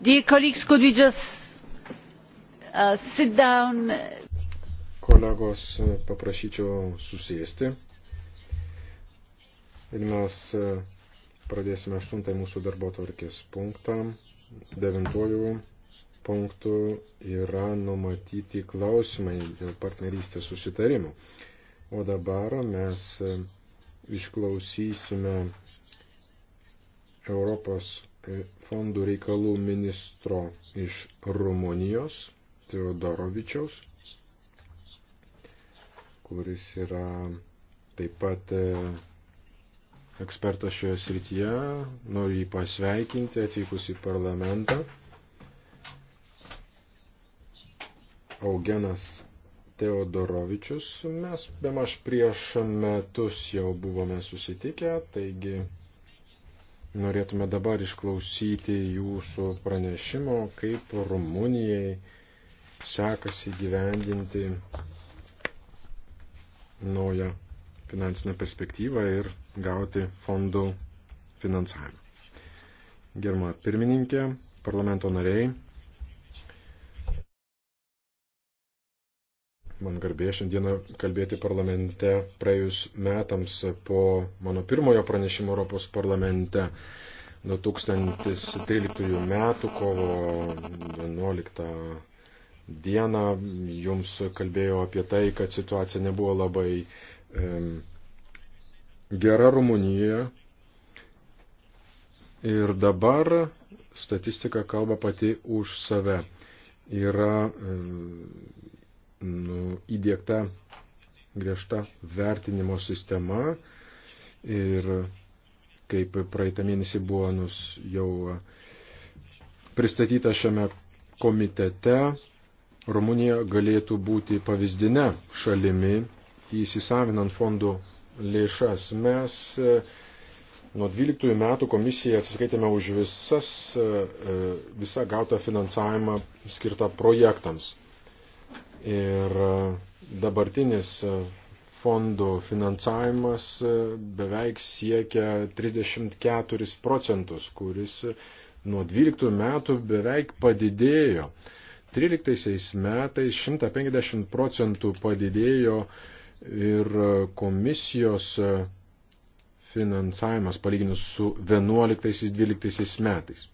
Dear colleagues, could we just uh, sit down? Kolegos, paprašyčiau susėsti. Ir mes uh, pradėsime aštuntąjį mūsų darbo tvarkės punktą. Devintuoju punktu yra numatyti klausimai dėl partnerystės susitarimų. O dabar mes uh, išklausysime Europos fondų reikalų ministro iš Rumunijos, Teodorovičiaus, kuris yra taip pat e, ekspertas šioje srityje. Noriu jį pasveikinti atvykus į parlamentą. Augenas Teodorovičius. Mes be maž prieš metus jau buvome susitikę, taigi norėtume dabar išklausyti jūsų pranešimo, kaip Rumunijai sekasi gyvendinti naują finansinę perspektyvą ir gauti fondų finansavimą. Germa pirmininkė, parlamento nariai, Man garbė šiandieną kalbėti parlamente praėjus metams po mano pirmojo pranešimo Europos parlamente. Nuo 2013 metų kovo 11 dieną jums kalbėjau apie tai, kad situacija nebuvo labai um, gera Rumunijoje. Ir dabar statistika kalba pati už save. Yra um, nu, įdėkta griežta vertinimo sistema ir kaip praeitą mėnesį buvo nus, jau pristatyta šiame komitete, Rumunija galėtų būti pavyzdinė šalimi įsisavinant fondų lėšas. Mes e, nuo 12 metų komisija atsiskaitėme už visas, e, e, visą gautą finansavimą skirtą projektams. Ir e, dabartinis e, fondų finansavimas e, beveik siekia 34 procentus, kuris nuo 12 metų beveik padidėjo. 13 metais 150 procentų padidėjo ir komisijos finansavimas palyginus su 11-12 metais.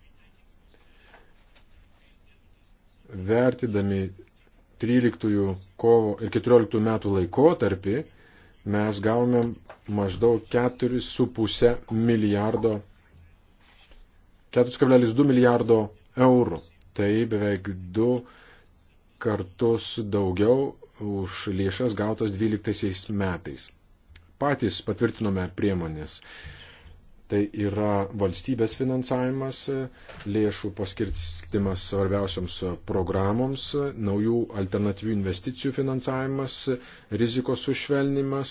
Vertidami 13 kovo ir 14 metų laikotarpį mes gavome maždaug 4,5 milijardo, 4,2 milijardo eurų. Tai beveik 2 kartus daugiau už lėšas gautas 12 metais. Patys patvirtinome priemonės. Tai yra valstybės finansavimas, lėšų paskirstimas svarbiausiams programoms, naujų alternatyvių investicijų finansavimas, rizikos sušvelnimas,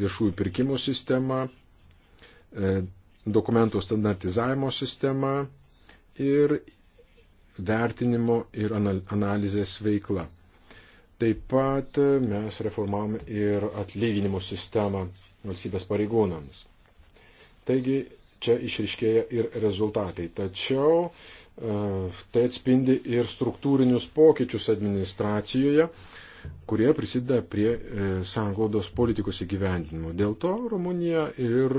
viešųjų pirkimų sistema, e, dokumentų standartizavimo sistema ir vertinimo ir analizės veikla. Taip pat mes reformavome ir atlyginimų sistemą valstybės pareigūnams. Taigi čia išriškėja ir rezultatai. Tačiau e, tai atspindi ir struktūrinius pokyčius administracijoje, kurie prisideda prie e, sanglaudos politikos įgyvendinimo. Dėl to Rumunija ir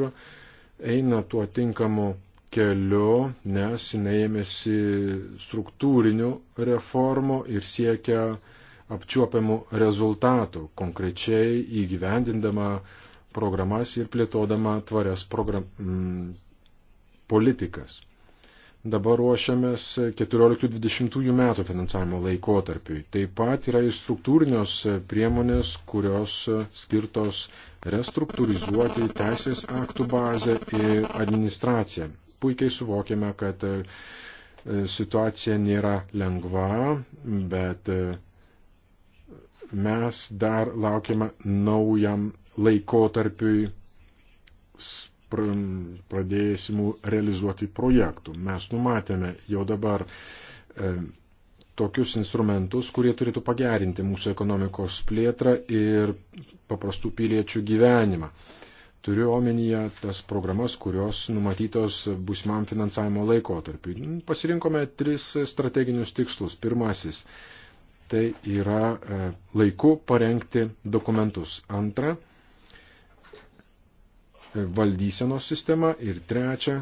eina tuo tinkamu keliu, nes jinai ėmėsi struktūrinių reformų ir siekia apčiuopiamų rezultatų, konkrečiai įgyvendindama uh, programas ir plėtodama tvarias program, m, mm, politikas. Dabar ruošiamės 14-20 metų finansavimo laikotarpiui. Taip pat yra ir struktūrinios priemonės, kurios skirtos restruktūrizuoti teisės aktų bazę ir administraciją. Puikiai suvokime, kad e, situacija nėra lengva, bet e, mes dar laukiame naujam laikotarpiui pradėsimų realizuoti projektų. Mes numatėme jau dabar e, tokius instrumentus, kurie turėtų pagerinti mūsų ekonomikos plėtrą ir paprastų piliečių gyvenimą. Turiu omenyje tas programas, kurios numatytos būsimam finansavimo laikotarpiu. Nu, pasirinkome tris strateginius tikslus. Pirmasis - tai yra e, laiku parengti dokumentus. Antra - valdysenos sistema ir trečia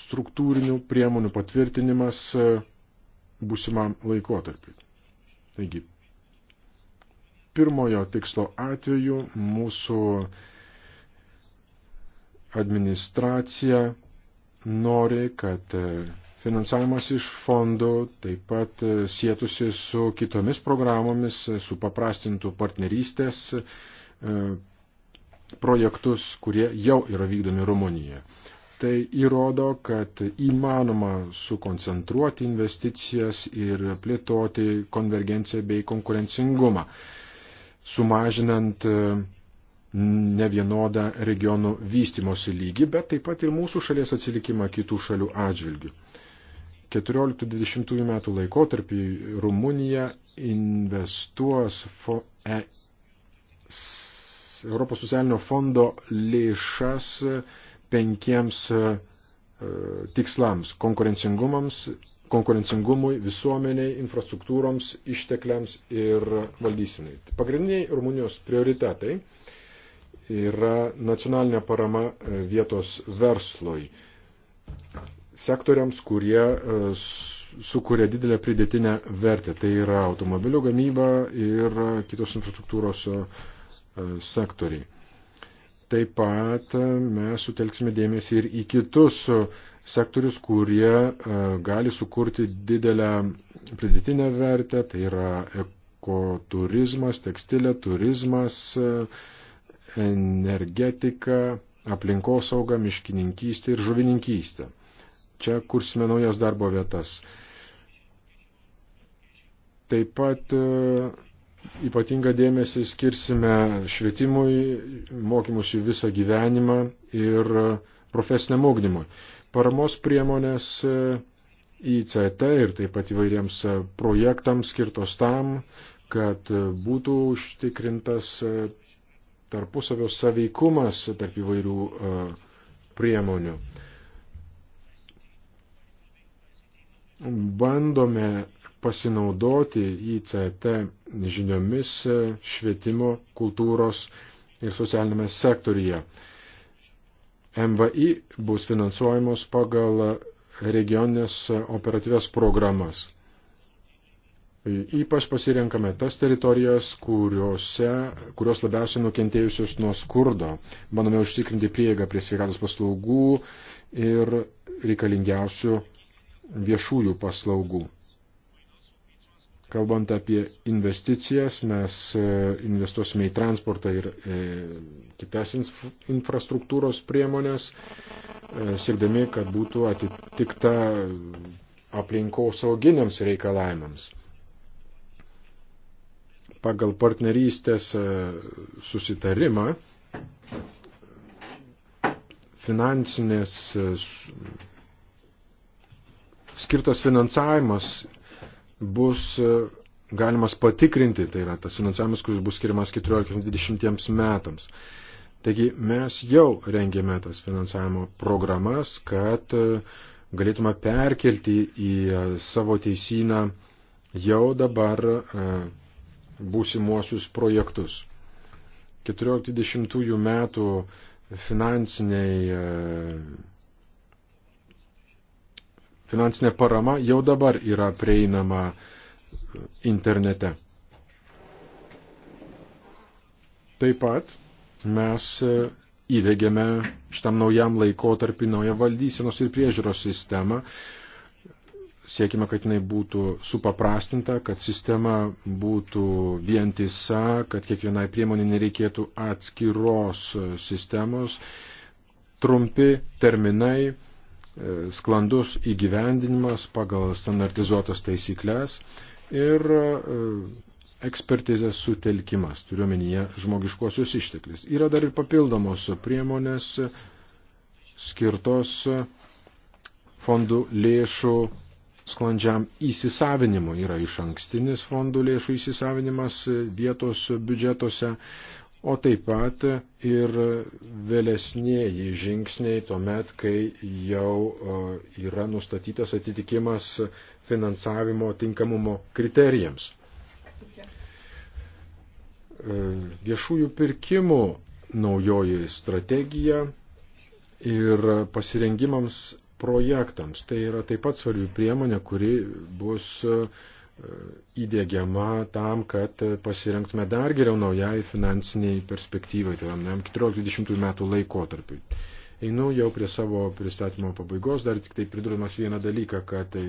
struktūrinių priemonių patvirtinimas e, būsimam laikotarpiu. Taigi, pirmojo tikslo atveju mūsų administracija nori, kad e, finansavimas iš fondų taip pat e, sėtusi su kitomis programomis, su paprastintų partnerystės projektus, kurie jau yra vykdomi Rumunijoje. Tai įrodo, kad įmanoma sukoncentruoti investicijas ir plėtoti konvergenciją bei konkurencingumą, sumažinant e, nevienodą regionų vystimosi lygį, bet taip pat ir mūsų šalies atsilikimą kitų šalių atžvilgių. 14-20 metų laikotarpį Rumunija investuos ES Europos socialinio fondo lėšas penkiems e, tikslams - konkurencingumams, konkurencingumui, visuomeniai, infrastruktūroms, ištekliams ir valdysinai. Pagrindiniai Rumunijos prioritetai yra nacionalinė parama e, vietos verslui, sektoriams, kurie e, sukuria didelę pridėtinę vertę. Tai yra automobilių gamyba ir kitos infrastruktūros E, sektoriai. Taip pat e, mes sutelksime dėmesį ir į kitus sektorius, kurie e, gali sukurti didelę pridėtinę vertę, tai yra ekoturizmas, tekstilė, turizmas, energetika, aplinkosauga, miškininkystė ir žuvininkystė. Čia kursime naujas darbo vietas. Taip pat Ypatingą dėmesį skirsime švietimui, mokymusi visą gyvenimą ir profesiniam ugdymui. Paramos priemonės e, ICT ir taip pat įvairiems e, projektams skirtos tam, kad e, būtų užtikrintas tarpusavio saveikumas tarp įvairių priemonių. Bandome pasinaudoti ICT žiniomis e, švietimo, kultūros ir socialinėme sektorija. MVI bus finansuojamos pagal regioninės operatyvės programas. E, ypač pasirenkame tas teritorijas, kuriuose, kurios labiausiai nukentėjusios nuo skurdo. Manome užtikrinti prieigą prie sveikatos paslaugų ir reikalingiausių viešųjų paslaugų. Kalbant apie investicijas, mes e, investuosime į transportą ir e, kitas infrastruktūros priemonės, e, siekdami, kad būtų atitikta aplinkos sauginiams reikalavimams. Pagal partnerystės e, susitarimą finansinės e, skirtas finansavimas bus e, galimas patikrinti, tai yra tas finansavimas, kuris bus skiriamas 14-20 metams. Taigi mes jau rengėme tas finansavimo programas, kad e, galėtume perkelti į e, savo teisyną jau dabar būsimuosius projektus. 14-20 metų finansiniai finansinė parama jau dabar yra prieinama internete. Taip pat mes e, įdėgėme šitam naujam laikotarpį naują valdysenos ir priežiūros sistemą. Siekime, kad jinai būtų supaprastinta, kad sistema būtų vientisa, kad kiekvienai priemonė nereikėtų atskiros sistemos. Trumpi terminai sklandus įgyvendinimas pagal standartizuotas taisyklės ir e, ekspertizės sutelkimas, turiuomenyje žmogiškuosius išteklius. Yra dar ir papildomos priemonės skirtos fondų lėšų sklandžiam įsisavinimui. Yra iš ankstinis fondų lėšų įsisavinimas vietos biudžetuose, o taip pat ir vėlesnėji žingsniai tuomet, kai jau e, yra nustatytas atitikimas finansavimo tinkamumo kriterijams. E, viešųjų pirkimų naujoji strategija ir pasirengimams projektams. Tai yra taip pat svarbi priemonė, kuri bus uh, įdėgiama tam, kad pasirengtume dar geriau naujai finansiniai perspektyvai, tai yra 14-20 metų laikotarpiui. Einu jau prie savo pristatymo pabaigos, dar tik tai pridurdamas vieną dalyką, kad tai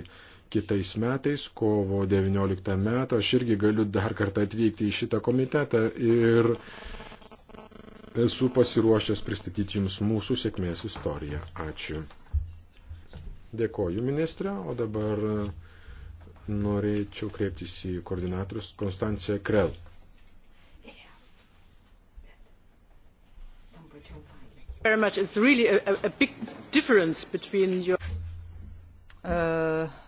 kitais metais, kovo 19 metą, aš irgi galiu dar kartą atvykti į šitą komitetą ir esu pasiruošęs pristatyti Jums mūsų sėkmės istoriją. Ačiū. Dėkoju, ministrė, o dabar norėčiau kreiptis į koordinatorius Konstanciją Krell. E,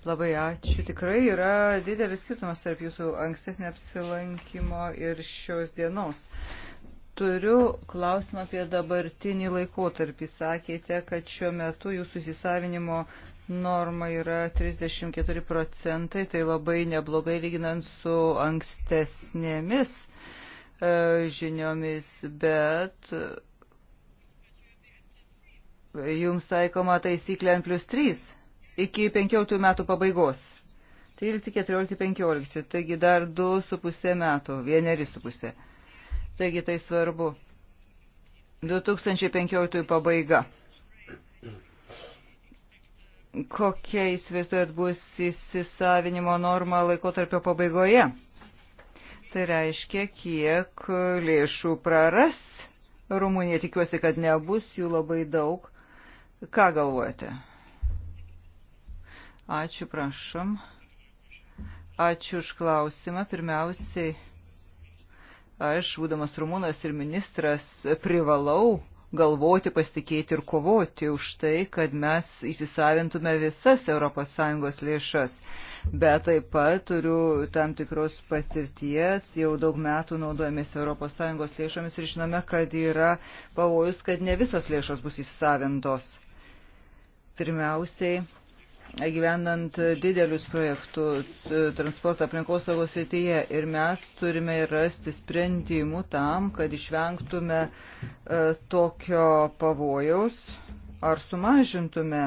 labai ačiū. Tikrai yra didelis skirtumas tarp jūsų ankstesnio apsilankimo ir šios dienos. Turiu klausimą apie dabartinį laikotarpį. Sakėte, kad šiuo metu jūsų įsisavinimo norma yra 34 procentai, tai labai neblogai lyginant su ankstesnėmis e, žiniomis, bet e, jums taikoma taisyklė N plus 3 iki 15 metų pabaigos. 13, 14, 15, taigi dar 2,5 metų, vieneri su pusė. Taigi tai svarbu. 2015 pabaiga kokia įsivaizduojat bus įsisavinimo norma laikotarpio pabaigoje. Tai reiškia, kiek lėšų praras Rumunija. Tikiuosi, kad nebus jų labai daug. Ką galvojate? Ačiū, prašom. Ačiū už klausimą. Pirmiausiai, aš, būdamas Rumūnas ir ministras, privalau galvoti, pasitikėti ir kovoti už tai, kad mes įsisavintume visas ES lėšas. Bet taip pat turiu tam tikros patirties, jau daug metų naudojamės ES lėšomis ir žinome, kad yra pavojus, kad ne visos lėšos bus įsisavintos. Pirmiausiai, gyvenant didelius projektus e, transporto aplinkos savo srityje ir mes turime rasti sprendimų tam, kad išvengtume e, tokio pavojaus ar sumažintume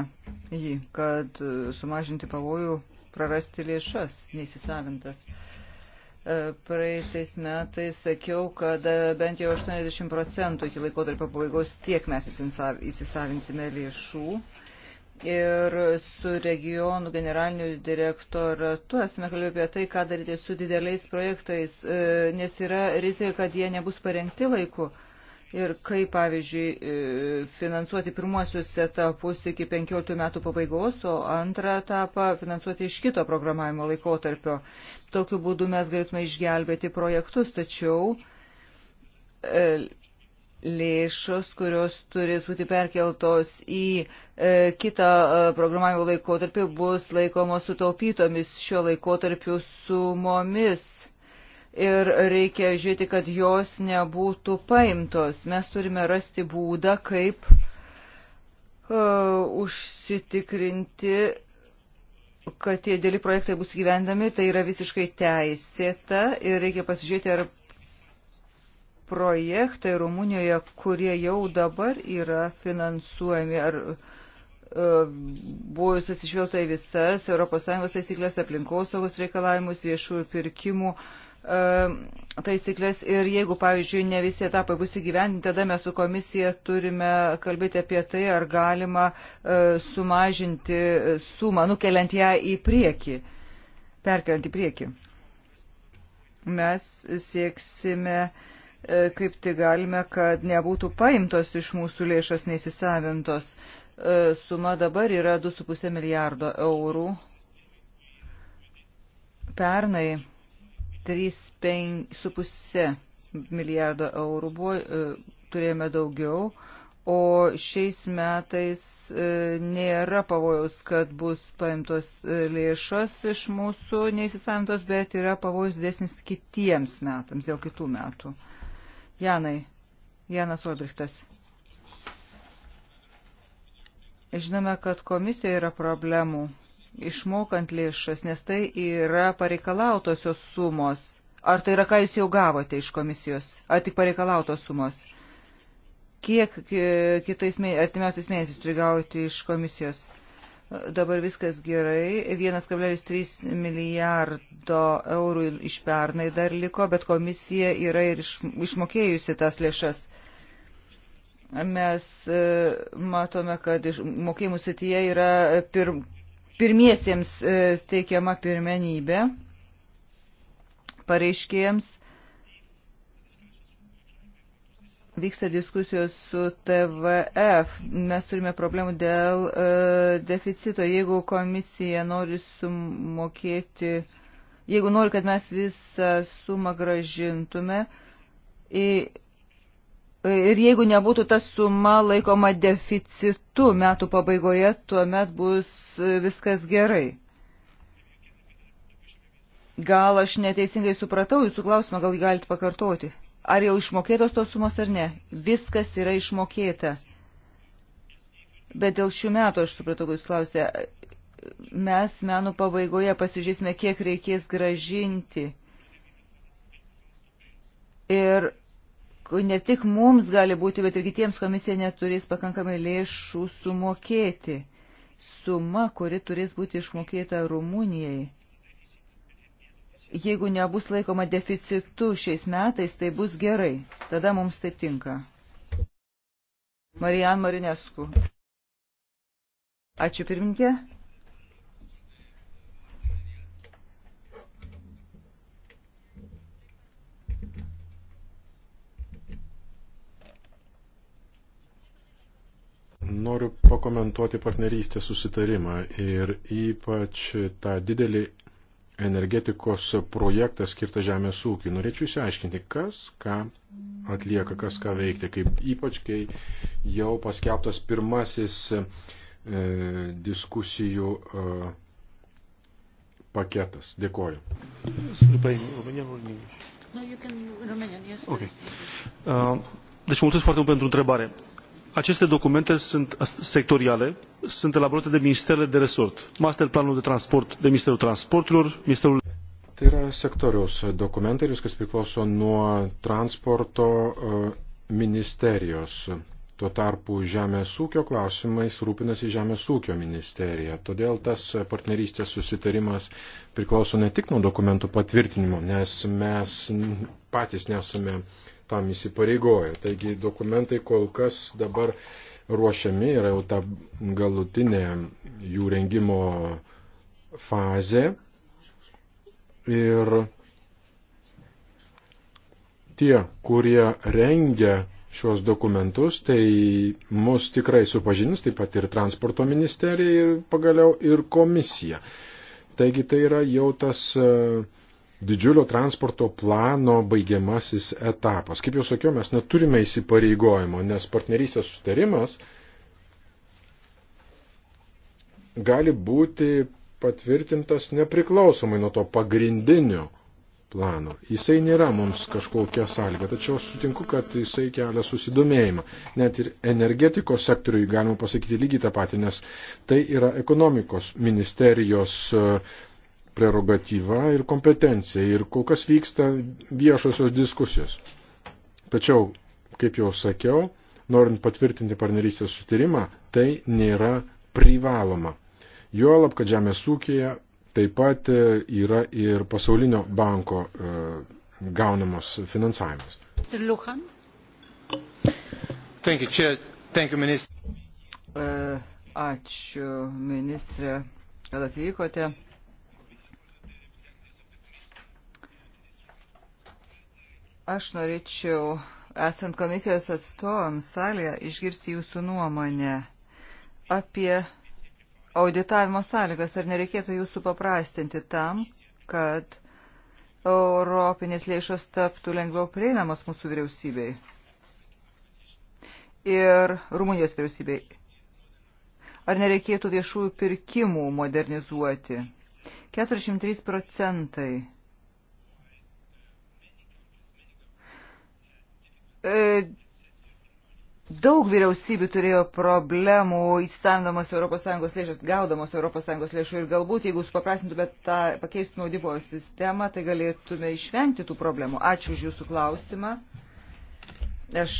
jį, kad e, sumažinti pavojų prarasti lėšas neįsisavintas. Praeitais metais sakiau, kad bent jau 80 procentų iki laikotarpio pabaigos tiek mes įsisavinsime lėšų ir su regionų generaliniu direktoratu esame kalbėję apie tai, ką daryti su dideliais projektais, e, nes yra rizika, kad jie nebus parengti laiku. Ir kaip, pavyzdžiui, e, finansuoti pirmuosius etapus iki 15 metų pabaigos, o antrą etapą finansuoti iš kito programavimo laikotarpio. Tokiu būdu mes galėtume išgelbėti projektus, tačiau e, lėšos, kurios turės būti perkeltos į e, kitą e, programavimo laikotarpį, bus laikomos sutaupytomis šio laikotarpiu sumomis. Ir reikia žiūrėti, kad jos nebūtų paimtos. Mes turime rasti būdą, kaip uh, e, užsitikrinti kad tie dėli projektai bus gyvendami, tai yra visiškai teisėta ir reikia pasižiūrėti, ar projektai Rumunijoje, kurie jau dabar yra finansuojami. Ar e, buvo susižvelgta į visas ES taisyklės, aplinkosaugos reikalavimus, viešųjų pirkimų e, taisyklės ir jeigu, pavyzdžiui, ne visi etapai bus įgyvendinti, tada mes su komisija turime kalbėti apie tai, ar galima e, sumažinti sumą, nukeliant ją į priekį, perkeliant į priekį. Mes sieksime uh, E, kaip tai galime, kad nebūtų paimtos iš mūsų lėšas neįsisavintos. E, suma dabar yra 2,5 milijardo eurų. Pernai 3,5 milijardo eurų buvo, e, turėjome daugiau, o šiais metais nėra pavojaus, kad bus paimtos lėšos iš mūsų neįsisavintos, bet yra pavojus dėsnis kitiems metams, dėl kitų metų. Janai, Janas Olbrichtas. Žinome, kad komisijoje yra problemų išmokant lėšas, nes tai yra pareikalautosios sumos. Ar tai yra, ką jūs jau gavote iš komisijos? Ar tik pareikalautos sumos? Kiek kitais mė... artimiausiais mėnesiais turi gauti iš komisijos? dabar viskas gerai. 1,3 milijardo eurų iš pernai dar liko, bet komisija yra ir išmokėjusi tas lėšas. Mes e, matome, kad mokėjimų sityje yra pir, pirmiesiems e, teikiama pirmenybė pareiškėjams vyksta diskusijos su TVF. Mes turime problemų dėl e, deficito. Jeigu komisija nori sumokėti, jeigu nori, kad mes visą sumą gražintume į, ir jeigu nebūtų ta suma laikoma deficitu metų pabaigoje, tuomet bus e, viskas gerai. Gal aš neteisingai supratau jūsų klausimą, gal galite pakartoti? ar jau išmokėtos tos sumos ar ne. Viskas yra išmokėta. Bet dėl šių metų, aš supratau, jūs klausė, mes menų pabaigoje pasižiūrėsime, kiek reikės gražinti. Ir ne tik mums gali būti, bet ir kitiems komisija neturės pakankamai lėšų sumokėti. Suma, kuri turės būti išmokėta Rumunijai jeigu nebus laikoma deficitu šiais metais, tai bus gerai. Tada mums tai tinka. Marijan Marinesku. Ačiū pirminkė. Noriu pakomentuoti partnerystės susitarimą ir ypač tą didelį energetikos projektas skirtas žemės ūkiui. Norėčiau išsiaiškinti, kas ką atlieka, kas ką veikti, kaip ypač, kai jau paskelbtas pirmasis e, diskusijų e, paketas. Dėkoju. Uh, deci mulțumesc foarte mult pentru întrebare aceste documente sunt sectoriale sunt elaborate de ministerele de resort master planul de transport de ministerul transporturilor ministerul Tai yra sektoriaus dokumentai ir viskas priklauso nuo transporto e, ministerijos. Tuo tarpu žemės ūkio klausimais rūpinasi žemės ūkio ministerija. Todėl tas partnerystės susitarimas priklauso ne tik nuo dokumentų patvirtinimo, nes mes patys nesame uh, tam įsipareigoja. Taigi dokumentai kol kas dabar ruošiami, yra jau ta galutinė jų rengimo fazė. Ir tie, kurie rengia šios dokumentus, tai mus tikrai supažins taip pat ir transporto ministerija ir pagaliau ir komisija. Taigi tai yra jau tas uh, didžiulio transporto plano baigiamasis etapas. Kaip jau sakiau, mes neturime įsipareigojimo, nes partnerystės sustarimas gali būti patvirtintas nepriklausomai nuo to pagrindinio plano. Jisai nėra mums kažkokia sąlyga, tačiau sutinku, kad jisai kelia susidomėjimą. Net ir energetikos sektoriui galima pasakyti lygiai tą patį, nes tai yra ekonomikos ministerijos uh, prerogatyva ir kompetencija ir kol kas vyksta viešosios diskusijos. Tačiau, kaip jau sakiau, norint patvirtinti partnerystės sutarimą, tai nėra privaloma. Juolab, kad žemės ūkėje taip pat e, yra ir pasaulinio banko e, gaunamos finansavimas. E, ačiū ministrė, kad atvykote. Aš norėčiau, esant komisijos atstovams salėje, išgirsti jūsų nuomonę apie auditavimo sąlygas. Ar nereikėtų jūsų paprastinti tam, kad europinės lėšos taptų lengviau prieinamos mūsų vyriausybei ir Rumunijos vyriausybei? Ar nereikėtų viešųjų pirkimų modernizuoti? 43 procentai E, daug vyriausybių turėjo problemų įsisavindamos ES lėšas, gaudamos ES lėšų ir galbūt, jeigu supaprasintume tą pakeistų naudimo sistemą, tai galėtume išvengti tų problemų. Ačiū už Jūsų klausimą. Aš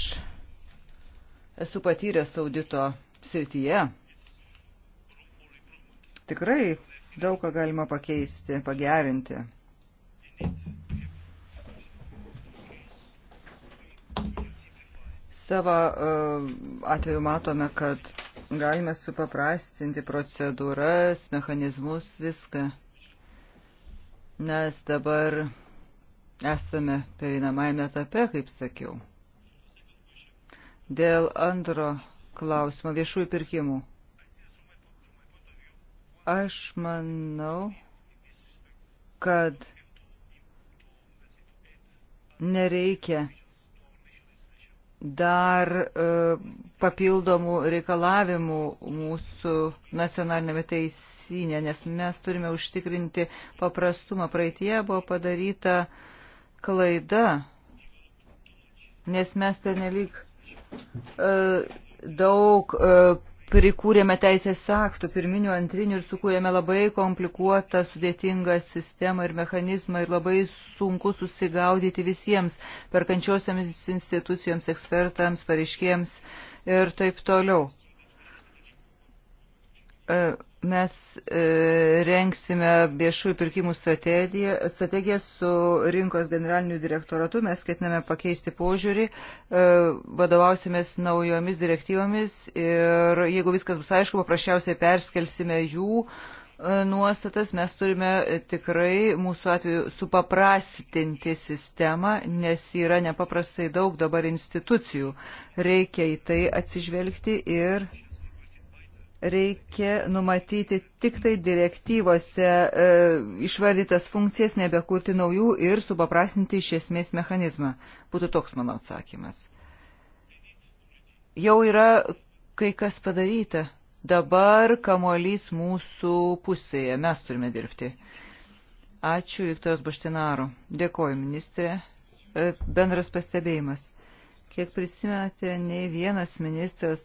esu patyręs audito srityje. Tikrai daug ką galima pakeisti, pagerinti. savo e, atveju matome, kad galime supaprastinti procedūras, mechanizmus, viską. Nes dabar esame perinamajame etape, kaip sakiau. Dėl antro klausimo viešųjų pirkimų. Aš manau, kad nereikia dar e, papildomų reikalavimų mūsų nacionalinėme teisinė, nes mes turime užtikrinti paprastumą. Praeitie buvo padaryta klaida, nes mes pernelyg e, daug e, prikūrėme teisės aktų, pirminių, antrinių ir sukūrėme labai komplikuotą, sudėtingą sistemą ir mechanizmą ir labai sunku susigaudyti visiems perkančiosiams institucijoms, ekspertams, pareiškėjams ir taip toliau. E, Mes e, renksime viešųjų pirkimų strategiją, strategiją su rinkos generaliniu direktoratu. Mes ketiname pakeisti požiūrį, e, vadovausimės naujomis direktyvomis ir jeigu viskas bus aišku, paprasčiausiai perskelsime jų e, nuostatas. Mes turime tikrai mūsų atveju supaprastinti sistemą, nes yra nepaprastai daug dabar institucijų. Reikia į tai atsižvelgti ir reikia numatyti tik tai direktyvose e, išvardytas funkcijas, nebekurti naujų ir supaprasinti iš esmės mechanizmą. Būtų toks mano atsakymas. Jau yra kai kas padaryta. Dabar kamuolys mūsų pusėje. Mes turime dirbti. Ačiū Viktoras Baštinaru. Dėkoju, ministrė. E, bendras pastebėjimas. Kiek prisimenate, nei vienas ministras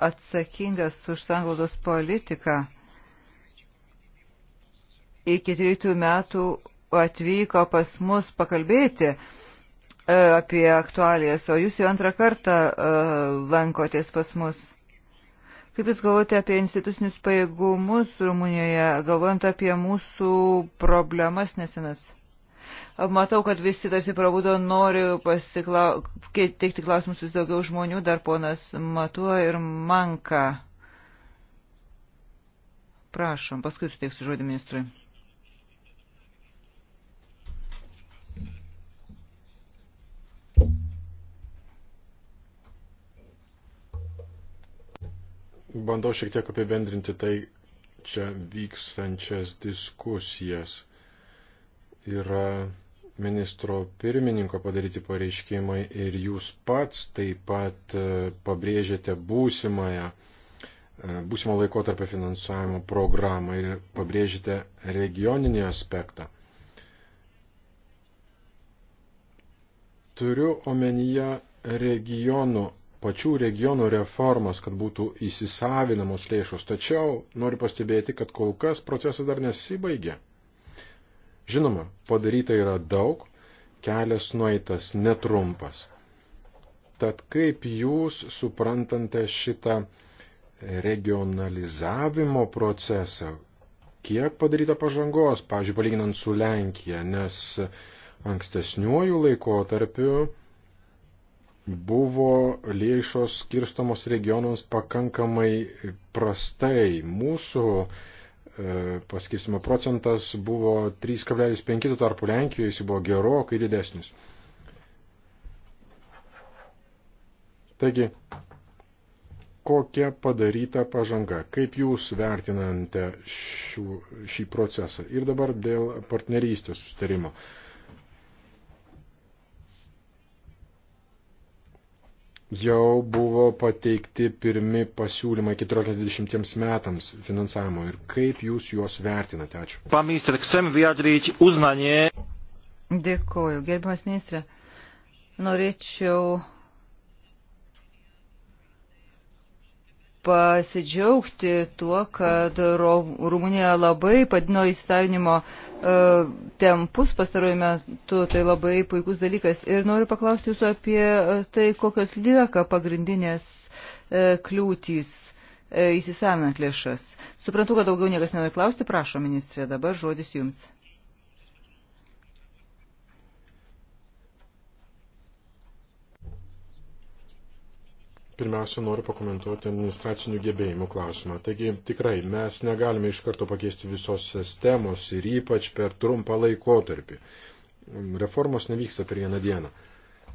atsakingas už sanglaudos politiką. Iki 3 metų atvyko pas mus pakalbėti e, apie aktualijas, o jūs jau antrą kartą e, lankotės pas mus. Kaip Jūs galvojate apie institucinius pajėgumus Rumunijoje, galvojant apie mūsų problemas nesenas? Matau, kad visi tarsi prabudo, noriu pasiklau... teikti klausimus vis daugiau žmonių, dar ponas Matuo ir Manka. Prašom, paskui suteiksiu žodį ministrui. bandau šiek tiek apibendrinti tai čia vykstančias diskusijas. Yra ministro pirmininko padaryti pareiškimai ir jūs pats taip pat e, pabrėžėte būsimąją, e, būsimo laikotarpio finansavimo programą ir pabrėžėte regioninį aspektą. Turiu omenyje regionų, pačių regionų reformas, kad būtų įsisavinamos lėšos, tačiau noriu pastebėti, kad kol kas procesas dar nesibaigė. Žinoma, padaryta yra daug, kelias nueitas netrumpas. Tad kaip jūs suprantate šitą regionalizavimo procesą, kiek padaryta pažangos, pavyzdžiui, palyginant su Lenkija, nes ankstesniuoju laikotarpiu buvo lėšos skirstamos regionams pakankamai prastai. Mūsų E, paskirstimo procentas buvo 3,5, tuo tarpu Lenkijoje jis buvo gerokai didesnis. Taigi, kokia padaryta pažanga, kaip jūs vertinate šių, šį procesą ir dabar dėl partnerystės sustarimo. Uh, jau buvo pateikti pirmi pasiūlymai 14-20 metams finansavimo ir kaip jūs juos vertinate? Ačiū. Pamistr, ksem vyjadryč uznanie. Dėkoju. Gerbiamas ministrė, norėčiau pasidžiaugti tuo, kad Rumunija labai padino įsisavinimo e, tempus pastaruoju metu, tai labai puikus dalykas. Ir noriu paklausti jūsų apie e, tai, kokios lieka pagrindinės e, kliūtys įsisavinant lėšas. Suprantu, kad daugiau niekas nenori klausti, prašo ministrė, dabar žodis jums. Pirmiausia, noriu pakomentuoti administracinių gebėjimų klausimą. Taigi, tikrai, mes negalime iš karto pakeisti visos sistemos ir ypač per trumpą laikotarpį. Reformos nevyksta per vieną dieną.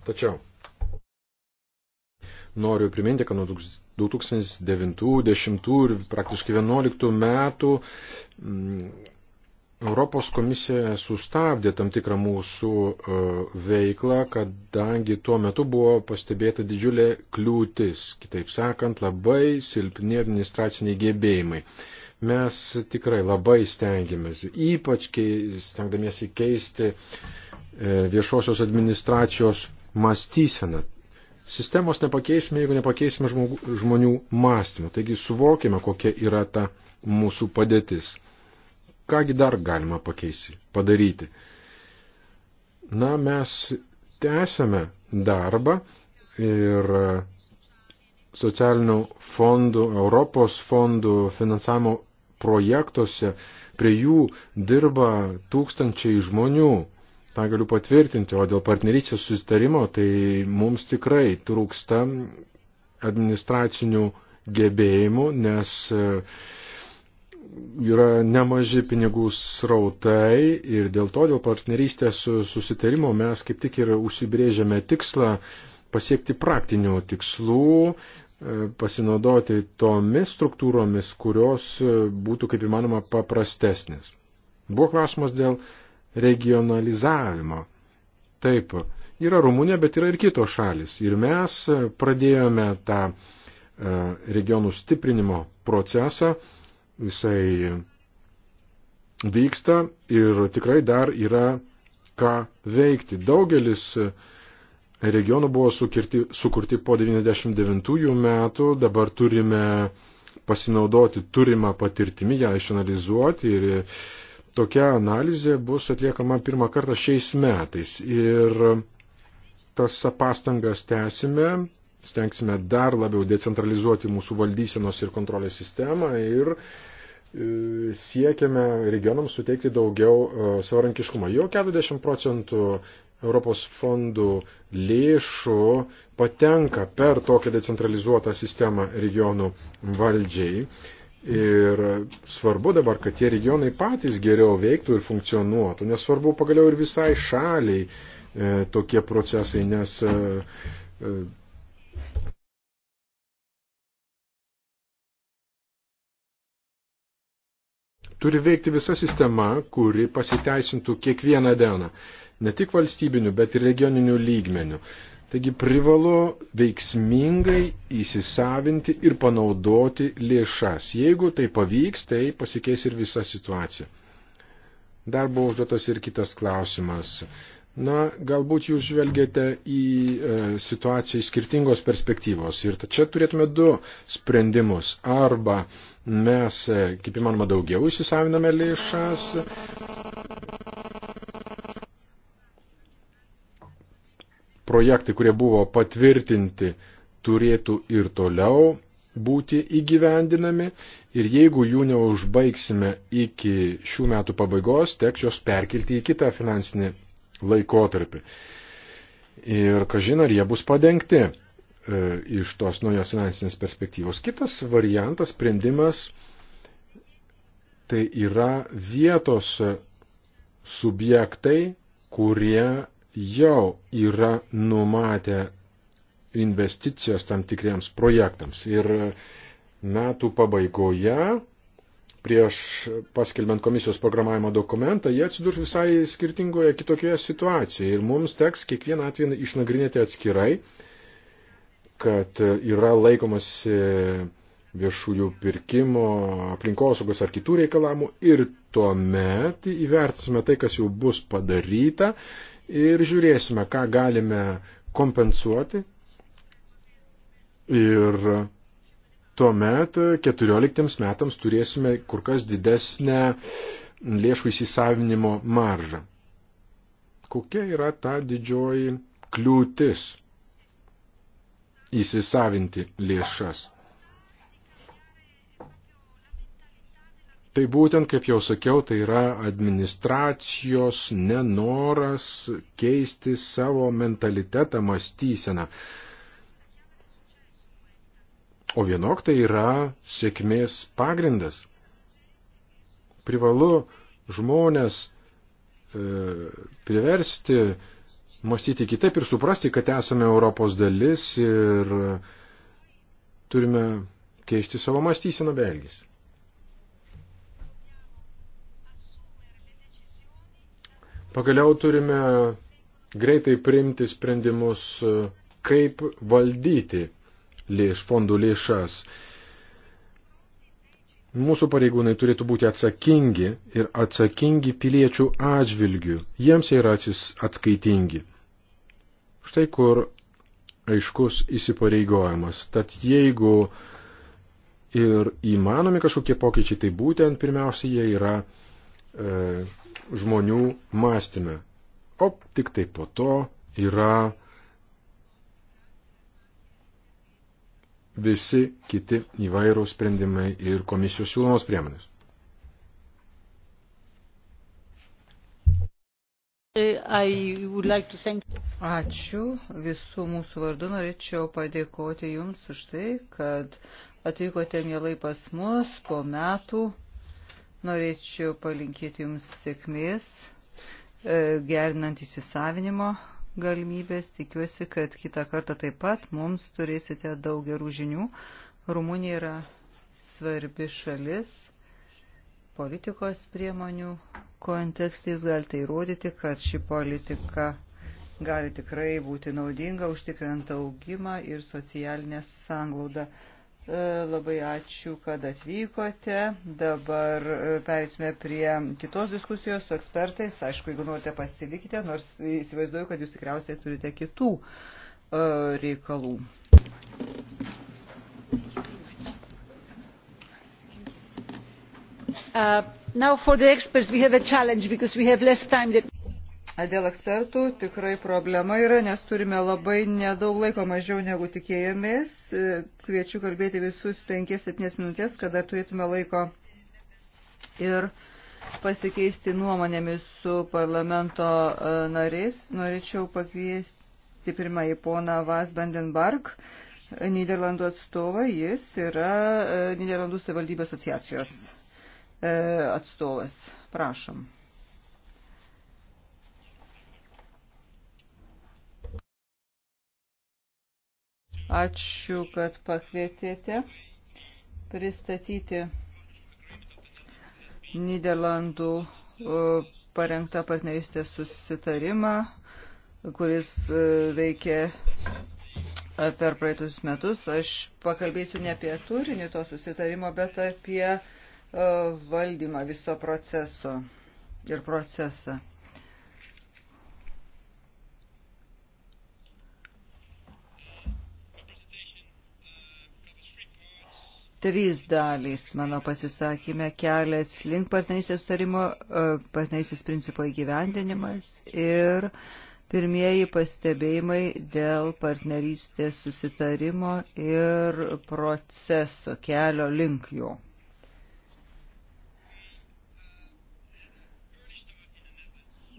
Tačiau, noriu priminti, kad nuo 2009, 2010 ir praktiškai 2011 metų mm, Europos komisija sustabdė tam tikrą mūsų e, veiklą, kadangi tuo metu buvo pastebėta didžiulė kliūtis, kitaip sakant, labai silpni administraciniai gebėjimai. Mes tikrai labai stengiamės, ypač kei, stengdamiesi keisti e, viešosios administracijos mąstyseną. Sistemos nepakeisime, jeigu nepakeisime žmonių mąstymą. Taigi suvokime, kokia yra ta mūsų padėtis. Kągi dar galima pakeisti, padaryti? Na, mes tęsiame darbą ir socialinių fondų, Europos fondų finansavimo projektuose prie jų dirba tūkstančiai žmonių. Ta galiu patvirtinti, o dėl partnerystės susitarimo tai mums tikrai trūksta administracinių gebėjimų, nes yra nemaži pinigų srautai ir dėl to, dėl partnerystės susitarimo mes kaip tik ir užsibrėžėme tikslą pasiekti praktinių tikslų, e, pasinaudoti tomis struktūromis, kurios e, būtų kaip įmanoma paprastesnės. Buvo klausimas dėl regionalizavimo. Taip, yra Rumunija, bet yra ir kitos šalis. Ir mes pradėjome tą e, regionų stiprinimo procesą jisai vyksta ir tikrai dar yra ką veikti. Daugelis regionų buvo sukirti, sukurti po 99 metų, dabar turime pasinaudoti turimą patirtimį, ją išanalizuoti ir tokia analizė bus atliekama pirmą kartą šiais metais. Ir tas pastangas tęsime, stengsime dar labiau decentralizuoti mūsų valdysenos ir kontrolės sistemą ir e, siekiame regionams suteikti daugiau e, savarankiškumo. Jau 40 procentų Europos fondų lėšų patenka per tokią decentralizuotą sistemą regionų valdžiai. Ir svarbu dabar, kad tie regionai patys geriau veiktų ir funkcionuotų. Nesvarbu pagaliau ir visai šaliai e, tokie procesai, nes e, e, Turi veikti visa sistema, kuri pasiteisintų kiekvieną dieną, ne tik valstybinių, bet ir regioninių lygmenių. Taigi privalu veiksmingai įsisavinti ir panaudoti lėšas. Jeigu tai pavyks, tai pasikeis ir visa situacija. Dar buvo užduotas ir kitas klausimas. Na, galbūt jūs žvelgiate į e, situaciją iš skirtingos perspektyvos ir čia turėtume du sprendimus. Arba mes, e, kaip įmanoma, daugiau įsisaviname lėšas. Projektai, kurie buvo patvirtinti, turėtų ir toliau būti įgyvendinami ir jeigu jų neužbaigsime iki šių metų pabaigos, teks jos perkelti į kitą finansinį laikotarpį. Ir kažin ar jie bus padengti e, iš tos naujos finansinės perspektyvos. Kitas variantas, sprendimas, tai yra vietos subjektai, kurie jau yra numatę investicijas tam tikriems projektams. Ir metų pabaigoje prieš paskelbent komisijos programavimo dokumentą, jie atsidurs visai skirtingoje kitokioje situacijoje ir mums teks kiekvieną atvejį išnagrinėti atskirai, kad yra laikomas viešųjų pirkimo, aplinkosaugos ar kitų reikalamų ir tuomet įvertinsime tai, kas jau bus padaryta ir žiūrėsime, ką galime kompensuoti ir tuomet 14 metams turėsime kur kas didesnę lėšų įsisavinimo maržą. Kokia yra ta didžioji kliūtis įsisavinti lėšas? Tai būtent, kaip jau sakiau, tai yra administracijos nenoras keisti savo mentalitetą, mąstyseną. O vienok tai yra sėkmės pagrindas. Privalu žmonės e, priversti mąstyti kitaip ir suprasti, kad esame Europos dalis ir turime keisti savo mąstyseną bei elgesį. Pagaliau turime greitai priimti sprendimus, kaip valdyti lėš, fondų lėšas. Mūsų pareigūnai turėtų būti atsakingi ir atsakingi piliečių atžvilgių. Jiems yra atskaitingi. Štai kur aiškus įsipareigojimas. Tad jeigu ir įmanomi kažkokie pokyčiai, tai būtent pirmiausia jie yra e, žmonių mąstyme. O tik tai po to yra visi kiti įvairūs sprendimai ir komisijos siūlomos priemonės. Like thank... Ačiū visų mūsų vardu. Norėčiau padėkoti Jums už tai, kad atvykote mielai pas mus po metų. Norėčiau palinkėti Jums sėkmės e, gerinant įsisavinimo galimybės. Tikiuosi, kad kitą kartą taip pat mums turėsite daug gerų žinių. Rumunija yra svarbi šalis politikos priemonių kontekste. Jūs galite įrodyti, kad ši politika gali tikrai būti naudinga, užtikrinant augimą ir socialinę sanglaudą. E, labai ačiū, kad atvykote. Dabar e, perėsime prie kitos diskusijos su ekspertais. Aišku, jeigu norite pasilikite, nors įsivaizduoju, kad jūs tikriausiai turite kitų e, reikalų. Uh, now for the experts we have a challenge because we have less time than Dėl ekspertų tikrai problema yra, nes turime labai nedaug laiko mažiau negu tikėjomės. E, kviečiu kalbėti visus 5-7 minutės, kada turėtume laiko ir pasikeisti nuomonėmis su parlamento e, nariais. Norėčiau pakviesti pirmąjį poną Vas Bandenbarg, e, Niderlandų atstovą. Jis yra Niderlandų savivaldybės asociacijos atstovas. Prašom. Ačiū, kad pakvietėte pristatyti Niderlandų e, parengtą partnerystės susitarimą, kuris e, veikia e, per praeitus metus. Aš pakalbėsiu ne apie turinį to susitarimo, bet apie valdymą viso proceso ir procesą. trys dalys mano pasisakymė - kelias link partnerystės sutarimo, e, partnerystės principo įgyvendinimas ir pirmieji pastebėjimai dėl partnerystės susitarimo ir proceso kelio link jo.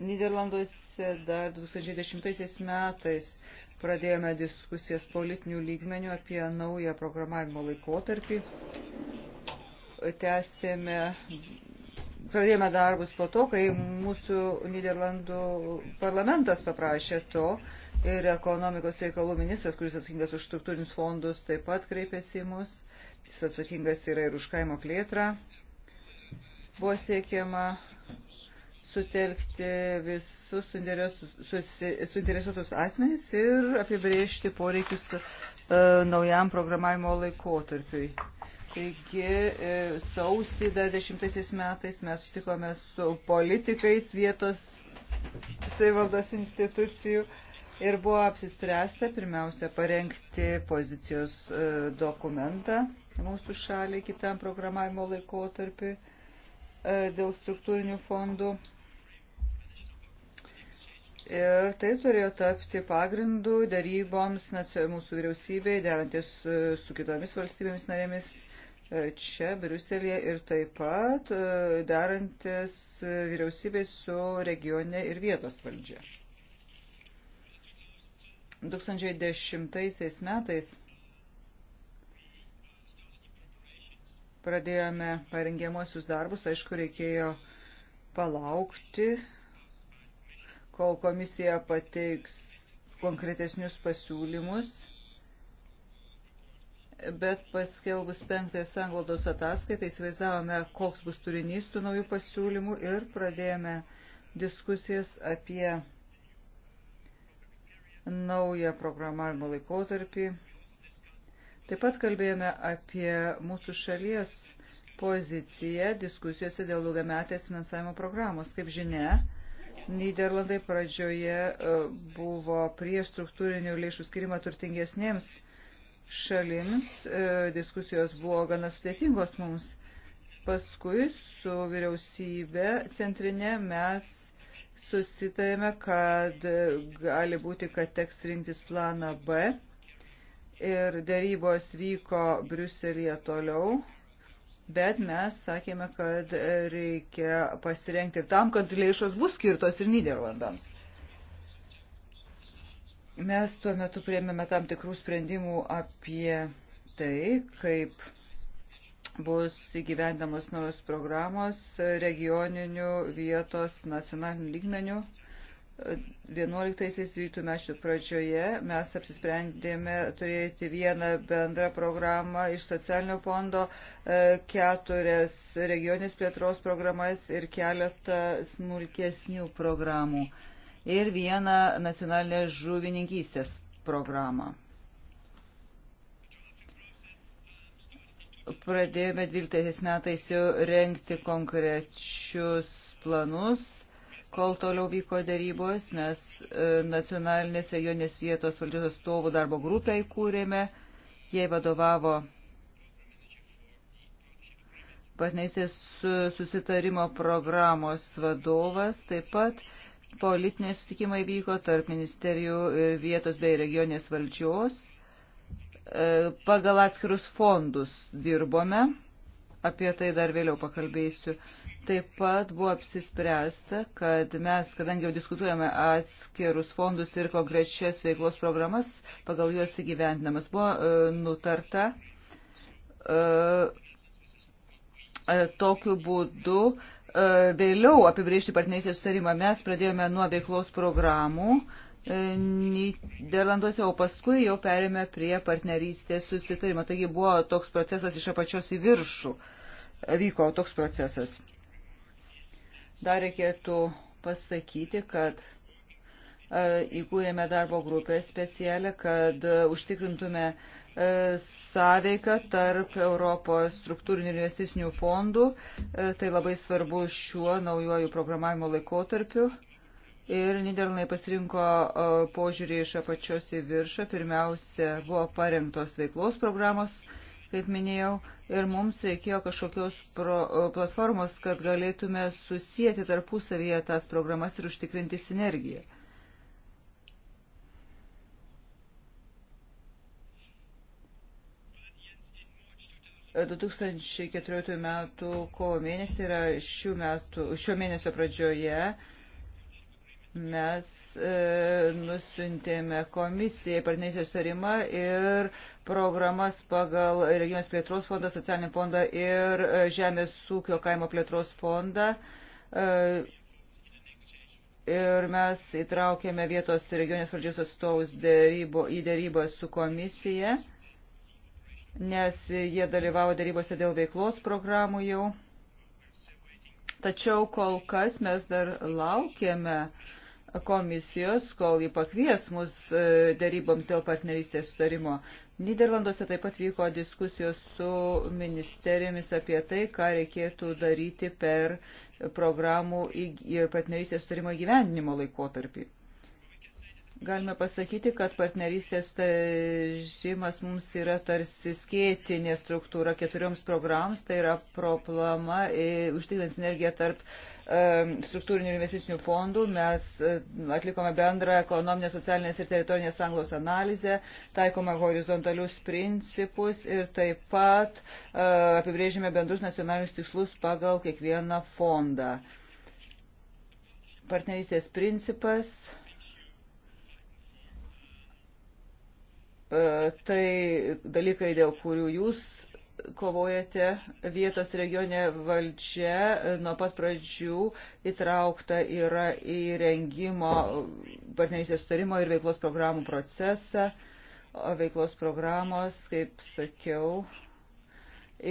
Niderlanduose dar 2010 metais Pradėjome diskusijas politinių lygmenių apie naują programavimo laikotarpį. Tęsėme, pradėjome darbus po to, kai mūsų Niderlandų parlamentas paprašė to ir ekonomikos reikalų ministras, kuris atsakingas už struktūrinius fondus, taip pat kreipėsi į mus. Jis atsakingas yra ir už kaimo plėtrą. Buvo siekiama sutelkti visus suinteresuotus asmenys ir apibriežti poreikius e, naujam programavimo laikotarpiui. Taigi e, sausį dar dešimtaisiais metais mes sutikome su politikais vietos savivaldos institucijų ir buvo apsispręsta pirmiausia parengti pozicijos e, dokumentą mūsų šaliai kitam programavimo laikotarpiui e, dėl struktūrinių fondų Ir tai turėjo tapti pagrindu daryboms mūsų vyriausybėje, derantis e, su kitomis valstybėmis narėmis e, čia, Briuselėje ir taip pat e, derantis vyriausybėje su regione ir vietos valdžia. 2010 metais pradėjome parengiamuosius darbus, aišku, reikėjo palaukti kol komisija pateiks konkretesnius pasiūlymus bet paskelbus penktąją sanglaudos ataskaitą įsivaizdavome, koks bus turinys tų naujų pasiūlymų ir pradėjome diskusijas apie naują programavimo laikotarpį. Taip pat kalbėjome apie mūsų šalies poziciją diskusijose dėl daugiametės finansavimo programos. Kaip žinia, Niderlandai pradžioje e, buvo prieš struktūrinių lėšų skirimą turtingesnėms šalims. E, diskusijos buvo gana sudėtingos mums. Paskui su vyriausybė centrinė mes susitarėme, kad gali būti, kad teks rinktis planą B. Ir dėrybos vyko Briuselėje toliau bet mes sakėme, kad reikia pasirengti ir tam, kad lėšos bus skirtos ir Niderlandams. Mes tuo metu priėmėme tam tikrų sprendimų apie tai, kaip bus įgyvendamos naujos programos regioninių vietos nacionalinių lygmenių 11-12 metų pradžioje mes apsisprendėme turėti vieną bendrą programą iš socialinio fondo, e, keturias regionės plėtros programas ir keletą smulkesnių programų ir vieną nacionalinę žuvininkystės programą. Pradėjome 12 metais jau renkti konkrečius planus kol toliau vyko darybos, mes e, nacionalinės regionės vietos valdžios atstovų darbo grupę įkūrėme, jai vadovavo partnerystės susitarimo programos vadovas, taip pat politiniai sutikimai vyko tarp ministerijų ir vietos bei regionės valdžios. E, pagal atskirus fondus dirbome apie tai dar vėliau pakalbėsiu. Taip pat buvo apsispręsta, kad mes, kadangi jau diskutuojame atskirus fondus ir konkrečias veiklos programas, pagal juos įgyvendinamas buvo e, nutarta e, e tokiu būdu e, vėliau apibriežti partnerystės sutarimą. Mes pradėjome nuo veiklos programų. E, Niderlanduose, o paskui jau perėmė prie partnerystės susitarimo. Taigi buvo toks procesas iš apačios į viršų. Uh, vyko toks procesas. Dar reikėtų pasakyti, kad e, įkūrėme darbo grupę specialią, kad e, užtikrintume e, sąveiką tarp Europos struktūrinių investicinių fondų. Tai labai svarbu šiuo naujoju programavimo laikotarpiu. Ir Niderlandai pasirinko požiūrį iš apačios į viršą. Pirmiausia, buvo parengtos veiklos programos kaip minėjau, ir mums reikėjo kažkokios pro, platformos, kad galėtume susijęti tarpusavyje tas programas ir užtikrinti sinergiją. E, 2014 m. kovo mėnesį yra šių metų, šio mėnesio pradžioje mes e, nusintėme komisijai partnerystės tarimą ir programas pagal regionės plėtros fondą, socialinį fondą ir e, žemės ūkio kaimo plėtros fondą. E, ir mes įtraukėme vietos regionės valdžios atstovus dėrybo, į dėrybą su komisija, nes jie dalyvavo dėrybose dėl veiklos programų jau. Tačiau kol kas mes dar laukiame uh, komisijos, kol jį pakvies mus e, daryboms dėl partnerystės sutarimo. Niderlanduose taip pat vyko diskusijos su ministerijomis apie tai, ką reikėtų daryti per programų ir partnerystės sutarimo įgyvendinimo laikotarpį. Galime pasakyti, kad partnerystės sutarimas mums yra tarsi skėtinė struktūra keturioms programams, tai yra problema e, užtikrinant sinergiją tarp e, struktūrinių investicinių fondų. Mes e, atlikome bendrą ekonominės, socialinės ir teritorinės anglos analizę, taikome horizontalius principus ir taip pat apibrėžėme bendrus nacionalinius tikslus pagal kiekvieną fondą. Partnerystės principas E, tai dalykai, dėl kurių jūs kovojate vietos regione valdžia e, nuo pat pradžių įtraukta yra į rengimo partnerystės sutarimo ir veiklos programų procesą. O veiklos programos, kaip sakiau,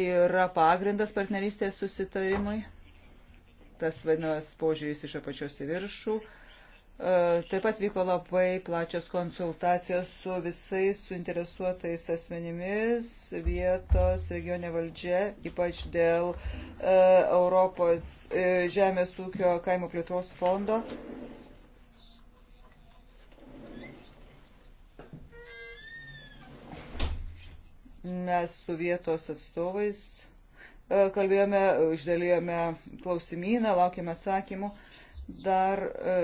yra pagrindas partnerystės susitarimui. Tas vadinamas požiūris iš apačios į viršų. Uh, E, taip pat vyko labai plačios konsultacijos su visais suinteresuotais asmenimis, vietos regionė valdžia, ypač dėl e, Europos e, žemės ūkio kaimo plėtros fondo. Mes su vietos atstovais e, kalbėjome, išdalėjome klausimyną, laukėme atsakymų. Dar e,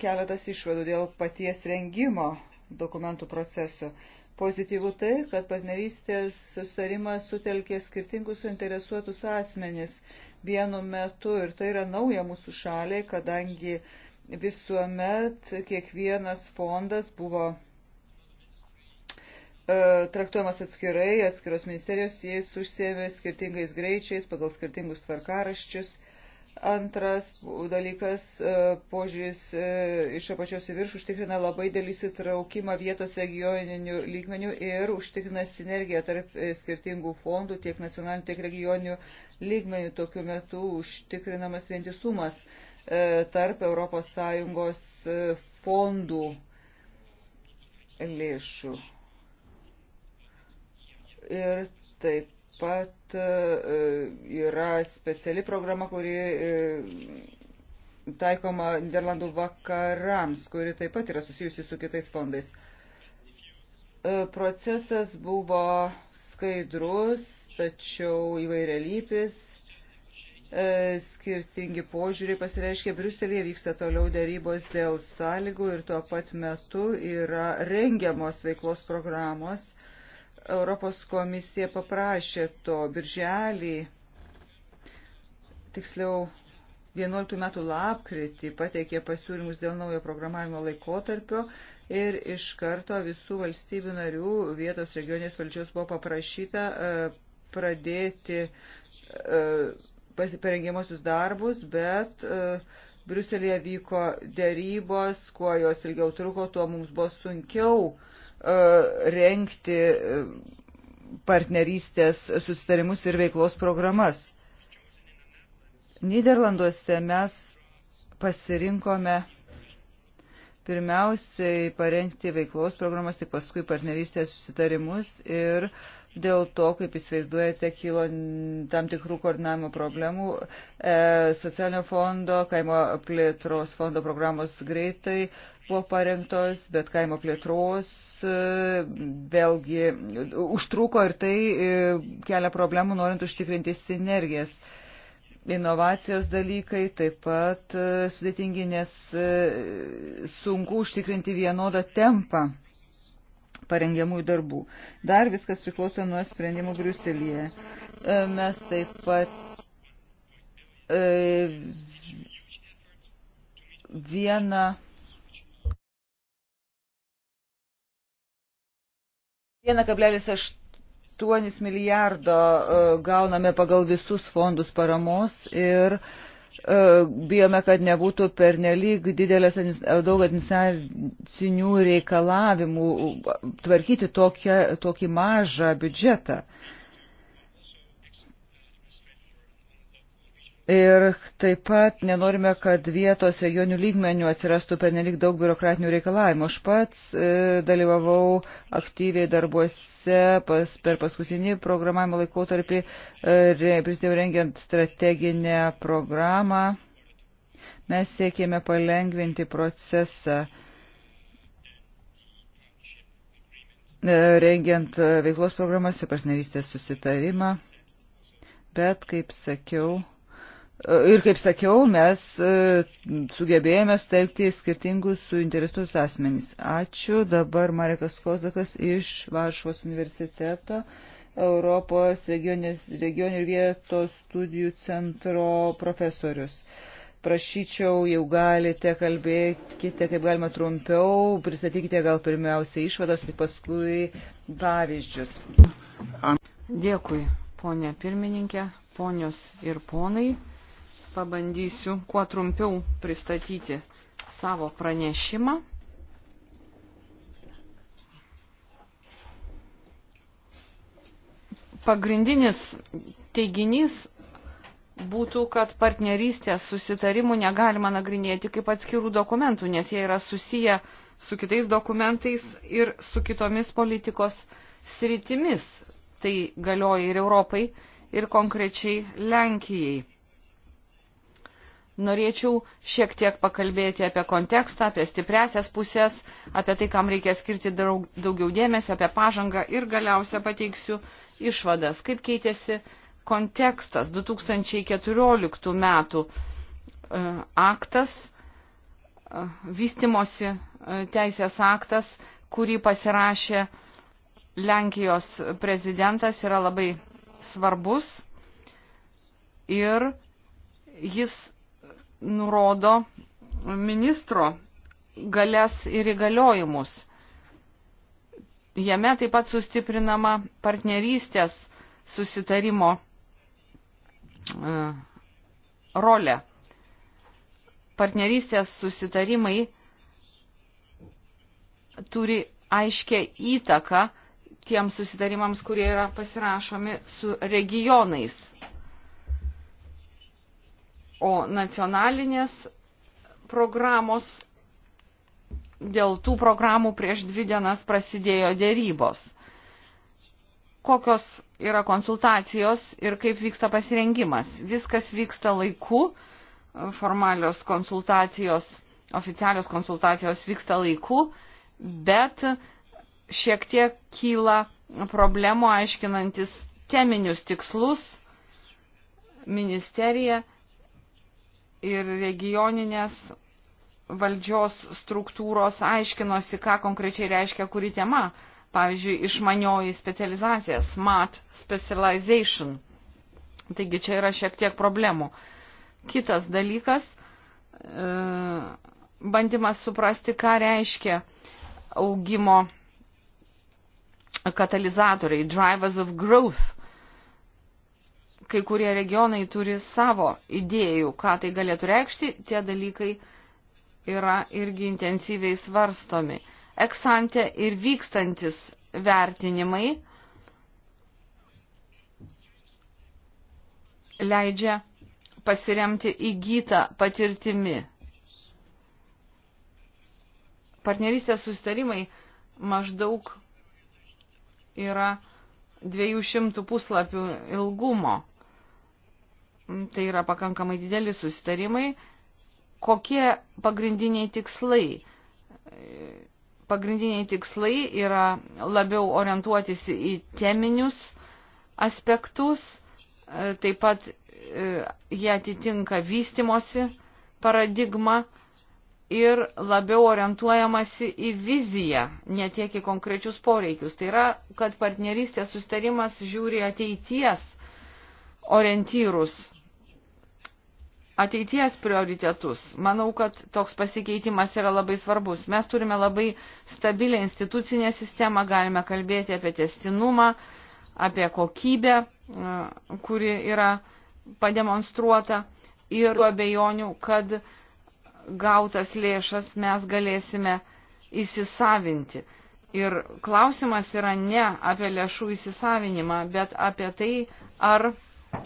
keletas išvadų dėl paties rengimo dokumentų proceso. Pozityvų tai, kad partnerystės susitarimas sutelkė skirtingus suinteresuotus asmenis vienu metu ir tai yra nauja mūsų šaliai, kadangi visuomet kiekvienas fondas buvo e, traktuojamas atskirai, atskiros ministerijos jais užsėmė skirtingais greičiais, pagal skirtingus tvarkaraščius. Antras dalykas e, - požiūris e, iš apačios į viršų užtikrina labai dėlį įsitraukimą vietos regioninių lygmenių ir užtikrina sinergiją tarp e, skirtingų fondų tiek nacionalinių, tiek regioninių lygmenių. Tokiu metu užtikrinamas vientisumas tarp ES fondų lėšų. Ir taip pat e, yra speciali programa, kuri e, taikoma Niderlandų vakarams, kuri taip pat yra susijusi su kitais fondais. E, procesas buvo skaidrus, tačiau įvairialypis, skirtingi požiūriai pasireiškia. Briuselėje vyksta toliau dėrybos dėl sąlygų ir tuo pat metu yra rengiamos veiklos programos Europos komisija paprašė to birželį, tiksliau 11 metų lapkritį pateikė pasiūlymus dėl naujo programavimo laikotarpio ir iš karto visų valstybių narių vietos regionės valdžios buvo paprašyta e, pradėti e, pasiparengiamosius darbus, bet e, Briuselėje vyko dėrybos, kuo jos ilgiau truko, tuo mums buvo sunkiau uh, renkti e, partnerystės susitarimus ir veiklos programas. Niderlanduose mes pasirinkome pirmiausiai parengti veiklos programas, tik paskui partnerystės susitarimus ir dėl to, kaip įsivaizduojate, kilo tam tikrų koordinavimo problemų. E, socialinio fondo, kaimo plėtros fondo programos greitai buvo parengtos, bet kaimo plėtros e, vėlgi užtruko ir tai e, kelia problemų norint užtikrinti sinergijas. Inovacijos dalykai taip pat e, sudėtingi, nes sunku užtikrinti vienodą tempą parengiamųjų darbų. Dar viskas priklauso nuo sprendimų Briuselyje. Mes taip pat vieną 1,8 milijardo e, gauname pagal visus fondus paramos ir e, bijome, kad nebūtų pernelyg didelės daug administracinių reikalavimų tvarkyti tokią, tokį mažą biudžetą. Ir taip pat nenorime, kad vietos regionių lygmenių atsirastų pernelik daug biurokratinių reikalavimų. Aš pats e, dalyvavau aktyviai darbuose pas, per paskutinį programavimo laikotarpį, e, prisidėjau rengiant strateginę programą. Mes siekėme palengvinti procesą. E, rengiant veiklos programas ir partnerystės susitarimą, bet, kaip sakiau, Ir kaip sakiau, mes e, sugebėjome sutelkti skirtingus suinteresuotus asmenys. Ačiū. Dabar Marekas Kozakas iš Varšuvos universiteto Europos regionės, regionių ir vietos studijų centro profesorius. Prašyčiau, jau galite kalbėkite, kaip galima trumpiau, pristatykite gal pirmiausia išvadas, tai paskui pavyzdžius. Dėkui, ponė pirmininkė, ponios ir ponai. Pabandysiu kuo trumpiau pristatyti savo pranešimą. Pagrindinis teiginys būtų, kad partnerystės susitarimų negalima nagrinėti kaip atskirų dokumentų, nes jie yra susiję su kitais dokumentais ir su kitomis politikos sritimis. Tai galioja ir Europai, ir konkrečiai Lenkijai norėčiau šiek tiek pakalbėti apie kontekstą, apie stipresias pusės, apie tai, kam reikia skirti daugiau dėmesio, apie pažangą ir galiausia pateiksiu išvadas, kaip keitėsi kontekstas 2014 metų e, aktas, e, vystimosi e, teisės aktas, kurį pasirašė Lenkijos prezidentas, yra labai svarbus ir jis nurodo ministro galės ir įgaliojimus. Jame taip pat sustiprinama partnerystės susitarimo e, rolė. Partnerystės susitarimai turi aiškę įtaką tiems susitarimams, kurie yra pasirašomi su regionais. O nacionalinės programos, dėl tų programų prieš dvi dienas prasidėjo dėrybos. Kokios yra konsultacijos ir kaip vyksta pasirengimas. Viskas vyksta laiku, formalios konsultacijos, oficialios konsultacijos vyksta laiku, bet šiek tiek kyla problemų aiškinantis teminius tikslus ministerija ir regioninės valdžios struktūros aiškinosi, ką konkrečiai reiškia kuri tema. Pavyzdžiui, išmanioji specializacija, smart specialization. Taigi čia yra šiek tiek problemų. Kitas dalykas, e, bandymas suprasti, ką reiškia augimo katalizatoriai, drivers of growth kai kurie regionai turi savo idėjų, ką tai galėtų reikšti, tie dalykai yra irgi intensyviai svarstomi. Eksante ir vykstantis vertinimai leidžia pasiremti įgytą patirtimi. Partnerystės sustarimai maždaug yra 200 puslapių ilgumo tai yra pakankamai dideli susitarimai. Kokie pagrindiniai tikslai? Pagrindiniai tikslai yra labiau orientuotis į teminius aspektus, taip pat e, jie atitinka vystimosi paradigmą ir labiau orientuojamasi į viziją, ne tiek į konkrečius poreikius. Tai yra, kad partnerystės sustarimas žiūri ateities orientyrus, ateities prioritetus. Manau, kad toks pasikeitimas yra labai svarbus. Mes turime labai stabilę institucinę sistemą, galime kalbėti apie testinumą, apie kokybę, e, kuri yra pademonstruota ir abejonių, kad gautas lėšas mes galėsime įsisavinti. Ir klausimas yra ne apie lėšų įsisavinimą, bet apie tai, ar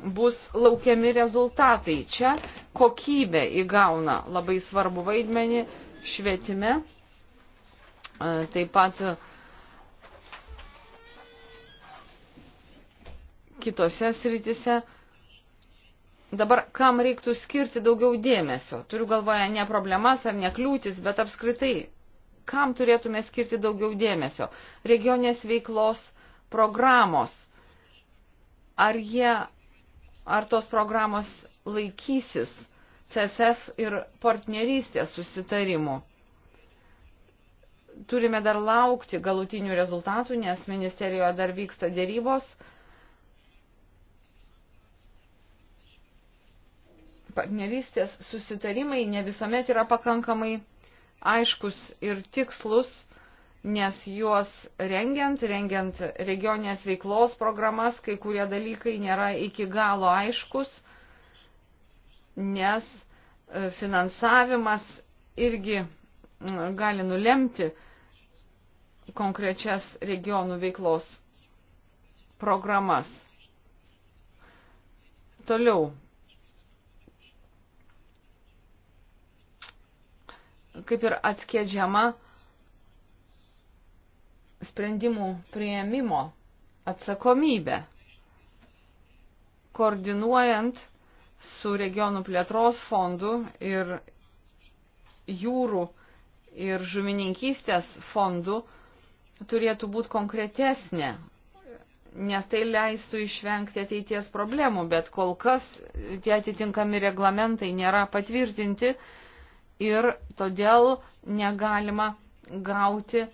bus laukiami rezultatai. Čia kokybė įgauna labai svarbu vaidmenį švietime. E, taip pat e, kitose sritise. Dabar kam reiktų skirti daugiau dėmesio? Turiu galvoje ne problemas ar ne kliūtis, bet apskritai, kam turėtume skirti daugiau dėmesio? Regionės veiklos programos. Ar jie ar tos programos laikysis CSF ir partnerystės susitarimų. Turime dar laukti galutinių rezultatų, nes ministerijoje dar vyksta dėrybos. Partnerystės susitarimai ne visuomet yra pakankamai aiškus ir tikslus nes juos rengiant, rengiant regioninės veiklos programas, kai kurie dalykai nėra iki galo aiškus, nes e, finansavimas irgi gali nulemti konkrečias regionų veiklos programas. Toliau. Kaip ir atskėdžiama sprendimų prieimimo atsakomybę, koordinuojant su regionų plėtros fondu ir jūrų ir žuvininkystės fondu turėtų būti konkretesnė, nes tai leistų išvengti ateities problemų, bet kol kas tie atitinkami reglamentai nėra patvirtinti ir todėl negalima gauti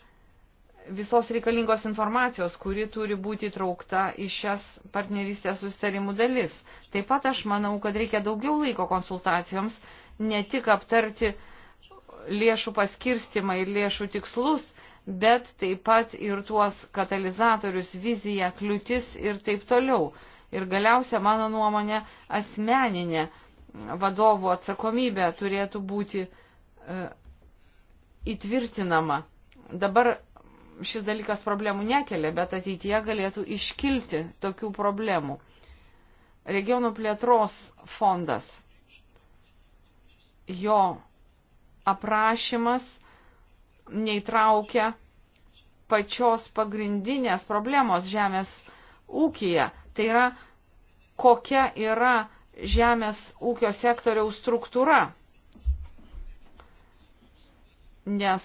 visos reikalingos informacijos, kuri turi būti traukta į šias partnerystės susitarimų dalis. Taip pat aš manau, kad reikia daugiau laiko konsultacijoms, ne tik aptarti lėšų paskirstimą ir lėšų tikslus, bet taip pat ir tuos katalizatorius, viziją, kliūtis ir taip toliau. Ir galiausia, mano nuomonė, asmeninė vadovo atsakomybė turėtų būti e, įtvirtinama. Dabar šis dalykas problemų nekelia, bet ateityje galėtų iškilti tokių problemų. Regionų plėtros fondas. Jo aprašymas neįtraukia pačios pagrindinės problemos žemės ūkija. Tai yra, kokia yra žemės ūkio sektoriaus struktūra nes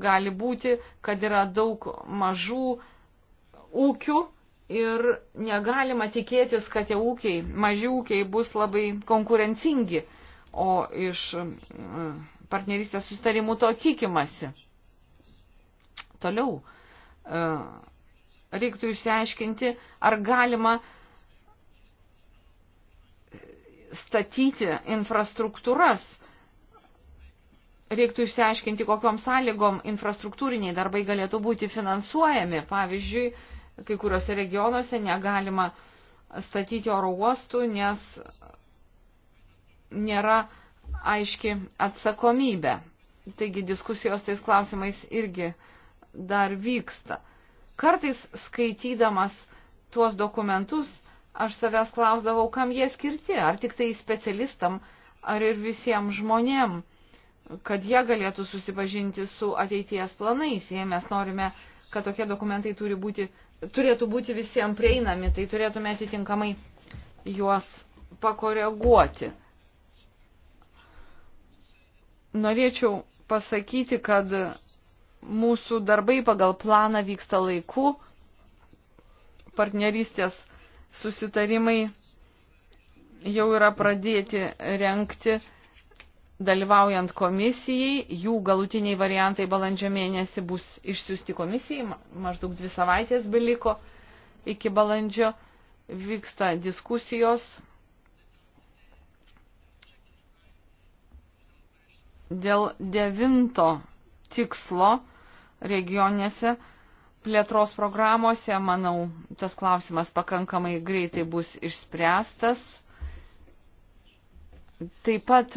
gali būti, kad yra daug mažų ūkių ir negalima tikėtis, kad tie ūkiai, maži ūkiai bus labai konkurencingi, o iš mm, partnerystės sustarimų to tikimasi. Toliau e, reiktų išsiaiškinti, ar galima statyti infrastruktūras reiktų išsiaiškinti, kokiom sąlygom infrastruktūriniai darbai galėtų būti finansuojami. Pavyzdžiui, kai kuriuose regionuose negalima statyti oro uostų, nes nėra aiški atsakomybė. Taigi diskusijos tais klausimais irgi dar vyksta. Kartais skaitydamas tuos dokumentus, aš savęs klausdavau, kam jie skirti, ar tik tai specialistam, ar ir visiems žmonėms kad jie galėtų susipažinti su ateities planais. Jei mes norime, kad tokie dokumentai turi būti, turėtų būti visiems prieinami, tai turėtume atitinkamai juos pakoreguoti. Norėčiau pasakyti, kad mūsų darbai pagal planą vyksta laiku, partnerystės susitarimai jau yra pradėti renkti dalyvaujant komisijai, jų galutiniai variantai balandžio mėnesį bus išsiųsti komisijai, maždaug dvi savaitės beliko iki balandžio, vyksta diskusijos. Dėl devinto tikslo regionėse plėtros programuose, manau, tas klausimas pakankamai greitai bus išspręstas. Taip pat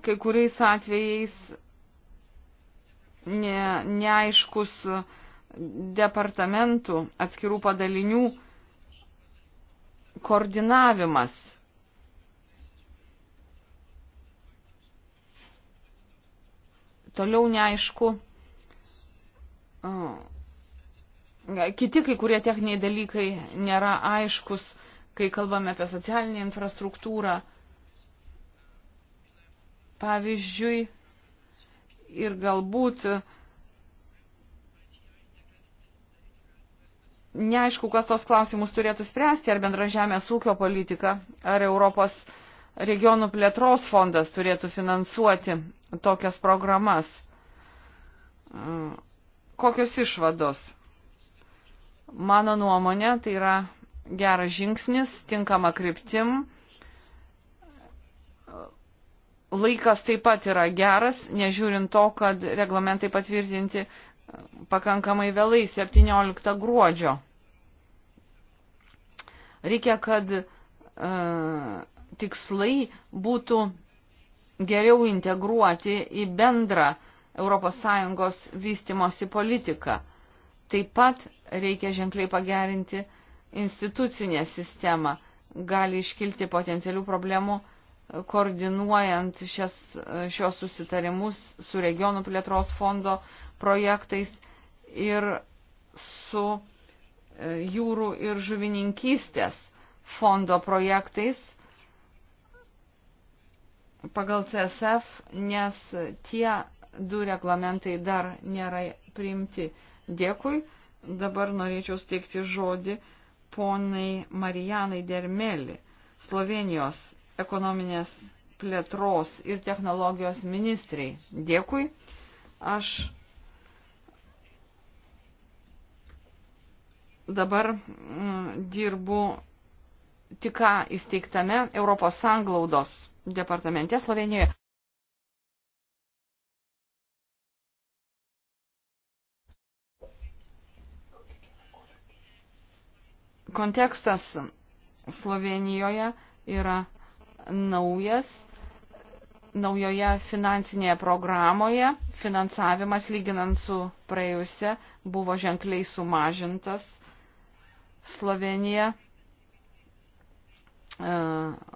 kai kuriais atvejais ne, neaiškus departamentų atskirų padalinių koordinavimas. Toliau neaišku. Kiti kai kurie techniniai dalykai nėra aiškus, kai kalbame apie socialinę infrastruktūrą pavyzdžiui, ir galbūt neaišku, kas tos klausimus turėtų spręsti, ar bendra žemės ūkio politika, ar Europos regionų plėtros fondas turėtų finansuoti tokias programas. Kokios išvados? Mano nuomonė, tai yra geras žingsnis, tinkama kryptim laikas taip pat yra geras, nežiūrint to, kad reglamentai patvirtinti pakankamai vėlai 17 gruodžio. Reikia, kad e, tikslai būtų geriau integruoti į bendrą ES vystimosi politiką. Taip pat reikia ženkliai pagerinti institucinę sistemą. Gali iškilti potencialių problemų koordinuojant šias, šios susitarimus su regionų plėtros fondo projektais ir su e, jūrų ir žuvininkystės fondo projektais pagal CSF, nes tie du reglamentai dar nėra priimti. Dėkui. Dabar norėčiau steigti žodį ponai Marijanai Dermeli, Slovenijos ekonominės plėtros ir technologijos ministrai. Dėkui. Aš dabar mm, dirbu tik ką įsteigtame Europos sanglaudos departamente Slovenijoje. Kontekstas Slovenijoje yra naujas, naujoje finansinėje programoje finansavimas lyginant su praėjusia buvo ženkliai sumažintas. Slovenija e,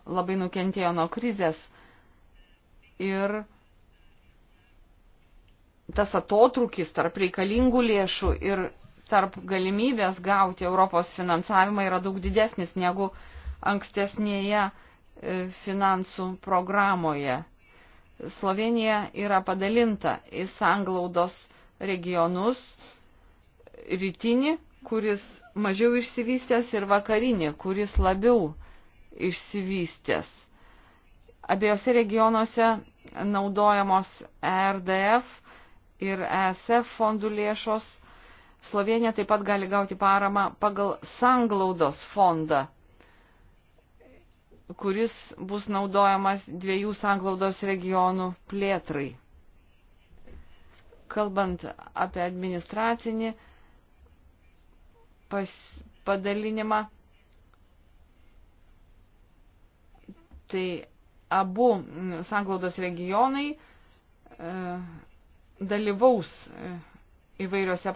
labai nukentėjo nuo krizės ir tas atotrukis tarp reikalingų lėšų ir tarp galimybės gauti Europos finansavimą yra daug didesnis negu ankstesnėje uh, E, finansų programoje. Slovenija yra padalinta į sanglaudos regionus rytinį, kuris mažiau išsivystęs ir vakarinį, kuris labiau išsivystęs. Abiejose regionuose naudojamos ERDF ir ESF fondų lėšos. Slovenija taip pat gali gauti paramą pagal sanglaudos fondą kuris bus naudojamas dviejų sanglaudos regionų plėtrai. Kalbant apie administracinį pas, padalinimą, tai abu sanglaudos regionai e, dalyvaus e, įvairiose,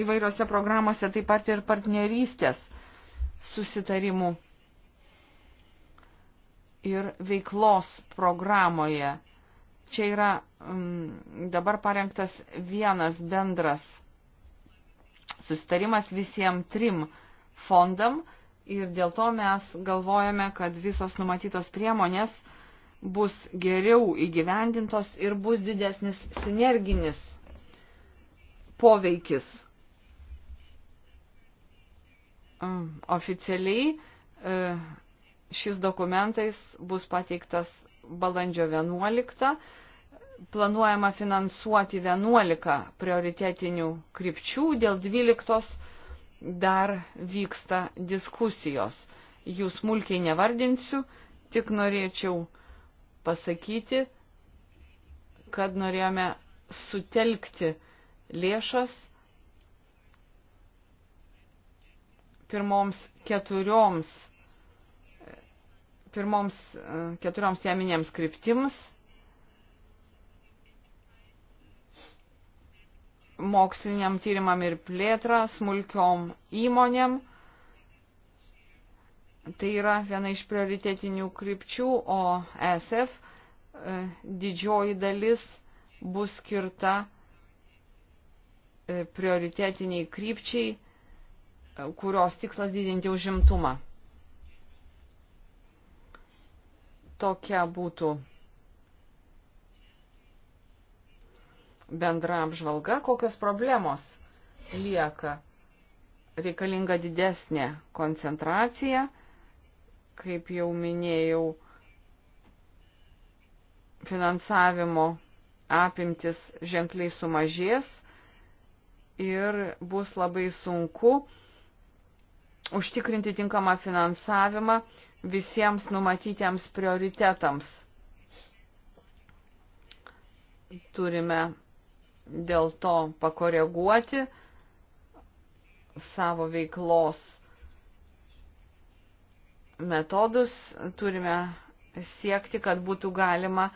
įvairiose programose, taip pat ir partnerystės susitarimų ir veiklos programoje. Čia yra mm, dabar parengtas vienas bendras sustarimas visiems trim fondam ir dėl to mes galvojame, kad visos numatytos priemonės bus geriau įgyvendintos ir bus didesnis sinerginis poveikis. Mm, oficialiai e, šis dokumentais bus pateiktas balandžio 11. Planuojama finansuoti 11 prioritetinių krypčių, dėl 12 dar vyksta diskusijos. Jų smulkiai nevardinsiu, tik norėčiau pasakyti, kad norėjome sutelkti lėšas pirmoms keturioms pirmoms e, keturioms teminėms kryptims - moksliniam tyrimam ir plėtra, smulkiom įmonėm. Tai yra viena iš prioritetinių krypčių, o e SF e, didžioji dalis bus skirta prioritetiniai krypčiai, kurios tikslas didinti užimtumą. Tokia būtų bendra apžvalga, kokios problemos lieka. Reikalinga didesnė koncentracija, kaip jau minėjau, finansavimo apimtis ženkliai sumažės ir bus labai sunku užtikrinti tinkamą finansavimą visiems numatytiems prioritetams. Turime dėl to pakoreguoti savo veiklos metodus, turime siekti, kad būtų galima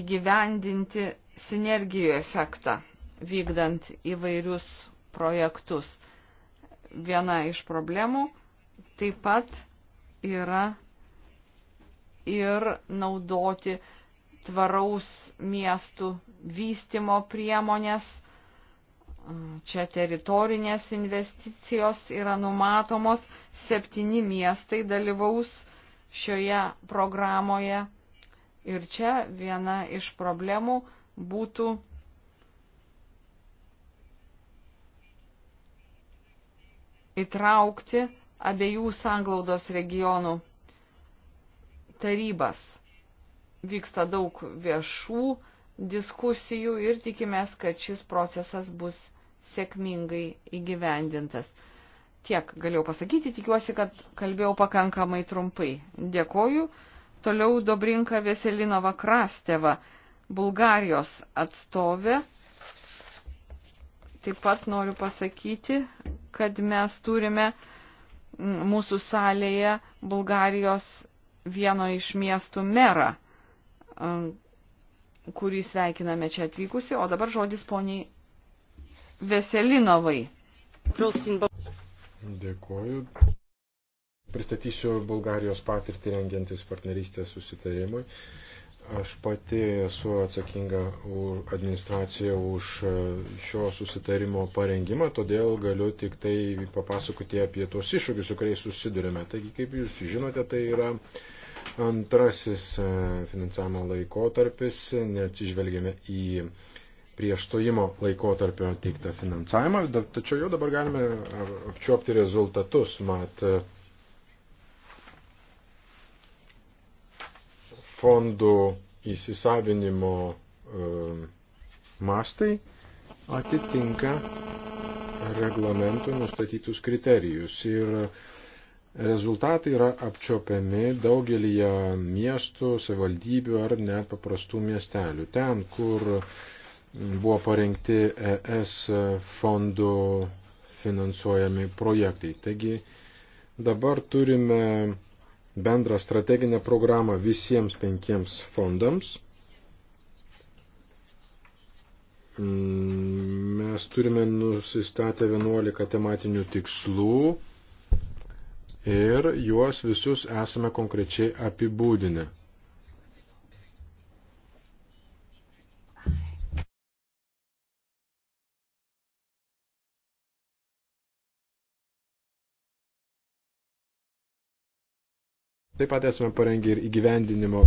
įgyvendinti sinergijų efektą, vykdant įvairius projektus. Viena iš problemų taip pat yra ir naudoti tvaraus miestų vystimo priemonės. Čia teritorinės investicijos yra numatomos, septyni miestai dalyvaus šioje programoje. Ir čia viena iš problemų būtų įtraukti abiejų sanglaudos regionų tarybas. Vyksta daug viešų diskusijų ir tikimės, kad šis procesas bus sėkmingai įgyvendintas. Tiek galėjau pasakyti, tikiuosi, kad kalbėjau pakankamai trumpai. Dėkoju. Toliau Dobrinka Veselinova Krasteva, Bulgarijos atstovė. Taip pat noriu pasakyti, kad mes turime mūsų salėje Bulgarijos vieno iš miestų merą, um, kurį sveikiname čia atvykusi, o dabar žodis poniai Veselinovai. Dėkuoju. Pristatysiu Bulgarijos patirtį rengiantis partnerystės susitarimui. Aš pati esu atsakinga administracija už e, šio susitarimo parengimą, todėl galiu tik tai papasakoti apie tuos iššūkius, su kuriais susidurime. Taigi, kaip jūs žinote, tai yra antrasis e, finansavimo laikotarpis, neatsižvelgėme į prieš stojimo laikotarpio teiktą finansavimą, tačiau jau dabar galime apčiuopti rezultatus, mat fondų įsisavinimo e, mastai atitinka reglamento nustatytus kriterijus. Ir rezultatai yra apčiopiami daugelį miestų, savivaldybių ar net paprastų miestelių. Ten, kur buvo parengti ES fondų finansuojami projektai. Taigi dabar turime bendrą strateginę programą visiems penkiems fondams. Mm, mes turime nusistatę 11 tematinių tikslų ir juos visus esame konkrečiai apibūdinę. Taip pat esame parengę ir įgyvendinimo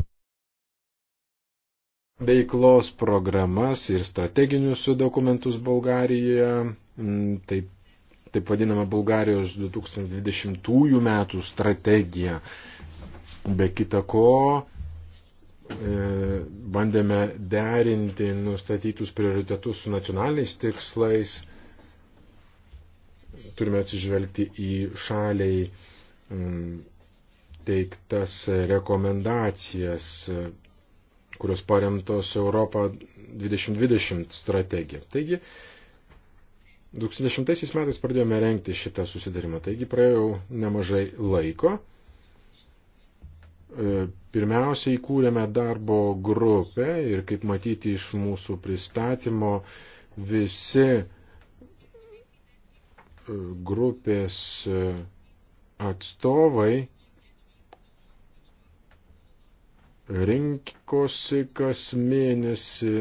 veiklos programas ir strateginius dokumentus Bulgarijoje, mm, taip, taip vadinama Bulgarijos 2020 metų strategija. Be kita ko, e, bandėme derinti nustatytus prioritetus su nacionaliniais tikslais, turime atsižvelgti į šaliai mm, teiktas rekomendacijas, kurios paremtos Europą 2020 strategija. Taigi, 2010 metais pradėjome renkti šitą susidarimą, taigi praėjau nemažai laiko. E, Pirmiausia, įkūrėme darbo grupę ir kaip matyti iš mūsų pristatymo, visi e, grupės e, atstovai rinkosi kas mėnesį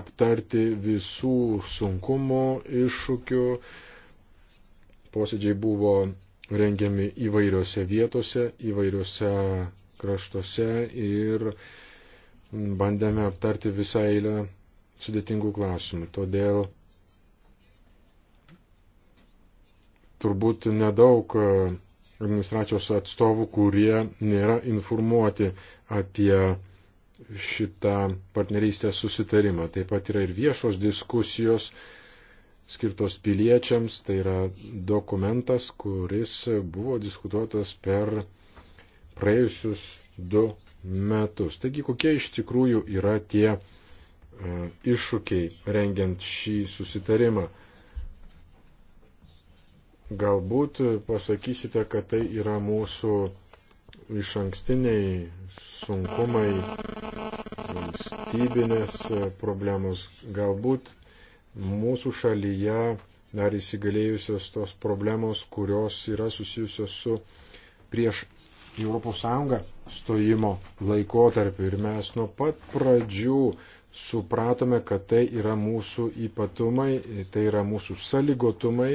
aptarti visų sunkumų, iššūkių. Posėdžiai buvo rengiami įvairiose vietose, įvairiose kraštuose ir bandėme aptarti visą eilę sudėtingų klausimų. Todėl turbūt nedaug administracijos atstovų, kurie nėra informuoti apie šitą partnerystės susitarimą. Taip pat yra ir viešos diskusijos skirtos piliečiams, tai yra dokumentas, kuris buvo diskutuotas per praėjusius du metus. Taigi, kokie iš tikrųjų yra tie e, iššūkiai rengiant šį susitarimą. Galbūt pasakysite, kad tai yra mūsų iš ankstiniai sunkumai, valstybinės problemos. Galbūt mūsų šalyje dar įsigalėjusios tos problemos, kurios yra susijusios su prieš ES stojimo laikotarpiu. Ir mes nuo pat pradžių supratome, kad tai yra mūsų ypatumai, tai yra mūsų saligotumai,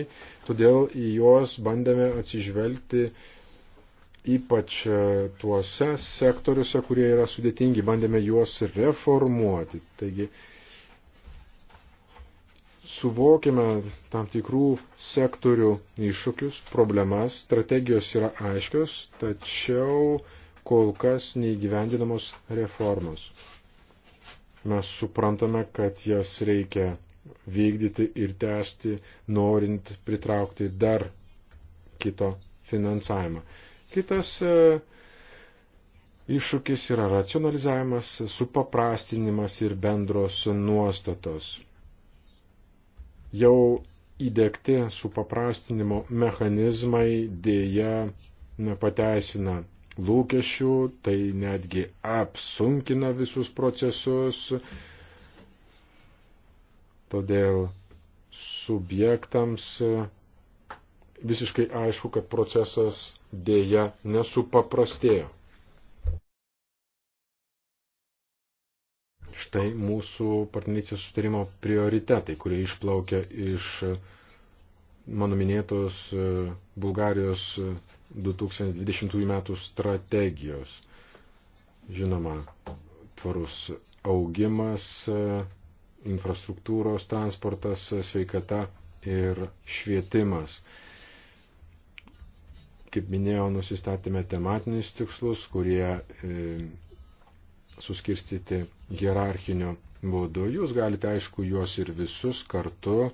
todėl į juos bandėme atsižvelgti ypač e, tuose sektoriuose, kurie yra sudėtingi, bandėme juos reformuoti. Taigi, suvokiame tam tikrų sektorių iššūkius, problemas, strategijos yra aiškios, tačiau kol kas neįgyvendinamos reformos mes suprantame, kad jas reikia vykdyti ir tęsti, norint pritraukti dar kito finansavimą. Kitas e, iššūkis yra racionalizavimas, supaprastinimas ir bendros nuostatos. Jau įdėkti supaprastinimo mechanizmai dėja nepateisina lūkesčių, tai netgi apsunkina visus procesus. Todėl subjektams visiškai aišku, kad procesas dėja nesupaprastėjo. Štai mūsų partnerystės sutarimo prioritetai, kurie išplaukia iš mano minėtos Bulgarijos 2020 metų strategijos. Žinoma, tvarus augimas, infrastruktūros, transportas, sveikata ir švietimas. Kaip minėjau, nusistatėme tematinius tikslus, kurie e, suskirstyti hierarchiniu būdu. Jūs galite, aišku, juos ir visus kartu e,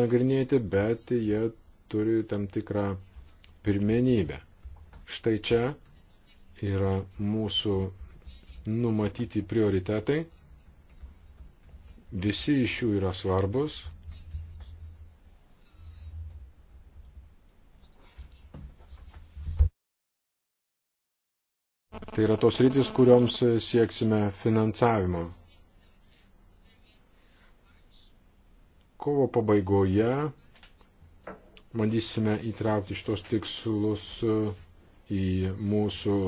nagrinėti, bet jie turi tam tikrą pirmenybę. Štai čia yra mūsų numatyti prioritetai. Visi iš jų yra svarbus. Tai yra tos rytis, kurioms sieksime finansavimo. Kovo pabaigoje bandysime įtraukti šitos tikslus e, į mūsų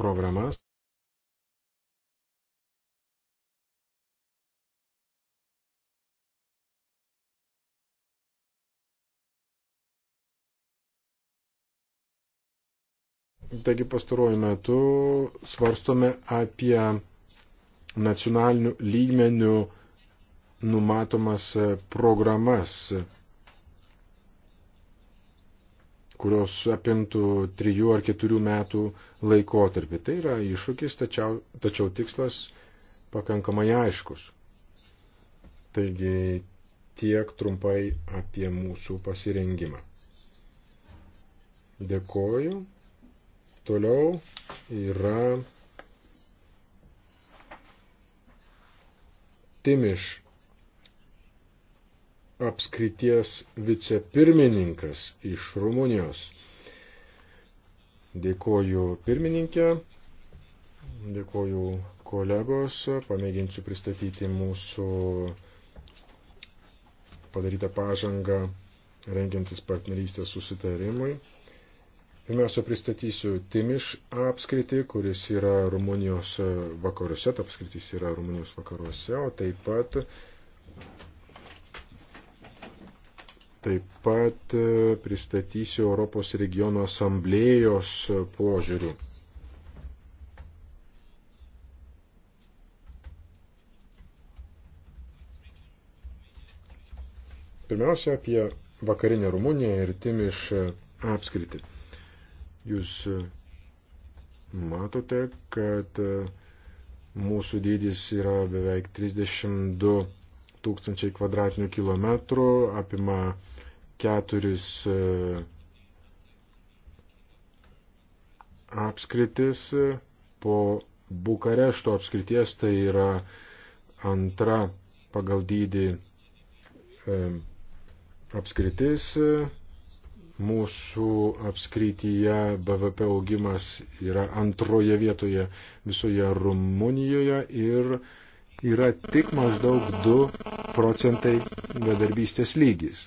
programas. Taigi pastaruoju metu svarstome apie nacionalinių lygmenių numatomas programas kurios apimtų trijų ar keturių metų laikotarpį. Tai yra iššūkis, tačiau, tačiau tikslas pakankamai aiškus. Taigi tiek trumpai apie mūsų pasirengimą. Dėkoju. Toliau yra Timiš apskrities vicepirmininkas iš Rumunijos. Dėkoju pirmininkė, dėkoju kolegos, pamėginsiu pristatyti mūsų padarytą pažangą rengiantis partnerystės susitarimui. Pirmiausia, pristatysiu Timiš apskritį, kuris yra Rumunijos vakaruose, ta apskritis yra Rumunijos vakaruose, o taip pat Taip pat e, pristatysiu Europos regiono asamblėjos e, požiūrį. Pirmiausia, apie vakarinę Rumuniją ir Timiš e, apskritį. Jūs matote, kad mūsų dydis yra beveik 32 tūkstančiai kvadratinių kilometrų, apima keturis e, apskritis e, po Bukarešto apskrities, tai yra antra pagal dydį e, apskritis. Mūsų apskrityje BVP augimas yra antroje vietoje visoje Rumunijoje ir yra tik maždaug 2 procentai bedarbystės lygis.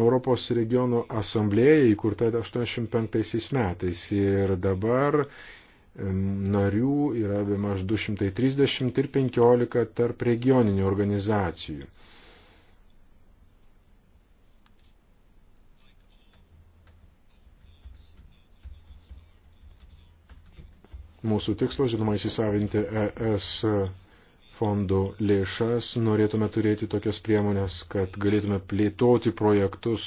Europos regionų asamblėja įkurta 85 metais ir dabar narių yra be maž 230 ir 15 tarp regioninių organizacijų. Mūsų tikslas, žinoma, įsisavinti ES fondo lėšas, norėtume turėti tokias priemonės, kad galėtume plėtoti projektus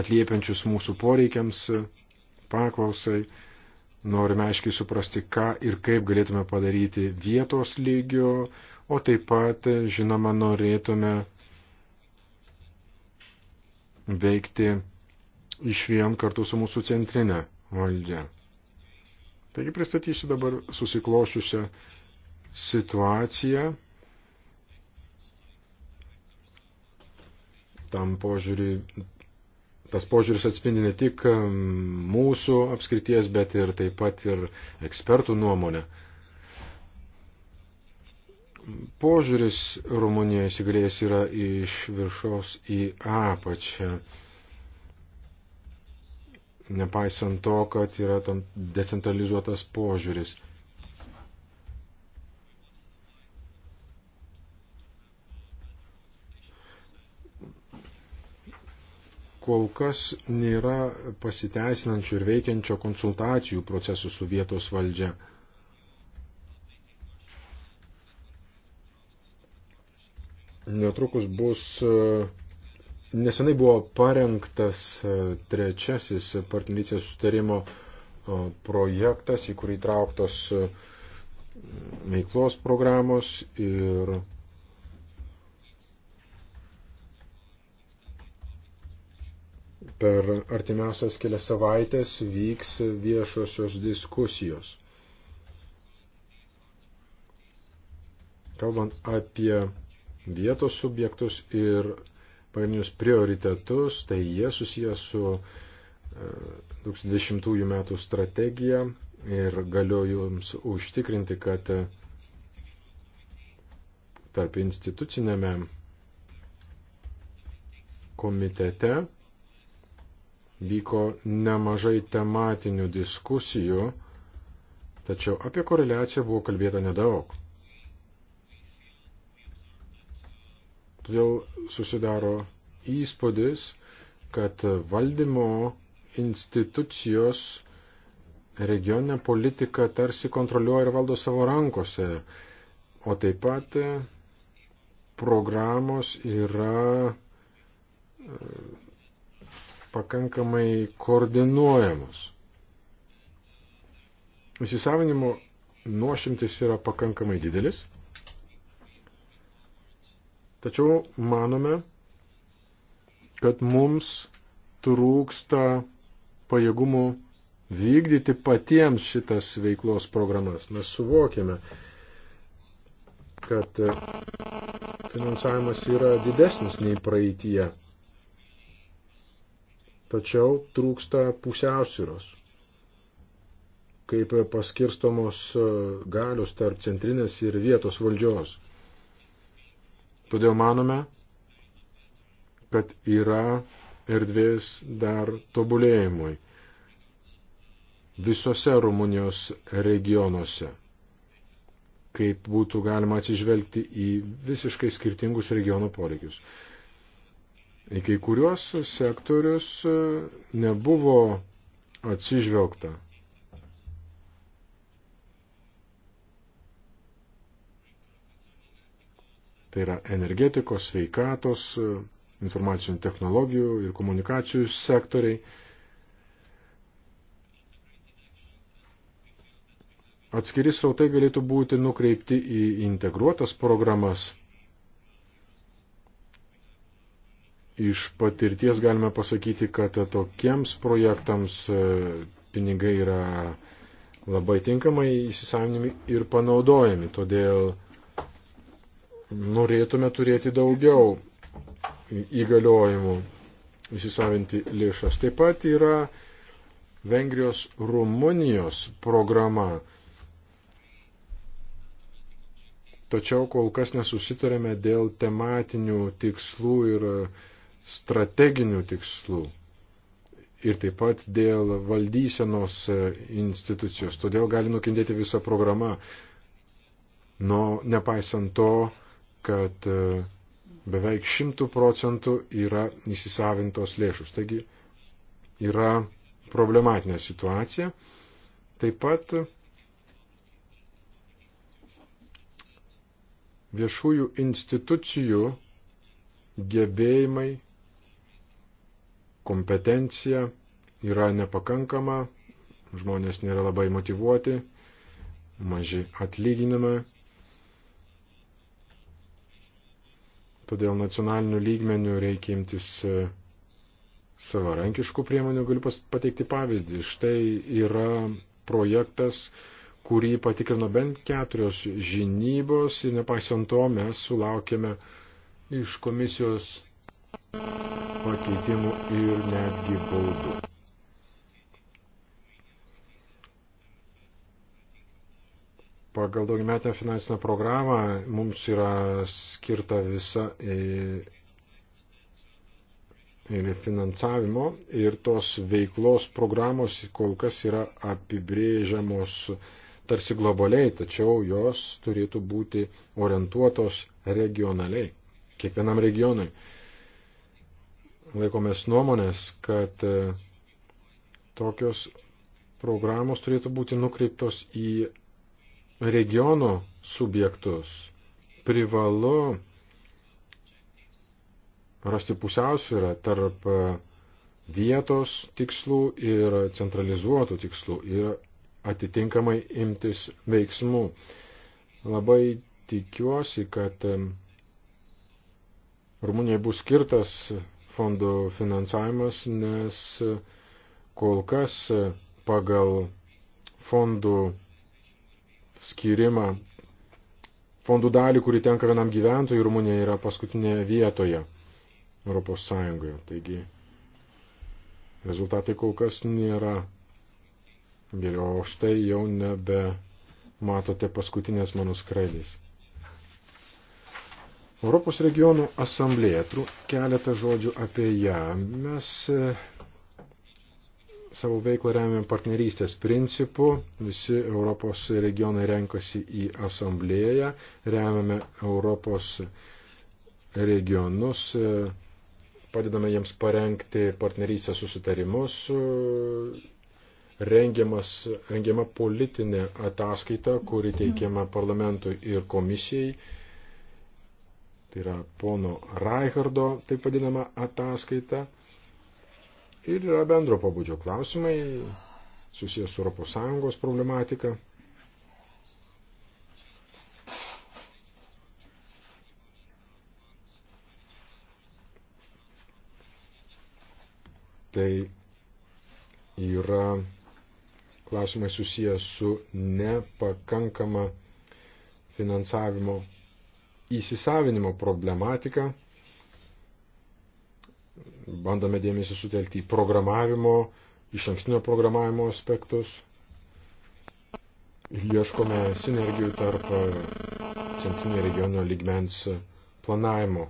atliepiančius mūsų poreikiams, paklausai. Norime aiškiai suprasti, ką ir kaip galėtume padaryti vietos lygio, o taip pat, žinoma, norėtume veikti iš vien kartu su mūsų centrinė valdžia. Taigi pristatysiu dabar susiklošiusią situacija tam požiūriui, tas požiūris atspindi ne tik um, mūsų apskrities, bet ir taip pat ir ekspertų nuomonę. Požiūris Rumunijoje įsigalėjęs yra iš viršaus į apačią. Nepaisant to, kad yra tam decentralizuotas požiūris. kol kas nėra pasiteisinančio ir veikiančio konsultacijų procesų su vietos valdžia. Netrukus bus, nesenai buvo parengtas e, trečiasis partnerystės sutarimo e, projektas, į kurį trauktos e, veiklos programos ir Per artimiausias kelias savaitės vyks viešosios diskusijos. Kalbant apie vietos subjektus ir pagrindinius prioritetus, tai jie susiję su 2020 e, metų strategija ir galiu jums užtikrinti, kad tarp institucinėme komitete vyko nemažai tematinių diskusijų, tačiau apie koreliaciją buvo kalbėta nedaug. Todėl susidaro įspūdis, kad valdymo institucijos regioninę politiką tarsi kontroliuoja ir valdo savo rankose, o taip pat programos yra pakankamai koordinuojamos. Įsisavinimo nuošimtis yra pakankamai didelis, tačiau manome, kad mums trūksta pajėgumų vykdyti patiems šitas veiklos programas. Mes suvokiame, kad finansavimas yra didesnis nei praeitie tačiau trūksta pusiausvyros, kaip paskirstomos e, galios tarp centrinės ir vietos valdžios. Todėl manome, kad yra erdvės dar tobulėjimui visose Rumunijos regionuose, kaip būtų galima atsižvelgti į visiškai skirtingus regionų poreikius į kai kuriuos sektorius e, nebuvo atsižvelgta. Tai yra energetikos, sveikatos, e, informacinių technologijų ir komunikacijų sektoriai. Atskiri srautai galėtų būti nukreipti į integruotas programas Iš patirties galime pasakyti, kad tokiems projektams e, pinigai yra labai tinkamai įsisavinami ir panaudojami, todėl norėtume turėti daugiau įgaliojimų įsisavinti lėšas. Taip pat yra Vengrijos Rumunijos programa. Tačiau kol kas nesusitarėme dėl tematinių tikslų ir uh, strateginių tikslų ir taip pat dėl valdysenos e, institucijos. Todėl gali nukentėti visa programa. No, nepaisant to, kad e, beveik šimtų procentų yra įsisavintos lėšus. Taigi yra problematinė situacija. Taip pat viešųjų institucijų gebėjimai kompetencija yra nepakankama, žmonės nėra labai motivuoti, maži atlyginimai. Todėl nacionalinių lygmenių reikia imtis e, savarankiškų priemonių. Galiu pateikti pavyzdį. Štai yra projektas, kurį patikrino bent keturios žinybos ir nepaisant to mes sulaukėme iš komisijos pakeitimų ir netgi baudų. Pagal daugiametę finansinę programą mums yra skirta visa eilė finansavimo ir tos veiklos programos kol kas yra apibrėžiamos tarsi globaliai, tačiau jos turėtų būti orientuotos regionaliai, kiekvienam regionui laikomės nuomonės, kad e, tokios programos turėtų būti nukreiptos į regiono subjektus. Privalu rasti pusiausvyrą tarp e, vietos tikslų ir centralizuotų tikslų ir atitinkamai imtis veiksmų. Labai tikiuosi, kad e, Rumunijai bus skirtas fondų finansavimas, nes kol kas pagal fondų skirimą, fondų dalį, kuri tenka vienam gyventojui, Rumunija yra paskutinėje vietoje Europos Sąjungoje. Taigi rezultatai kol kas nėra geriau, o štai jau nebe matote paskutinės mano skraidys. Europos regionų asamblėja, keletą žodžių apie ją. Mes e, savo veiklą remiam partnerystės principu, visi Europos regionai renkasi į asamblėją, remiame Europos regionus, e, padedame jiems parengti partnerystės susitarimus, e, rengiamas, rengiama politinė ataskaita, kuri teikiama parlamentui ir komisijai tai yra pono Raihardo taip vadinama ataskaita. Ir yra bendro pabudžio klausimai susijęs su ES problematika. Tai yra klausimai susijęs su nepakankama finansavimo įsisavinimo problematiką, bandome dėmesį sutelkti į programavimo, iš ankstinio programavimo aspektus, ieškome sinergijų tarp centrinio regiono lygmens planavimo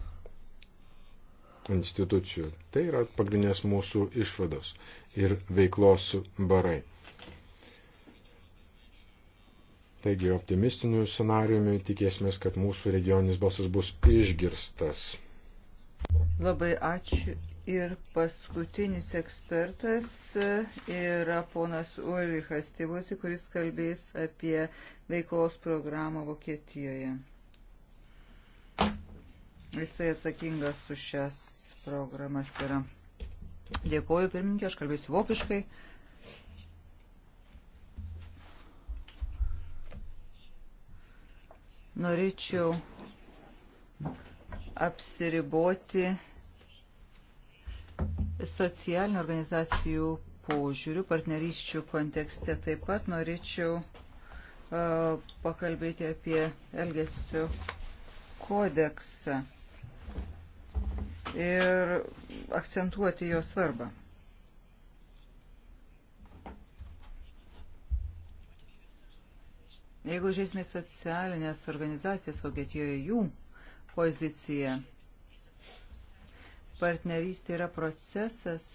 institucijų. Tai yra pagrindinės mūsų išvados ir veiklos barai. Taigi optimistiniu scenariumi tikėsime, kad mūsų regioninis balsas bus išgirstas. Labai ačiū. Ir paskutinis ekspertas e, yra ponas Ulrichas Tėvusi, kuris kalbės apie veiklos programą Vokietijoje. Jisai atsakingas už šias programas yra. Dėkuoju pirmininkė, aš kalbėsiu vokiškai. Uh, Norėčiau apsiriboti socialinių organizacijų požiūrių, partnerysčių kontekste. Taip pat norėčiau e, pakalbėti apie Elgesio kodeksą ir akcentuoti jo svarbą. Jeigu žiūrėsime socialinės organizacijas Vokietijoje, jų pozicija, partnerystė yra procesas,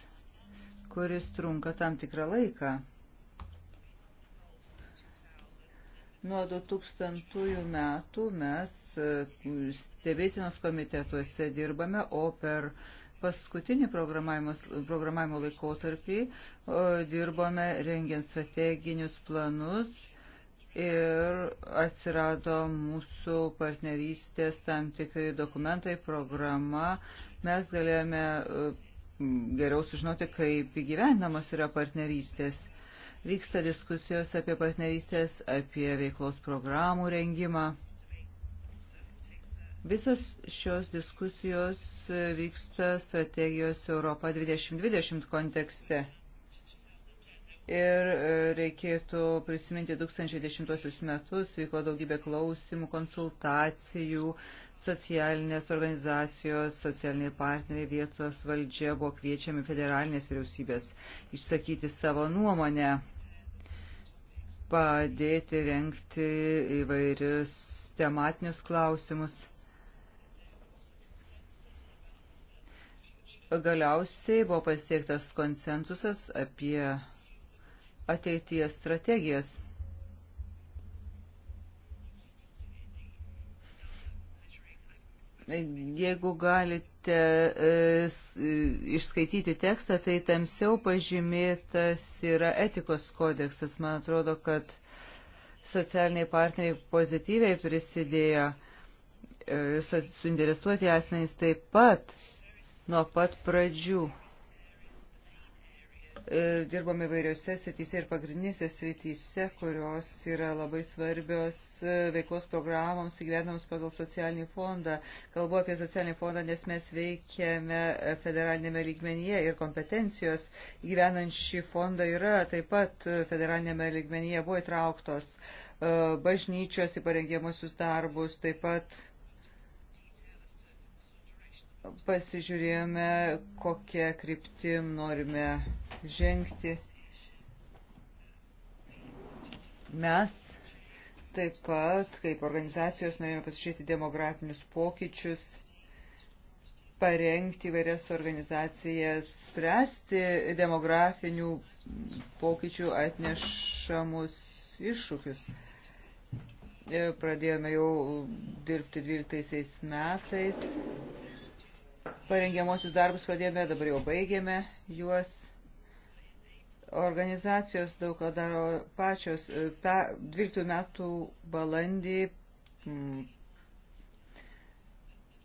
kuris trunka tam tikrą laiką. Nuo 2000 metų mes e, stebėsienos komitetuose dirbame, o per paskutinį programavimo laikotarpį dirbome rengiant strateginius planus ir atsirado mūsų partnerystės tam tikri dokumentai, programa. Mes galėjome e, geriau sužinoti, kaip įgyvendamos yra partnerystės. Vyksta diskusijos apie partnerystės, apie veiklos programų rengimą. Visos šios diskusijos vyksta strategijos Europa 2020 kontekste. Ir e, reikėtų prisiminti 2010 metus, vyko daugybė klausimų, konsultacijų, socialinės organizacijos, socialiniai partneriai, vietos valdžia buvo kviečiami federalinės vyriausybės išsakyti savo nuomonę, padėti renkti įvairius tematinius klausimus. Galiausiai buvo pasiektas konsensusas apie ateities strategijas. Jeigu galite e, e, išskaityti tekstą, tai tamsiau pažymėtas yra etikos kodeksas. Man atrodo, kad socialiniai partneriai pozityviai prisidėjo, e, suinteresuoti asmenys taip pat nuo pat pradžių E, dirbome vairiose srityse ir pagrindinėse srityse, kurios yra labai svarbios e, veiklos programoms įgyvenams pagal socialinį fondą. Kalbu apie socialinį fondą, nes mes veikiame federalinėme lygmenyje ir kompetencijos įgyvenant šį fondą yra taip pat federalinėme lygmenyje buvo įtrauktos e, bažnyčios įparengiamusius darbus, taip pat pasižiūrėjome, kokią kryptim norime žengti. Mes taip pat, kaip organizacijos, norėjome pasižiūrėti demografinius pokyčius, parengti vairias organizacijas, spręsti demografinių pokyčių atnešamus iššūkius. Pradėjome jau dirbti 12 metais Parengiamosius darbus pradėjome, dabar jau baigėme juos. Organizacijos daug ką daro pačios. E, pe, 12 metų balandį m,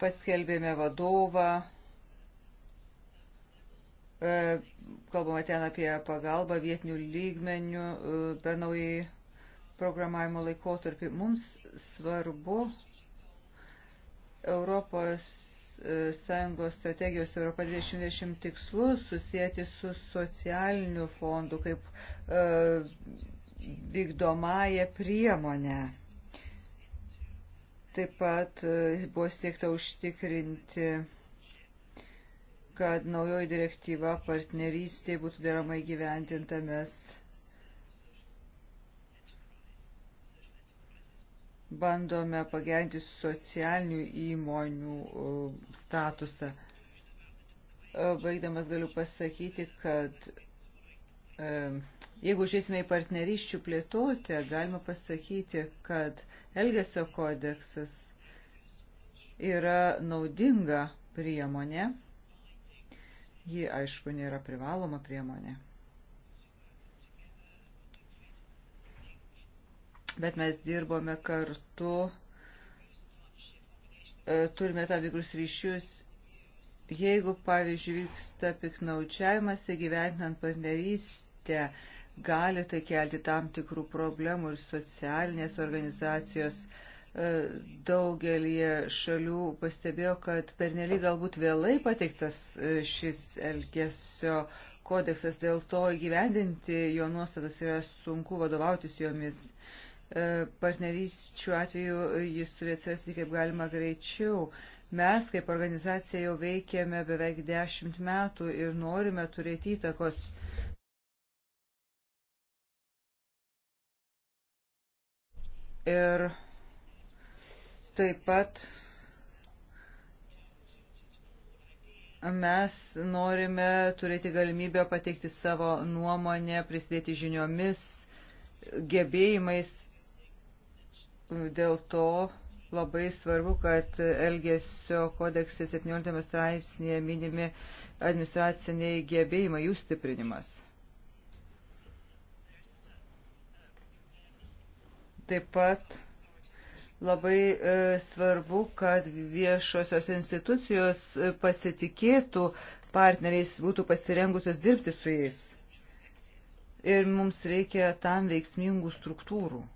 paskelbėme vadovą e, kalbama ten apie pagalbą vietinių lygmenių e, per naują programavimo laikotarpį. Mums svarbu Europos E, Sąjungos strategijos Europa 2020 tikslus susijęti su socialiniu fondu kaip e, vykdomąją priemonę. Taip pat e, buvo siekta užtikrinti, kad naujoji direktyva partnerystėje būtų deramai gyventinta mes bandome pagerinti socialinių įmonių e, statusą. E, baigdamas galiu pasakyti, kad e, jeigu žiūrėsime į partneriščių plėtotę, galima pasakyti, kad Elgesio kodeksas yra naudinga priemonė. Ji, aišku, nėra privaloma priemonė. bet mes dirbome kartu, e, turime tam tikrus ryšius. Jeigu, pavyzdžiui, vyksta piknaučiavimas įgyventinant partnerystę, gali tai kelti tam tikrų problemų ir socialinės organizacijos e, daugelį šalių pastebėjo, kad pernelyg galbūt vėlai pateiktas e, šis elgesio kodeksas, dėl to įgyvendinti jo nuostatas yra sunku vadovautis jomis. Uh, E, partnerys šiuo atveju jis turi atsirasti kaip galima greičiau. Mes kaip organizacija jau veikiame beveik dešimt metų ir norime turėti įtakos ir taip pat mes norime turėti galimybę pateikti savo nuomonę, prisidėti žiniomis, gebėjimais. Dėl to labai svarbu, kad Elgesio kodeksė 17 straipsnėje minimi administraciniai gebėjimai, jų stiprinimas. Taip pat labai e, svarbu, kad viešosios institucijos pasitikėtų partneriais, būtų pasirengusios dirbti su jais. Ir mums reikia tam veiksmingų struktūrų.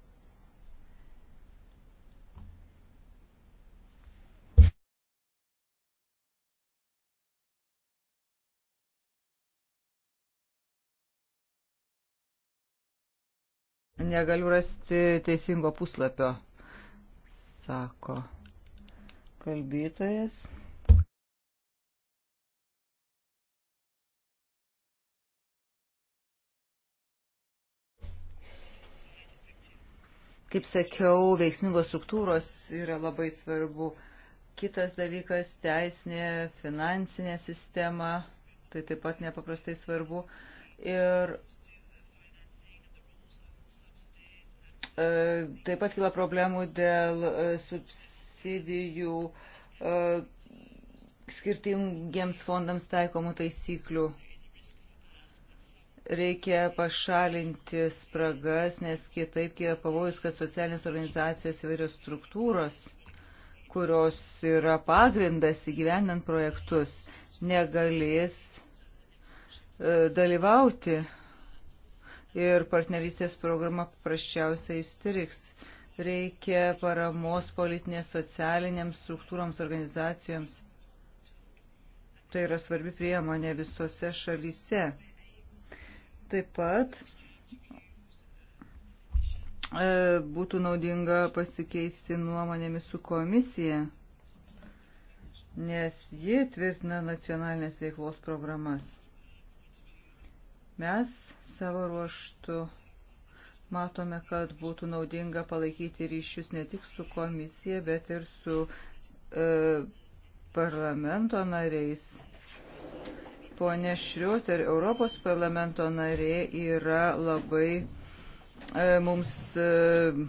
Negaliu rasti teisingo puslapio, sako kalbėtojas. Kaip sakiau, veiksmingos struktūros yra labai svarbu. Kitas dalykas - teisinė, finansinė sistema. Tai taip pat nepaprastai svarbu. Ir E, taip pat kila problemų dėl e, subsidijų e, skirtingiems fondams taikomų taisyklių. Reikia pašalinti spragas, nes kitaip kyla pavojus, kad socialinės organizacijos įvairios struktūros, kurios yra pagrindas įgyvendant projektus, negalės dalyvauti ir partnerystės programa paprasčiausiai įstriks. Reikia paramos politinės socialiniams struktūroms, organizacijoms. Tai yra svarbi priemonė visose šalyse. Taip pat e, būtų naudinga pasikeisti nuomonėmis su komisija, nes ji tvirtina nacionalinės veiklos programas. Mes savo ruoštų matome, kad būtų naudinga palaikyti ryšius ne tik su komisija, bet ir su e, parlamento nariais. Pone Šriuter, Europos parlamento narė yra labai e, mums, e,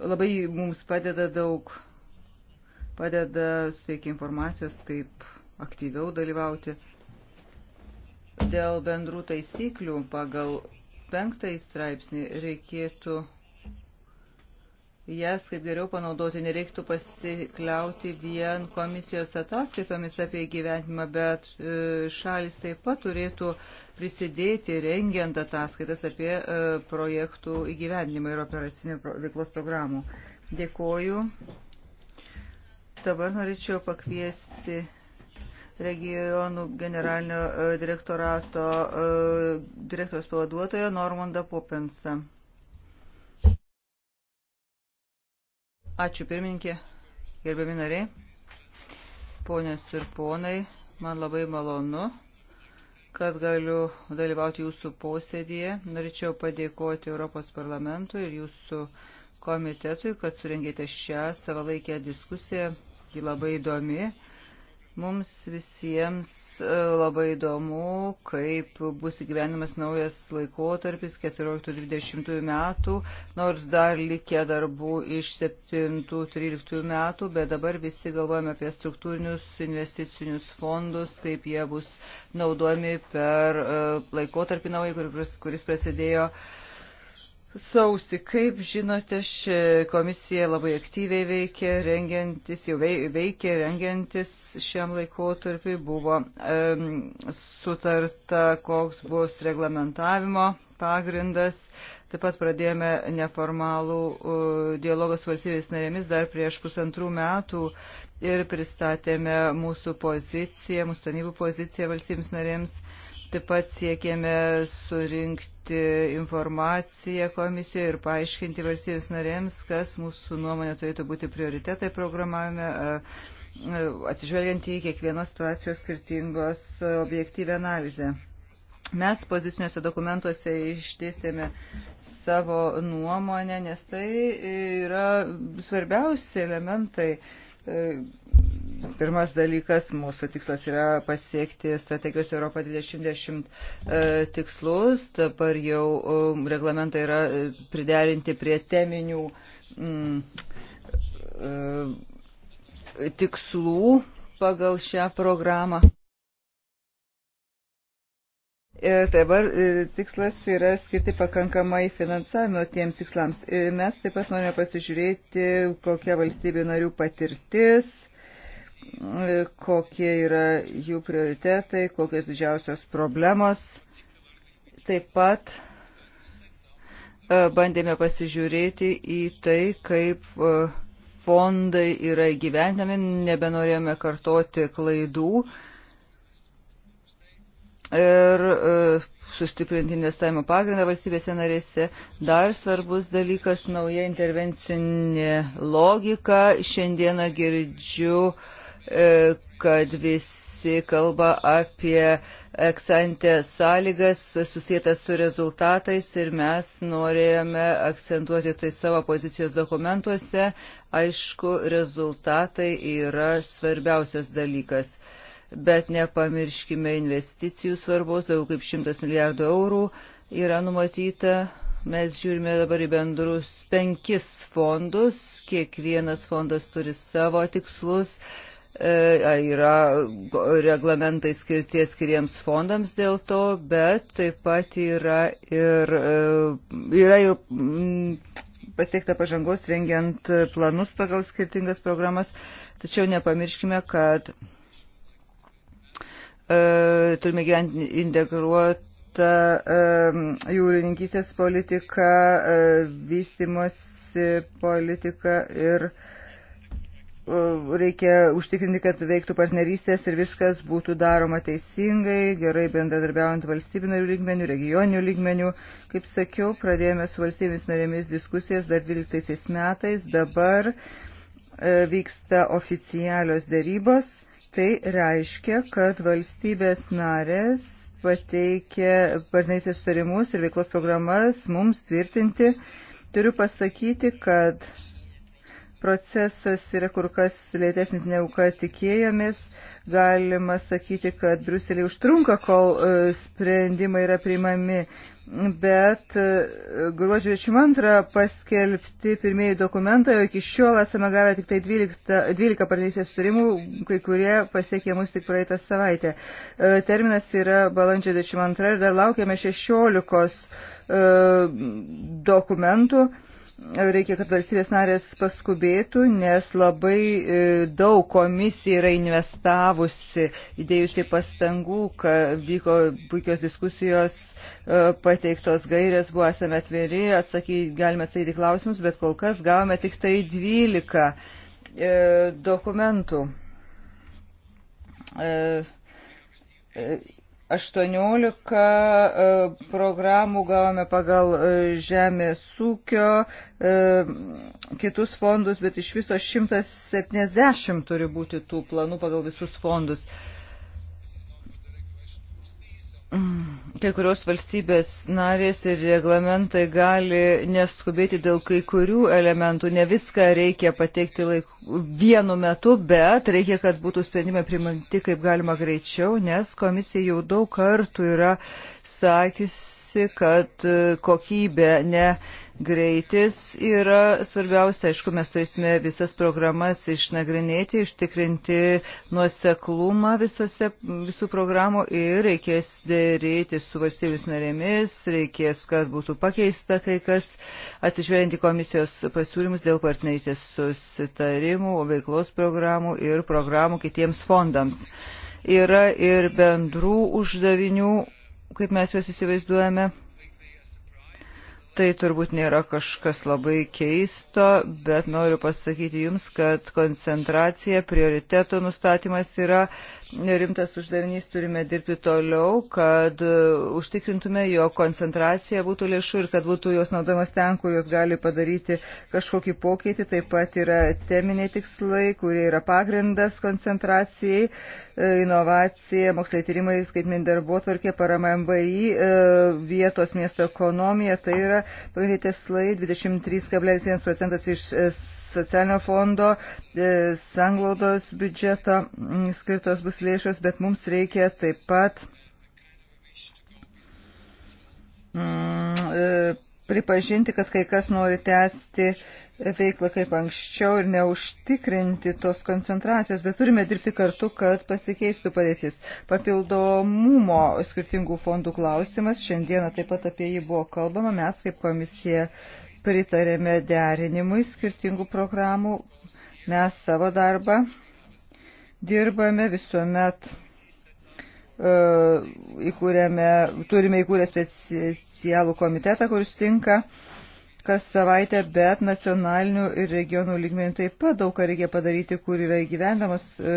labai mums padeda daug, padeda suteikti informacijos, kaip aktyviau dalyvauti. Dėl bendrų taisyklių pagal penktąjį straipsnį reikėtų jas kaip geriau panaudoti, nereiktų pasikliauti vien komisijos ataskaitomis apie gyvenimą, bet e, šalis taip pat turėtų prisidėti rengiant ataskaitas apie e, projektų įgyvenimą ir operacinių veiklos programų. Dėkoju. Dabar norėčiau pakviesti regionų generalinio e, direktorato e, direktoriaus pavaduotoją Normandą Popensą. Ačiū pirmininkė, gerbiami nariai, ponės ir ponai, man labai malonu kad galiu dalyvauti jūsų posėdėje. Norėčiau padėkoti Europos parlamentui ir jūsų komitetui, kad surengėte šią savalaikę diskusiją. Ji labai įdomi. Mums visiems e, labai įdomu, kaip bus įgyvenimas naujas laikotarpis 14-20 metų, nors dar likė darbų iš 7-13 metų, bet dabar visi galvojame apie struktūrinius investicinius fondus, kaip jie bus naudojami per e, laikotarpį naują, kuris, kuris prasidėjo 2014 sausį. Kaip žinote, ši komisija labai aktyviai veikė, rengiantis, jau veikė, rengiantis šiam laikotarpiu buvo um, sutarta, koks bus reglamentavimo pagrindas. Taip pat pradėjome neformalų uh, dialogą su valstybės narėmis dar prieš pusantrų metų ir pristatėme mūsų poziciją, mūsų tarnybų poziciją valstybės narėms. Uh, taip pat siekėme surinkti informaciją komisijoje ir paaiškinti valstybės narėms, kas mūsų nuomonė turėtų būti prioritetai programavime, atsižvelgiant į kiekvienos situacijos skirtingos objektyvę analizę. Mes poziciniuose dokumentuose išdėstėme savo nuomonę, nes tai yra svarbiausi elementai e, Pirmas dalykas, mūsų tikslas yra pasiekti strategijos Europą 2020 e, tikslus. Dabar jau e, reglamentai yra e, priderinti prie teminių mm, tikslų pagal šią programą. Ir dabar tikslas yra skirti pakankamai finansavimo tiems tikslams. Mes taip pat norime pasižiūrėti, kokia valstybių narių patirtis kokie yra jų prioritetai, kokios didžiausios problemos. Taip pat e, bandėme pasižiūrėti į tai, kaip e, fondai yra įgyvendami, nebenorėjome kartoti klaidų ir e, sustiprinti investavimo pagrindą valstybėse narėse. Dar svarbus dalykas - nauja intervencinė logika. Šiandieną girdžiu uh, E, kad visi kalba apie eksantę sąlygas susijęs su rezultatais ir mes norėjome akcentuoti tai savo pozicijos dokumentuose. Aišku, rezultatai yra svarbiausias dalykas. Bet nepamirškime investicijų svarbos, daugiau kaip 100 milijardų eurų yra numatyta mes žiūrime dabar į bendrus penkis fondus, kiekvienas fondas turi savo tikslus, E, yra reglamentai skirti atskiriems fondams dėl to, bet taip pat yra ir, e, yra ir mm, pasiekta pažangos rengiant planus pagal skirtingas programas. Tačiau nepamirškime, kad e, turime gyventi integruotą e, jūrininkystės politiką, e, vystimosi politiką ir e, E, reikia užtikrinti, kad veiktų partnerystės ir viskas būtų daroma teisingai, gerai bendradarbiaujant valstybinių lygmenių, regioninių lygmenių. Kaip sakiau, pradėjome su valstybėmis narėmis diskusijas dar 12 metais, dabar e, vyksta oficialios dėrybos. Tai reiškia, kad valstybės narės pateikė partnerystės sutarimus ir veiklos programas mums tvirtinti. Turiu pasakyti, kad Procesas yra kur kas lėtesnis negu kad tikėjomės. Galima sakyti, kad Bruselėje užtrunka, kol e, sprendimai yra priimami. Bet e, gruodžio 22 paskelbti pirmieji dokumentai, o iki šiol esame gavę tik tai 12, 12 partnerystės sutarimų, kai kurie pasiekė mus tik praeitą savaitę. E, terminas yra balandžio 22 ir dar laukiame 16 dokumentų reikia, kad valstybės narės paskubėtų, nes labai e, daug komisija yra investavusi, įdėjusiai pastangų, kad vyko puikios diskusijos, e, pateiktos gairės, buvo esame atviri, atsaky, galime atsakyti klausimus, bet kol kas gavome tik tai 12 e, dokumentų 18 e, programų gavome pagal e, žemės ūkio, e, kitus fondus, bet iš viso 170 turi būti tų planų pagal visus fondus. Kai kurios valstybės narės ir reglamentai gali neskubėti dėl kai kurių elementų. Ne viską reikia pateikti laiku, vienu metu, bet reikia, kad būtų sprendimai primanti kaip galima greičiau, nes komisija jau daug kartų yra sakiusi, kad kokybė ne greitis yra svarbiausia. Aišku, mes turėsime visas programas išnagrinėti, ištikrinti nuoseklumą visose, visų programų ir reikės dėrėti su valstybės narėmis, reikės, kad būtų pakeista kai kas, atsižvelgiant į komisijos pasiūlymus dėl partnerystės susitarimų, veiklos programų ir programų kitiems fondams. Yra ir bendrų uždavinių, kaip mes juos įsivaizduojame Tai turbūt nėra kažkas labai keisto, bet noriu pasakyti Jums, kad koncentracija, prioriteto nustatymas yra rimtas uždavinys turime dirbti toliau, kad e, užtikrintume, jo koncentracija būtų lėšų ir kad būtų jos naudojamas ten, kur jos gali padaryti kažkokį pokytį. Taip pat yra teminiai tikslai, kurie yra pagrindas koncentracijai, e, inovacija, moksliai tyrimai, skaitmin darbo tvarkė, parama MBI, e, vietos miesto ekonomija. Tai yra pagrindiniai tikslai 23,1 procentas iš socialinio fondo, e, sanglaudos biudžeto skirtos bus lėšos, bet mums reikia taip pat mm, e, pripažinti, kad kai kas nori tęsti veiklą kaip anksčiau ir neužtikrinti tos koncentracijos, bet turime dirbti kartu, kad pasikeistų padėtis. Papildomumo skirtingų fondų klausimas, šiandieną taip pat apie jį buvo kalbama, mes kaip komisija pritarėme derinimui skirtingų programų. Mes savo darbą dirbame visuomet e, įkūrėme, turime įkūrę specialų komitetą, kuris tinka kas savaitę, bet nacionalinių ir regionų lygmenių taip pat daug ką reikia padaryti, kur yra įgyvendamas e,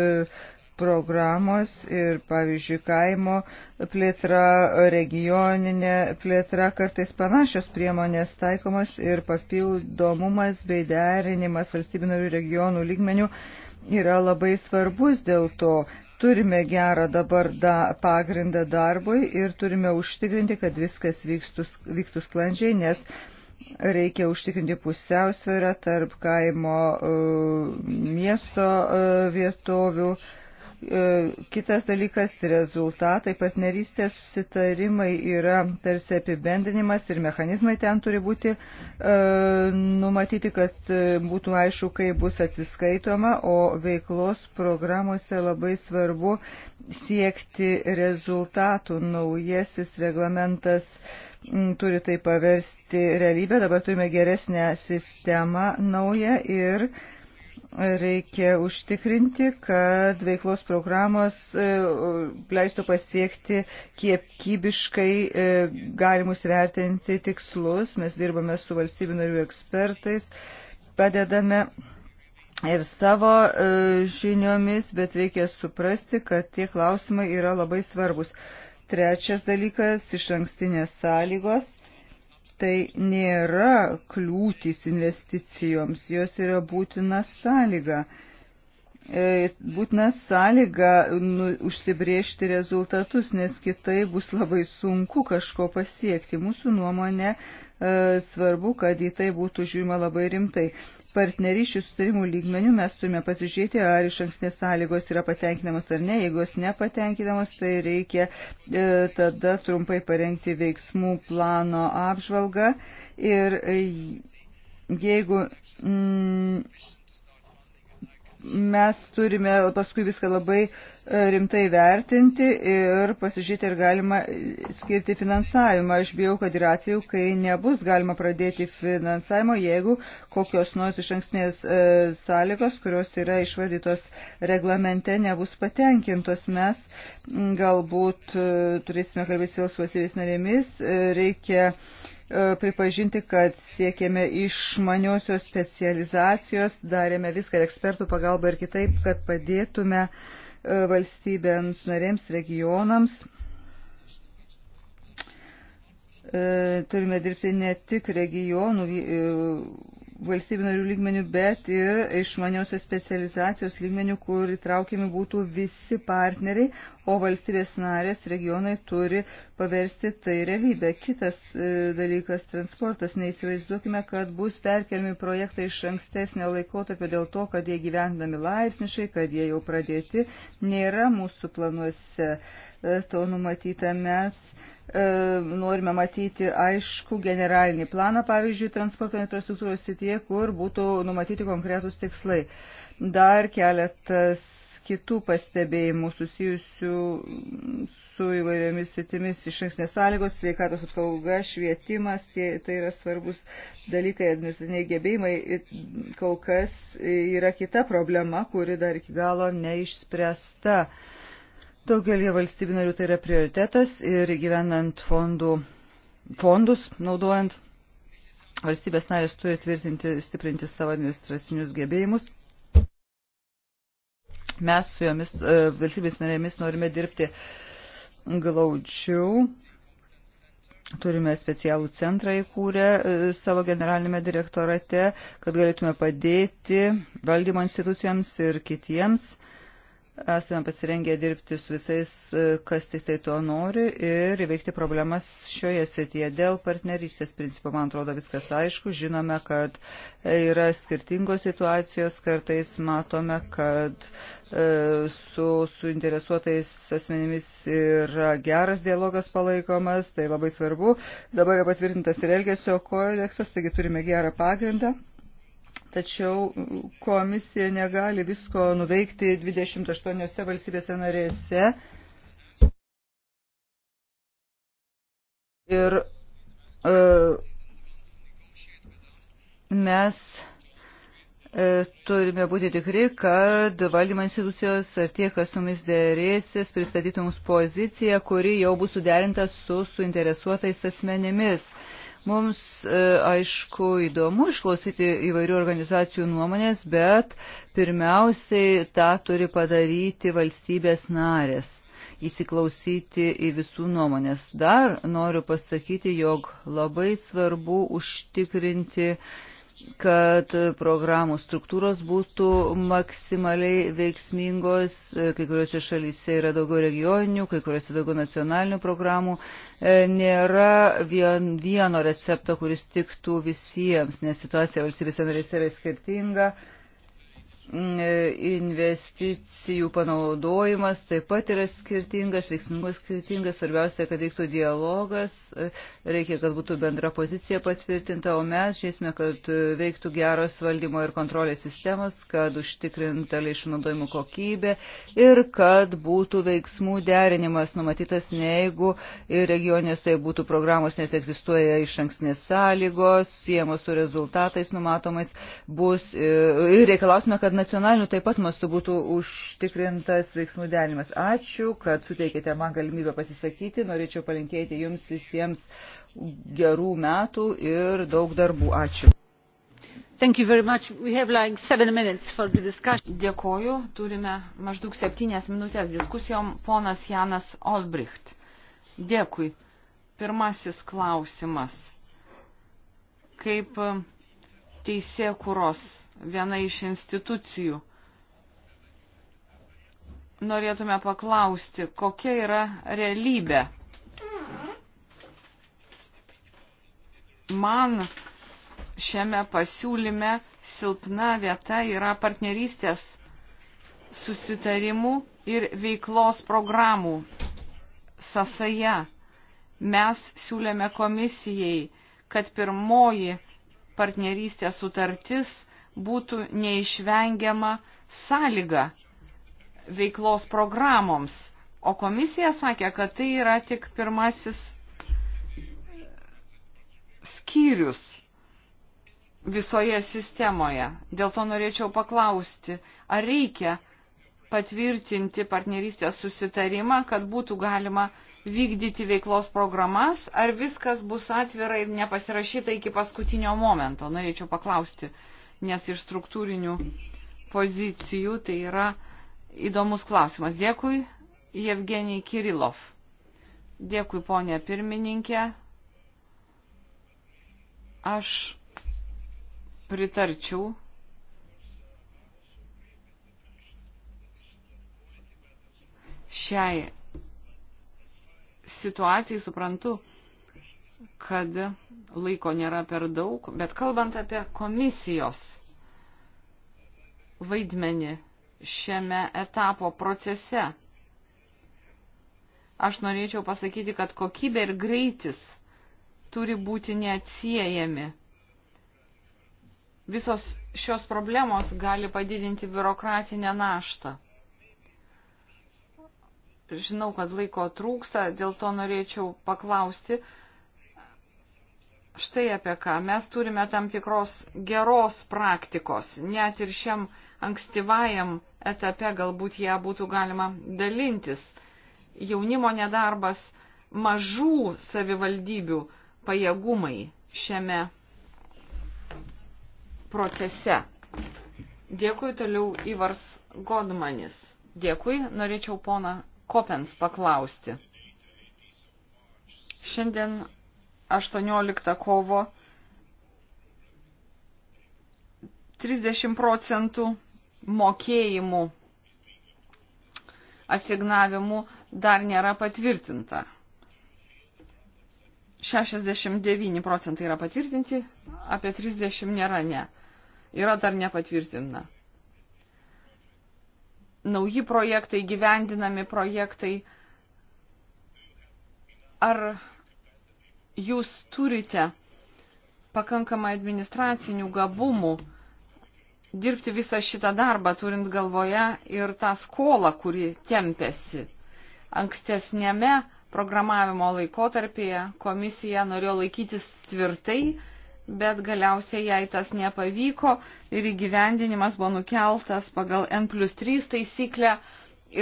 programos ir, pavyzdžiui, kaimo plėtra, regioninė plėtra, kartais panašios priemonės taikomas ir papildomumas bei derinimas valstybinio ir regionų lygmenių yra labai svarbus dėl to. Turime gerą dabar da, pagrindą darbui ir turime užtikrinti, kad viskas vykstų, vyktų sklandžiai, nes reikia užtikrinti pusiausvyrą tarp kaimo e, miesto e, vietovių. E, kitas dalykas - rezultatai, partnerystės susitarimai yra tarsi apibendrinimas ir mechanizmai ten turi būti e, numatyti, kad e, būtų aišku, kaip bus atsiskaitoma, o veiklos programuose labai svarbu siekti rezultatų. Naujasis reglamentas turi tai paversti realybę, dabar turime geresnę sistemą naują ir e, Reikia užtikrinti, kad veiklos programos e, leistų pasiekti kiekybiškai e, galimus vertinti tikslus. Mes dirbame su valstybių narių ekspertais, padedame ir savo e, žiniomis, bet reikia suprasti, kad tie klausimai yra labai svarbus. Trečias dalykas - iš ankstinės sąlygos tai nėra kliūtis investicijoms, jos yra būtina sąlyga. E, E, būtina sąlyga nu, užsibriežti rezultatus, nes kitai bus labai sunku kažko pasiekti. Mūsų nuomonė e, svarbu, kad į tai būtų žiūrima labai rimtai. Partnerysčių sustarimų lygmenių mes turime pasižiūrėti, ar iš anksnės sąlygos yra patenkinamos ar ne. Jeigu jos nepatenkinamos, tai reikia e, tada trumpai parengti veiksmų plano apžvalgą. Ir e, jeigu. Mm, mes turime paskui viską labai e, rimtai vertinti ir pasižiūrėti, ar galima skirti finansavimą. Aš bijau, kad yra atveju, kai nebus galima pradėti finansavimo, jeigu kokios nors iš anksnės e, sąlygos, kurios yra išvardytos reglamente, nebus patenkintos. Mes galbūt e, turėsime kalbėti vėl su valstybės narėmis. Reikia E, pripažinti, kad siekėme išmaniosios specializacijos, darėme viską ir ekspertų pagalba ir kitaip, kad padėtume e, valstybėms narėms, regionams. E, turime dirbti ne tik regionų valstybių narių lygmenių, bet ir išmaniosios specializacijos lygmenių, kur įtraukiami būtų visi partneriai, o valstybės narės regionai turi paversti tai realybę. Kitas e, dalykas - transportas. Neįsivaizduokime, kad bus perkelmi projektai iš ankstesnio laikotarpio dėl to, kad jie gyvendami laipsniškai, kad jie jau pradėti, nėra mūsų planuose. E, to numatyta. Mes e, norime matyti aišku generalinį planą, pavyzdžiui, transporto infrastruktūros sityje, kur būtų numatyti konkretūs tikslai. Dar keletas kitų pastebėjimų susijusių su įvairiomis sitimis iš anksnės sąlygos, sveikatos apsauga, švietimas, tie, tai yra svarbus dalykai, administriniai gebėjimai. Kol kas yra kita problema, kuri dar iki galo neišspręsta. Uh, Daugelie valstybių narių tai yra prioritetas ir gyvenant fondų, fondus, naudojant, valstybės narės turi tvirtinti, stiprinti savo administracinius gebėjimus. Mes su jomis, e, valstybės narėmis norime dirbti glaudžiau. Turime specialų centrą įkūrę e, savo generalinėme direktorate, kad galėtume padėti valdymo institucijoms ir kitiems Esame pasirengę dirbti su visais, e, kas tik tai to nori ir įveikti problemas šioje srityje. Dėl partnerystės principo, man atrodo, viskas aišku. Žinome, kad yra skirtingos situacijos, kartais matome, kad e, su suinteresuotais asmenimis yra geras dialogas palaikomas, tai labai svarbu. Dabar yra patvirtintas ir Elgesio kodeksas, taigi turime gerą pagrindą Tačiau komisija negali visko nuveikti 28 valstybėse narėse. Ir e, mes e, turime būti tikri, kad valdymo institucijos ar tie, kas su mumis dėrėsis, pristatytų mums poziciją, kuri jau bus suderinta su suinteresuotais asmenėmis. E, Mums, e, aišku, įdomu išklausyti įvairių organizacijų nuomonės, bet pirmiausiai tą turi padaryti valstybės narės įsiklausyti į visų nuomonės. Dar noriu pasakyti, jog labai svarbu užtikrinti uh, kad programų struktūros būtų maksimaliai veiksmingos. Kai kuriuose šalyse yra daugiau regioninių, kai kuriuose daugiau nacionalinių programų. E, nėra vien, vieno recepto, kuris tiktų visiems, nes situacija valstybėse narėse yra skirtinga investicijų panaudojimas taip pat yra skirtingas, veiksmingas skirtingas, svarbiausia, kad vyktų dialogas, reikia, kad būtų bendra pozicija patvirtinta, o mes žiūrėsime, kad veiktų geros valdymo ir kontrolės sistemos, kad užtikrinta lėšų naudojimo kokybė ir kad būtų veiksmų derinimas numatytas, jeigu regionės tai būtų programos, nes egzistuoja iš anksnės sąlygos, siemos su rezultatais numatomais, bus ir reikalausime, kad nacionaliniu taip pat mastu būtų užtikrintas veiksmų derinimas. Ačiū, kad suteikėte man galimybę pasisakyti. Norėčiau palinkėti jums visiems gerų metų ir daug darbų. Ačiū. Like Dėkoju. Turime maždaug septynės minutės diskusijom. Ponas Janas Olbricht. Dėkui. Pirmasis klausimas. Kaip teisė kuros viena iš institucijų. Norėtume paklausti, kokia yra realybė. Man šiame pasiūlyme silpna vieta yra partnerystės susitarimų ir veiklos programų sąsaja. Mes siūlėme komisijai, kad pirmoji partnerystės sutartis – būtų neišvengiama sąlyga veiklos programoms. O komisija sakė, kad tai yra tik pirmasis skyrius visoje sistemoje. Dėl to norėčiau paklausti, ar reikia patvirtinti partnerystės susitarimą, kad būtų galima vykdyti veiklos programas, ar viskas bus atvira ir nepasirašyta iki paskutinio momento. Norėčiau paklausti nes iš struktūrinių pozicijų tai yra įdomus klausimas. Dėkui, Jevgenijai Kirilov. Dėkui, ponė pirmininkė. Aš pritarčiau šiai situacijai suprantu, kad laiko nėra per daug, bet kalbant apie komisijos vaidmenį šiame etapo procese, aš norėčiau pasakyti, kad kokybė ir greitis turi būti neatsiejami. Visos šios problemos gali padidinti biurokratinę naštą. Žinau, kad laiko trūksta, dėl to norėčiau paklausti, štai apie ką. Mes turime tam tikros geros praktikos. Net ir šiam ankstyvajam etape galbūt ją būtų galima dalintis. Jaunimo nedarbas mažų savivaldybių pajėgumai šiame procese. Dėkui toliau Ivars Godmanis. Dėkui, norėčiau pona Kopens paklausti. Šiandien 18 kovo 30 procentų mokėjimų asignavimų dar nėra patvirtinta. 69 procentai yra patvirtinti, apie 30 nėra ne. Yra dar nepatvirtina. Nauji projektai, gyvendinami projektai. Ar jūs turite pakankamai administracinių gabumų dirbti visą šitą darbą, turint galvoje ir tą skolą, kuri tempėsi. Ankstesnėme programavimo laikotarpyje komisija norėjo laikytis tvirtai, bet galiausiai jai tas nepavyko ir įgyvendinimas buvo nukeltas pagal N plus 3 taisyklę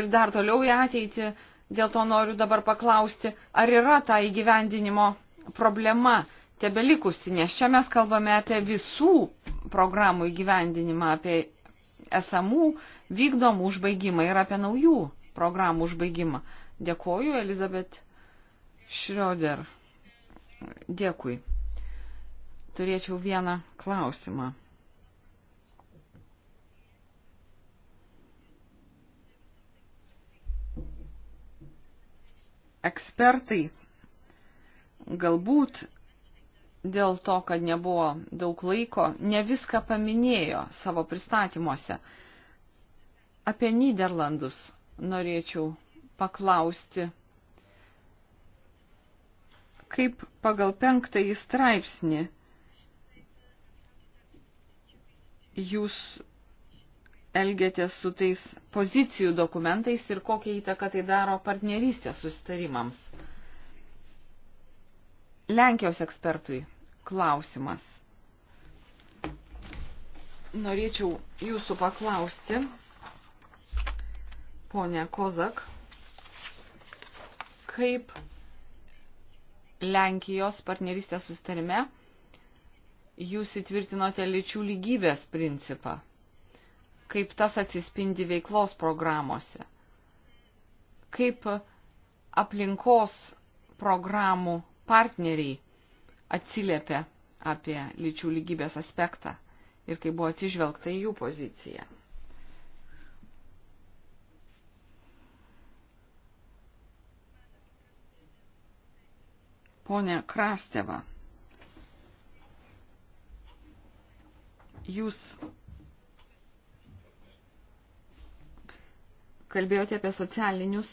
ir dar toliau į ateitį. Dėl to noriu dabar paklausti, ar yra ta įgyvendinimo problema tebelikusi, nes čia mes kalbame apie visų programų įgyvendinimą, apie esamų vykdomų užbaigimą ir apie naujų programų užbaigimą. Dėkuoju, Elizabet Šrioder. Dėkui. Turėčiau vieną klausimą. Ekspertai galbūt dėl to, kad nebuvo daug laiko, ne viską paminėjo savo pristatymuose. Apie Niderlandus norėčiau paklausti, kaip pagal penktąjį straipsnį jūs elgėtės su tais pozicijų dokumentais ir kokią įtaką tai daro partnerystės susitarimams. Lenkijos ekspertui klausimas. Norėčiau jūsų paklausti, ponė Kozak, kaip Lenkijos partnerystės sustarime jūs įtvirtinote lyčių lygybės principą, kaip tas atsispindi veiklos programuose, kaip aplinkos programų partneriai atsiliepia apie lyčių lygybės aspektą ir kai buvo atsižvelgta į jų poziciją. Pone Krasteva, jūs kalbėjote apie socialinius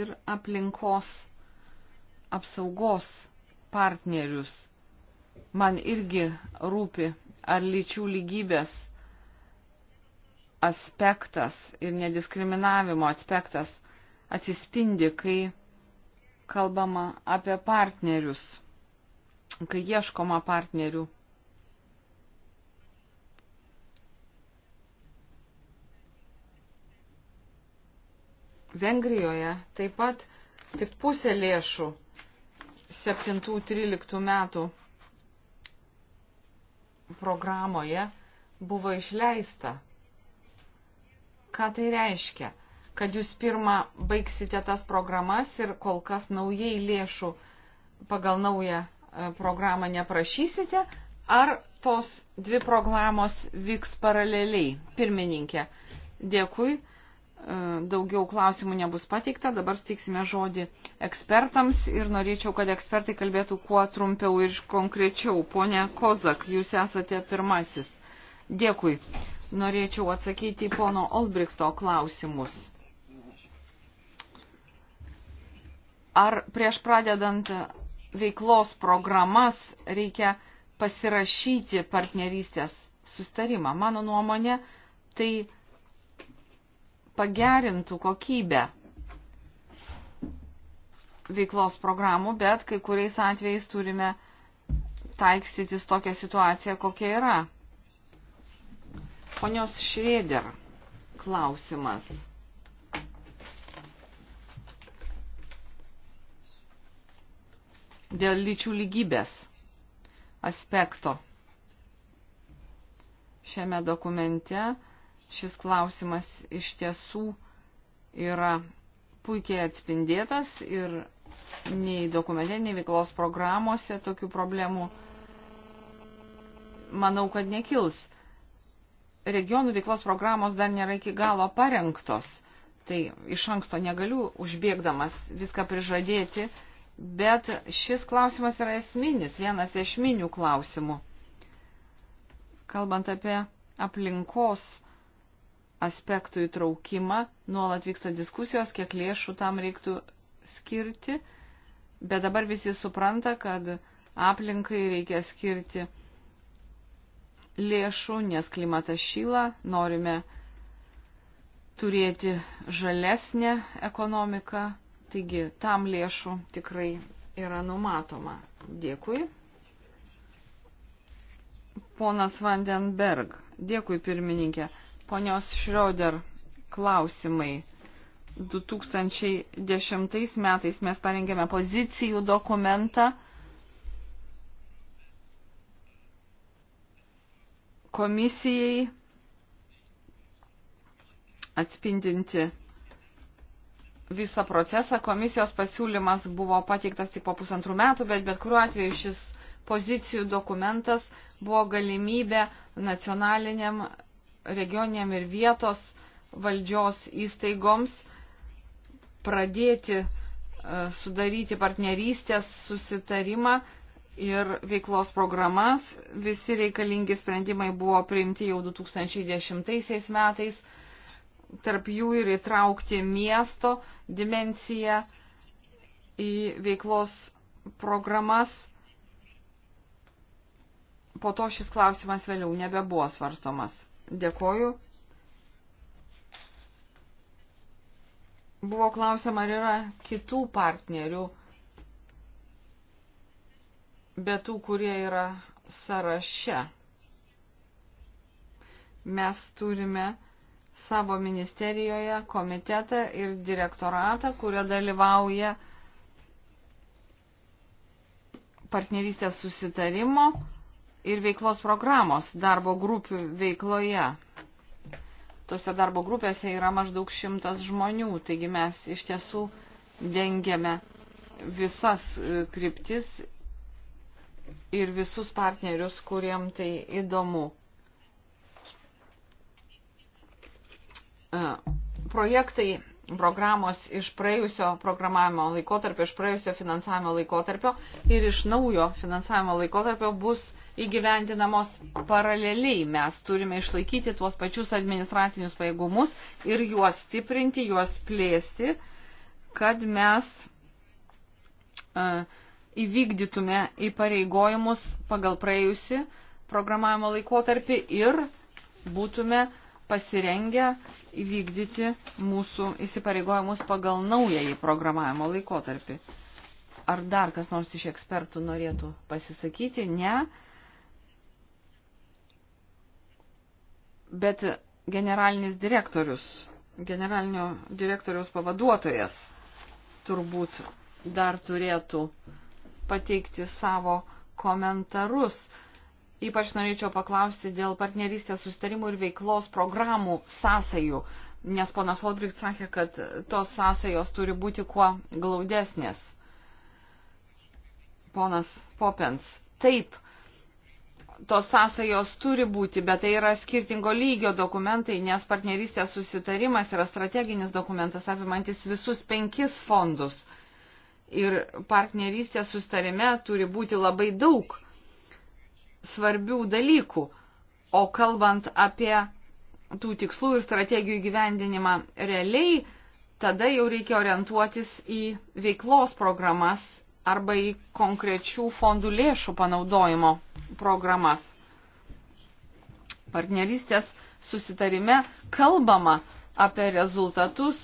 ir aplinkos apsaugos partnerius. Man irgi rūpi, ar lyčių lygybės aspektas ir nediskriminavimo aspektas atsispindi, kai kalbama apie partnerius, kai ieškoma partnerių. Vengrijoje taip pat tik pusė lėšų 7-13 metų programoje buvo išleista. Ką tai reiškia? Kad jūs pirmą baigsite tas programas ir kol kas naujai lėšų pagal naują e, programą neprašysite, ar tos dvi programos vyks paraleliai? Pirmininkė, dėkui. E, daugiau klausimų nebus pateikta. Dabar steiksime žodį ekspertams ir norėčiau, kad ekspertai kalbėtų kuo trumpiau ir konkrečiau. Pone Kozak, jūs esate pirmasis. Dėkui. Norėčiau atsakyti į pono Olbrichto klausimus. Ar prieš pradedant veiklos programas reikia pasirašyti partnerystės sustarimą? Mano nuomonė, tai pagerintų kokybę veiklos programų, bet kai kuriais atvejais turime taikstytis tokią situaciją, kokia yra. Ponios Šrėder klausimas. Dėl lyčių lygybės aspekto šiame dokumente Šis klausimas iš tiesų yra puikiai atspindėtas ir nei dokumente, nei veiklos programuose tokių problemų manau, kad nekils. Regionų veiklos programos dar nėra iki galo parengtos, tai iš anksto negaliu užbėgdamas viską prižadėti, bet šis klausimas yra esminis, vienas esminių klausimų. Kalbant apie aplinkos aspektų įtraukimą, nuolat vyksta diskusijos, kiek lėšų tam reiktų skirti, bet dabar visi supranta, kad aplinkai reikia skirti lėšų, nes klimatas šyla, norime turėti žalesnę ekonomiką, taigi tam lėšų tikrai yra numatoma. Dėkui. Ponas Vandenberg. Dėkui, pirmininkė. Ponios Šrioder klausimai. 2010 metais mes parengėme pozicijų dokumentą. Komisijai atspindinti visą procesą. Komisijos pasiūlymas buvo pateiktas tik po pusantrų metų, bet bet kuriuo atveju šis pozicijų dokumentas buvo galimybė nacionaliniam regioniam ir vietos valdžios įstaigoms pradėti e, sudaryti partnerystės susitarimą ir veiklos programas. Visi reikalingi sprendimai buvo priimti jau 2010 metais, tarp jų ir įtraukti miesto dimenciją į veiklos programas. Po to šis klausimas vėliau nebebuvo svarstomas. Dėkoju. Buvo klausima, ar yra kitų partnerių, bet tų, kurie yra sąraše. Mes turime savo ministerijoje komitetą ir direktoratą, kurio dalyvauja partnerystės susitarimo ir veiklos programos darbo grupių veikloje. Tose darbo grupėse yra maždaug šimtas žmonių, taigi mes iš tiesų dengiame visas e, kryptis ir visus partnerius, kuriem tai įdomu. E, projektai programos iš praėjusio programavimo laikotarpio, iš praėjusio finansavimo laikotarpio ir iš naujo finansavimo laikotarpio bus įgyvendinamos paraleliai. Mes turime išlaikyti tuos pačius administracinius pajėgumus ir juos stiprinti, juos plėsti, kad mes uh, įvykdytume įpareigojimus pagal praėjusi programavimo laikotarpį ir būtume uh, pasirengę įvykdyti mūsų įsipareigojimus pagal naująjį programavimo laikotarpį. Ar dar kas nors iš ekspertų norėtų pasisakyti? Ne. Bet generalinis direktorius, generalinio direktoriaus pavaduotojas turbūt dar turėtų pateikti savo komentarus. Ypač norėčiau paklausti dėl partnerystės sustarimų ir veiklos programų sąsajų, nes ponas Olbricht sakė, kad tos sąsajos turi būti kuo glaudesnės. Ponas Popens, taip, tos sąsajos turi būti, bet tai yra skirtingo lygio dokumentai, nes partnerystės susitarimas yra strateginis dokumentas apimantis visus penkis fondus. Ir partnerystės susitarime turi būti labai daug svarbių dalykų. O kalbant apie tų tikslų ir strategijų gyvendinimą realiai, tada jau reikia orientuotis į veiklos programas arba į konkrečių fondų lėšų panaudojimo programas. Partnerystės susitarime kalbama apie rezultatus,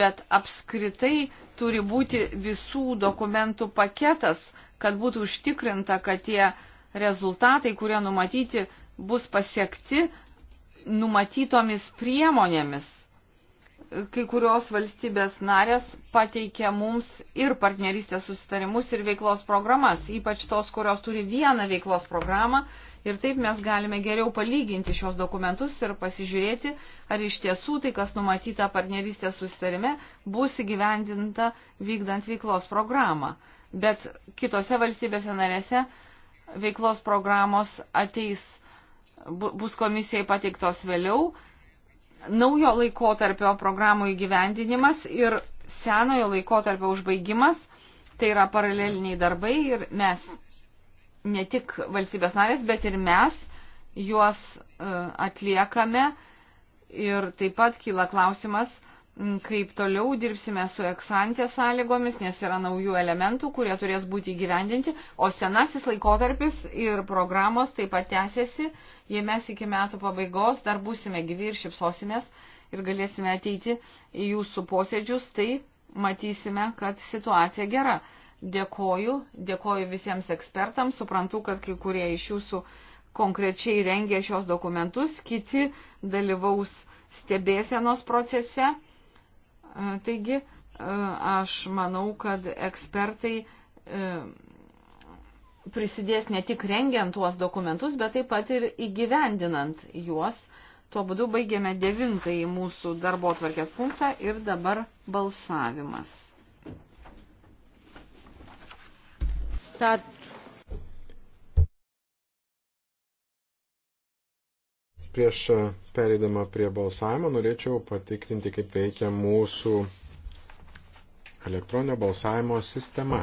bet apskritai turi būti visų dokumentų paketas, kad būtų užtikrinta, kad tie rezultatai, kurie numatyti, bus pasiekti numatytomis priemonėmis. Kai kurios valstybės narės pateikia mums ir partnerystės susitarimus ir veiklos programas, ypač tos, kurios turi vieną veiklos programą. Ir taip mes galime geriau palyginti šios dokumentus ir pasižiūrėti, ar iš tiesų tai, kas numatyta partnerystės susitarime, bus įgyvendinta vykdant veiklos programą. Bet kitose valstybėse narėse uh, veiklos programos ateis, bus komisijai pateiktos vėliau. Naujo laikotarpio programų įgyvendinimas ir senojo laikotarpio užbaigimas tai yra paraleliniai darbai ir mes, ne tik valstybės narės, bet ir mes juos e, atliekame ir taip pat kyla klausimas, kaip toliau dirbsime su eksantės sąlygomis, nes yra naujų elementų, kurie turės būti įgyvendinti, o senasis laikotarpis ir programos taip pat tęsiasi, jei mes iki metų pabaigos dar būsime gyvi ir šipsosimės ir galėsime ateiti į jūsų posėdžius, tai matysime, kad situacija gera. Dėkoju, dėkoju visiems ekspertams, suprantu, kad kai kurie iš jūsų konkrečiai rengė šios dokumentus, kiti dalyvaus stebėsenos procese. Taigi, aš manau, kad ekspertai e, prisidės ne tik rengiant tuos dokumentus, bet taip pat ir įgyvendinant juos. Tuo būdu baigėme devintąjį mūsų darbo tvarkės punktą ir dabar balsavimas. Start Prieš e, pereidama prie balsavimo norėčiau patikrinti, kaip veikia mūsų elektroninio balsavimo sistema.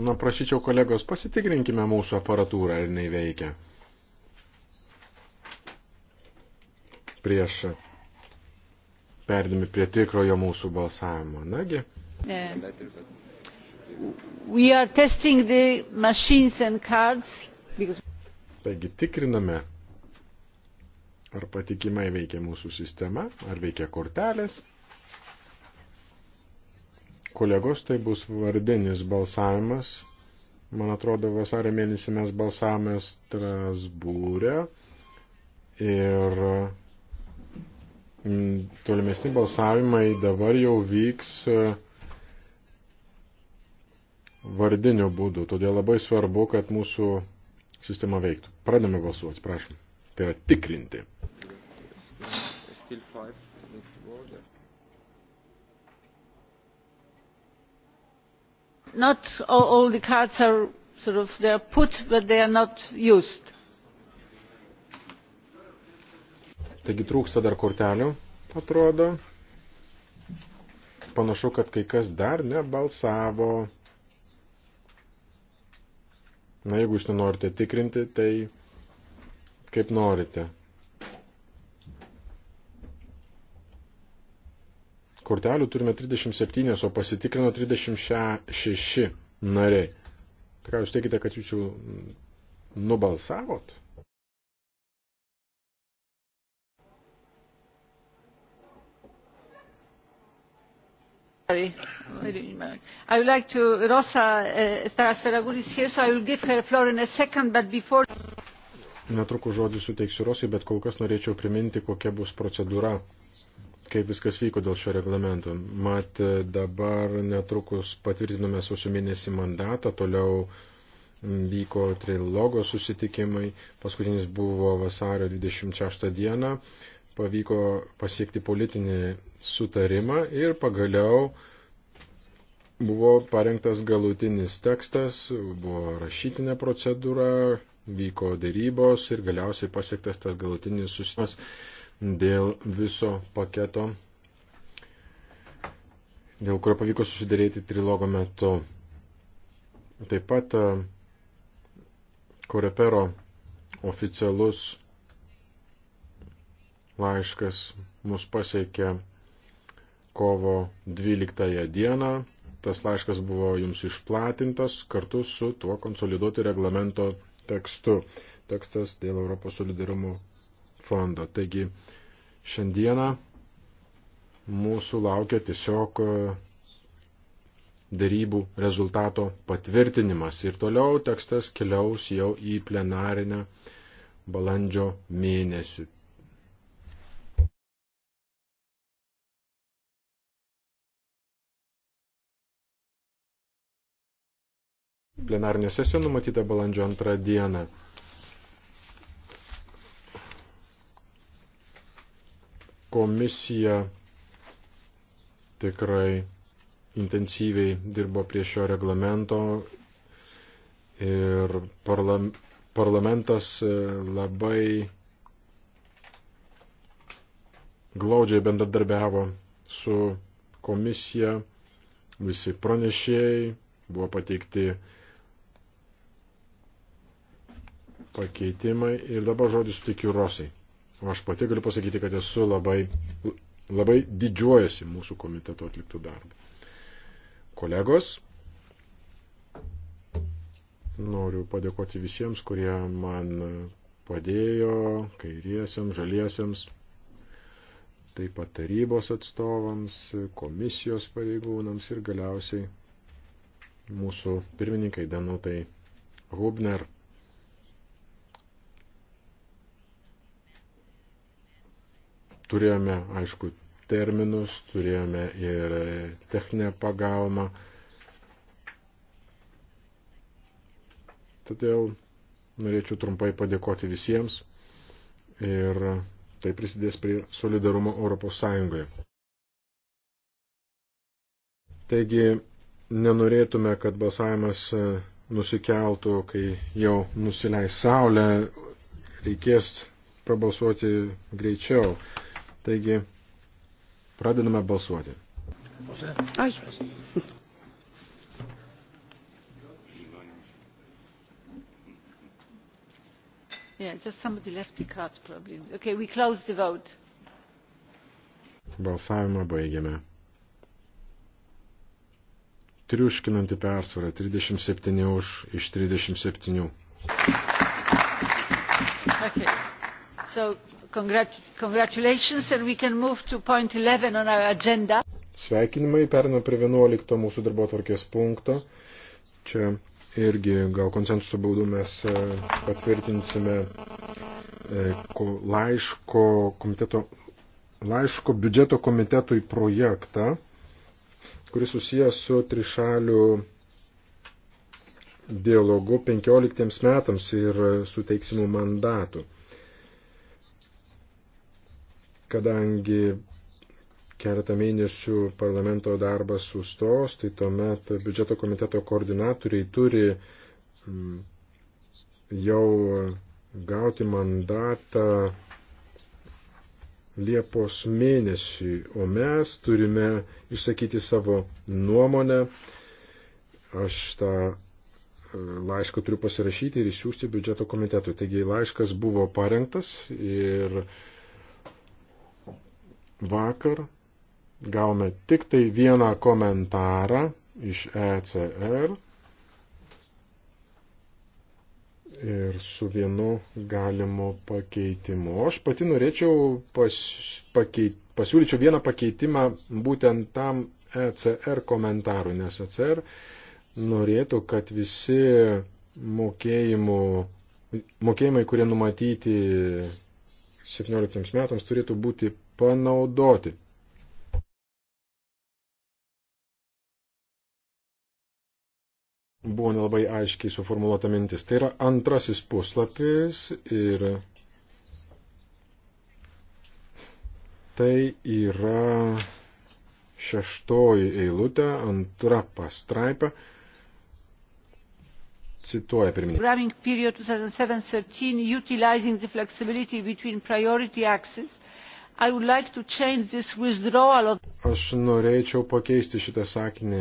Na, prašyčiau kolegos, pasitikrinkime mūsų aparatūrą, ar jinai veikia. Prieš perdami prie tikrojo mūsų balsavimo. Nagi. Ne we are testing the machines and cards. Because... Taigi tikriname, ar patikimai veikia mūsų sistema, ar veikia kortelės. Kolegos, tai bus vardinis balsavimas. Man atrodo, vasario mėnesį mes balsavome Strasbūrę ir mm, tolimesni balsavimai dabar jau vyks vardiniu būdu. Todėl labai svarbu, kad mūsų sistema veiktų. Pradame balsuoti, prašom. Tai yra tikrinti. Still five. not all, all the cards are sort of they are put but they are not used. Taigi trūksta dar kortelių, atrodo. Panašu, kad kai kas dar nebalsavo. Na, jeigu jūs nenorite tikrinti, tai kaip norite. Kortelių turime 37, o pasitikrino 36 nariai. Tai ką jūs teikite, kad jūs jau nubalsavot? i would like to rosa estaras eh, ferragulis here so i will give her the floor in a second but before Netrukus žodį suteiksiu Rosai, bet kol kas norėčiau priminti, kokia bus procedūra, kaip viskas vyko dėl šio reglamento. Mat, e, dabar netrukus patvirtinome sausio mėnesį mandatą, toliau vyko trilogo susitikimai, paskutinis buvo vasario 26 dieną, pavyko pasiekti politinį sutarimą ir pagaliau buvo parengtas galutinis tekstas, buvo rašytinė procedūra, vyko dėrybos ir galiausiai pasiektas tas galutinis susitikimas dėl viso paketo, dėl kurio pavyko susidėrėti trilogo metu. Taip pat Korepero e, oficialus laiškas mus pasiekė kovo 12 dieną. Tas laiškas buvo jums išplatintas kartu su tuo konsoliduotu reglamento tekstu. Tekstas dėl Europos solidarumo fondo. Taigi šiandieną mūsų laukia tiesiog dėrybų rezultato patvirtinimas ir toliau tekstas keliaus jau į plenarinę balandžio mėnesį. plenarinė sesija numatyta balandžio antrą dieną. Komisija tikrai intensyviai dirbo prie šio reglamento ir parlam, parlamentas e, labai glaudžiai bendradarbiavo su komisija, visi pranešėjai, buvo pateikti pakeitimai ir dabar žodį sutikiu Rosai. Aš pati galiu pasakyti, kad esu labai, labai didžiuojasi mūsų komiteto atliktų darbų. Kolegos, noriu padėkoti visiems, kurie man padėjo, kairiesiams, žaliesiams, taip pat tarybos atstovams, komisijos pareigūnams ir galiausiai mūsų pirmininkai Danutai Hubner. Turėjome, aišku, terminus, turėjome ir techninę pagalbą. Todėl norėčiau trumpai padėkoti visiems ir tai prisidės prie solidarumo Europos Sąjungoje. Taigi nenorėtume, kad balsavimas nusikeltų, kai jau nusileis saulė, reikės prabalsuoti greičiau. Taigi, pradedame balsuoti. Ai. Yeah, just somebody left the card probably. Okay, we close the vote. Balsavimą baigiame. Triuškinanti persvara 37 už iš 37. Okay. So, congrat congratulations and we can move to point 11 on our agenda. Sveikinimai perina prie 11 mūsų darbo tvarkės punkto. Čia irgi gal konsensuso būdu mes e, patvirtinsime e, laiško, komiteto, laiško biudžeto komitetui projektą, kuris susijęs su trišaliu dialogu 15 metams ir suteiksimu mandatų kadangi keletą mėnesių parlamento darbas sustos, tai tuomet biudžeto komiteto koordinatoriai turi mm, jau gauti mandatą Liepos mėnesį, o mes turime išsakyti savo nuomonę. Aš tą e, laišką turiu pasirašyti ir išsiųsti biudžeto komitetui. Taigi laiškas buvo parengtas ir uh, Vakar gavome tik tai vieną komentarą iš ECR ir su vienu galimu pakeitimu. Aš pati norėčiau pas, pakeit, pasiūlyčiau vieną pakeitimą būtent tam ECR komentarui, nes ECR norėtų, kad visi mokėjimų, mokėjimai, kurie numatyti 17 metams, turėtų būti panaudoti. Buvo nelabai aiškiai suformuoluota mintis. Tai yra antrasis puslapis ir tai yra šeštoji eilutė, antra pastraipa cituoja pirmininkas Like of... Aš norėčiau pakeisti šitą sakinį,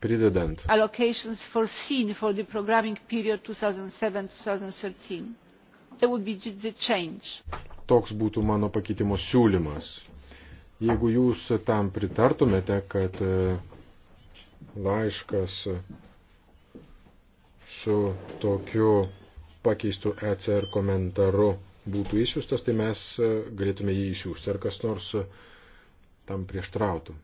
pridedant. Allocations foreseen for the programming period 2007-2013. That would be the change. Toks būtų mano pakeitimo siūlymas. Jeigu jūs tam pritartumėte, kad e, laiškas su tokiu pakeistu ECR komentaru būtų išsiųstas, tai mes e, galėtume jį išsiųsti, ar kas nors e, tam prieštrautų.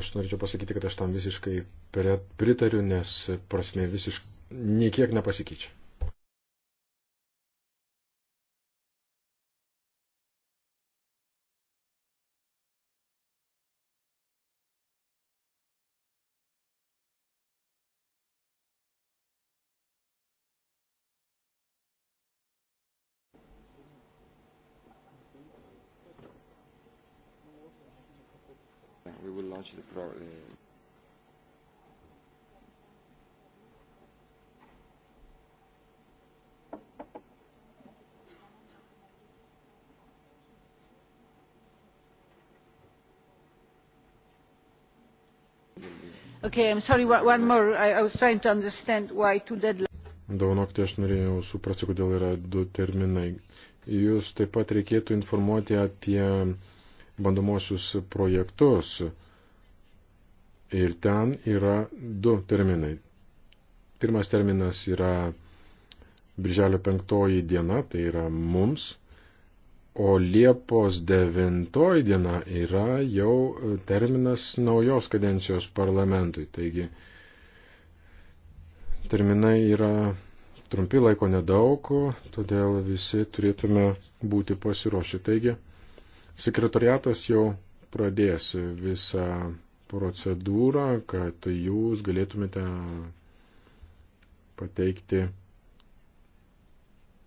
Aš norėčiau pasakyti, kad aš tam visiškai pritariu, nes prasme visiškai niekiek nepasikeičia. Okay, sorry, one more. I was trying to understand why two deadlines. Daunokti, aš norėjau suprasti, kodėl yra du terminai. Jūs taip pat reikėtų informuoti apie bandomosius projektus. Ir ten yra du terminai. Pirmas terminas yra Birželio penktoji diena, tai yra mums O Liepos 9 diena yra jau terminas naujos kadencijos parlamentui. Taigi terminai yra trumpi laiko nedaug, todėl visi turėtume būti pasiruošę. Taigi sekretariatas jau pradės visą procedūrą, kad jūs galėtumėte pateikti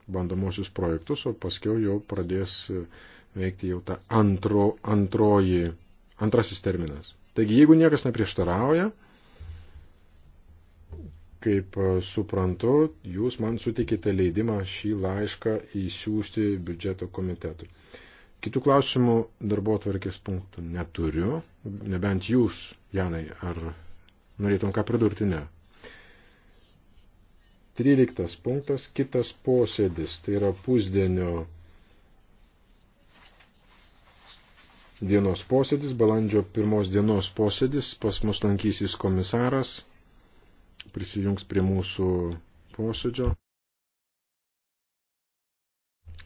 bandomosius projektus, o paskiau jau pradės veikti jau ta antro, antroji, antrasis terminas. Taigi, jeigu niekas neprieštarauja, kaip e, suprantu, jūs man sutikite leidimą šį laišką įsiųsti biudžeto komitetui. Kitų klausimų darbo atvarkės punktų neturiu, nebent jūs, Janai, ar norėtum ką pridurti? Ne. 13 punktas, kitas posėdis, tai yra pusdienio dienos posėdis, balandžio pirmos dienos posėdis, pas mus lankysis komisaras, prisijungs prie mūsų posėdžio.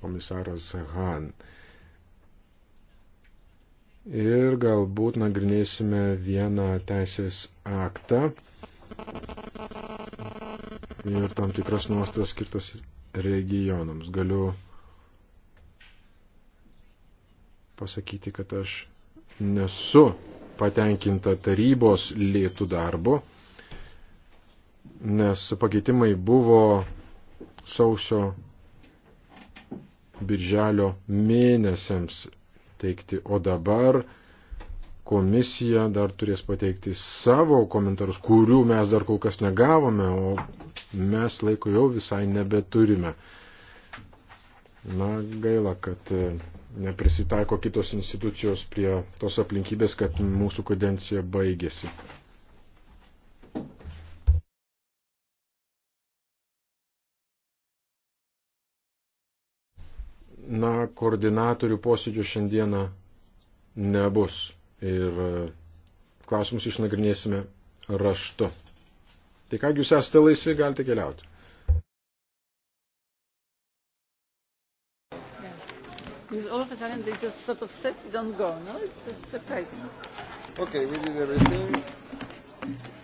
Komisaras Han. Ir galbūt nagrinėsime vieną teisės aktą ir tam tikras nuostas skirtas regionams. Galiu pasakyti, kad aš nesu patenkinta tarybos lėtų darbu, nes pakeitimai buvo sausio birželio mėnesiams teikti, o dabar komisija dar turės pateikti savo komentarus, kurių mes dar kol kas negavome, o mes laiko jau visai nebeturime. Na, gaila, kad e, neprisitaiko kitos institucijos prie tos aplinkybės, kad mūsų kadencija baigėsi. Na, koordinatorių posėdžių šiandieną nebus ir e, klausimus išnagrinėsime raštu. Tai ką jūs esate laisvi, galite keliauti. Because all of a sudden they just sort of sit, don't go. No, it's surprising. Okay, we did everything.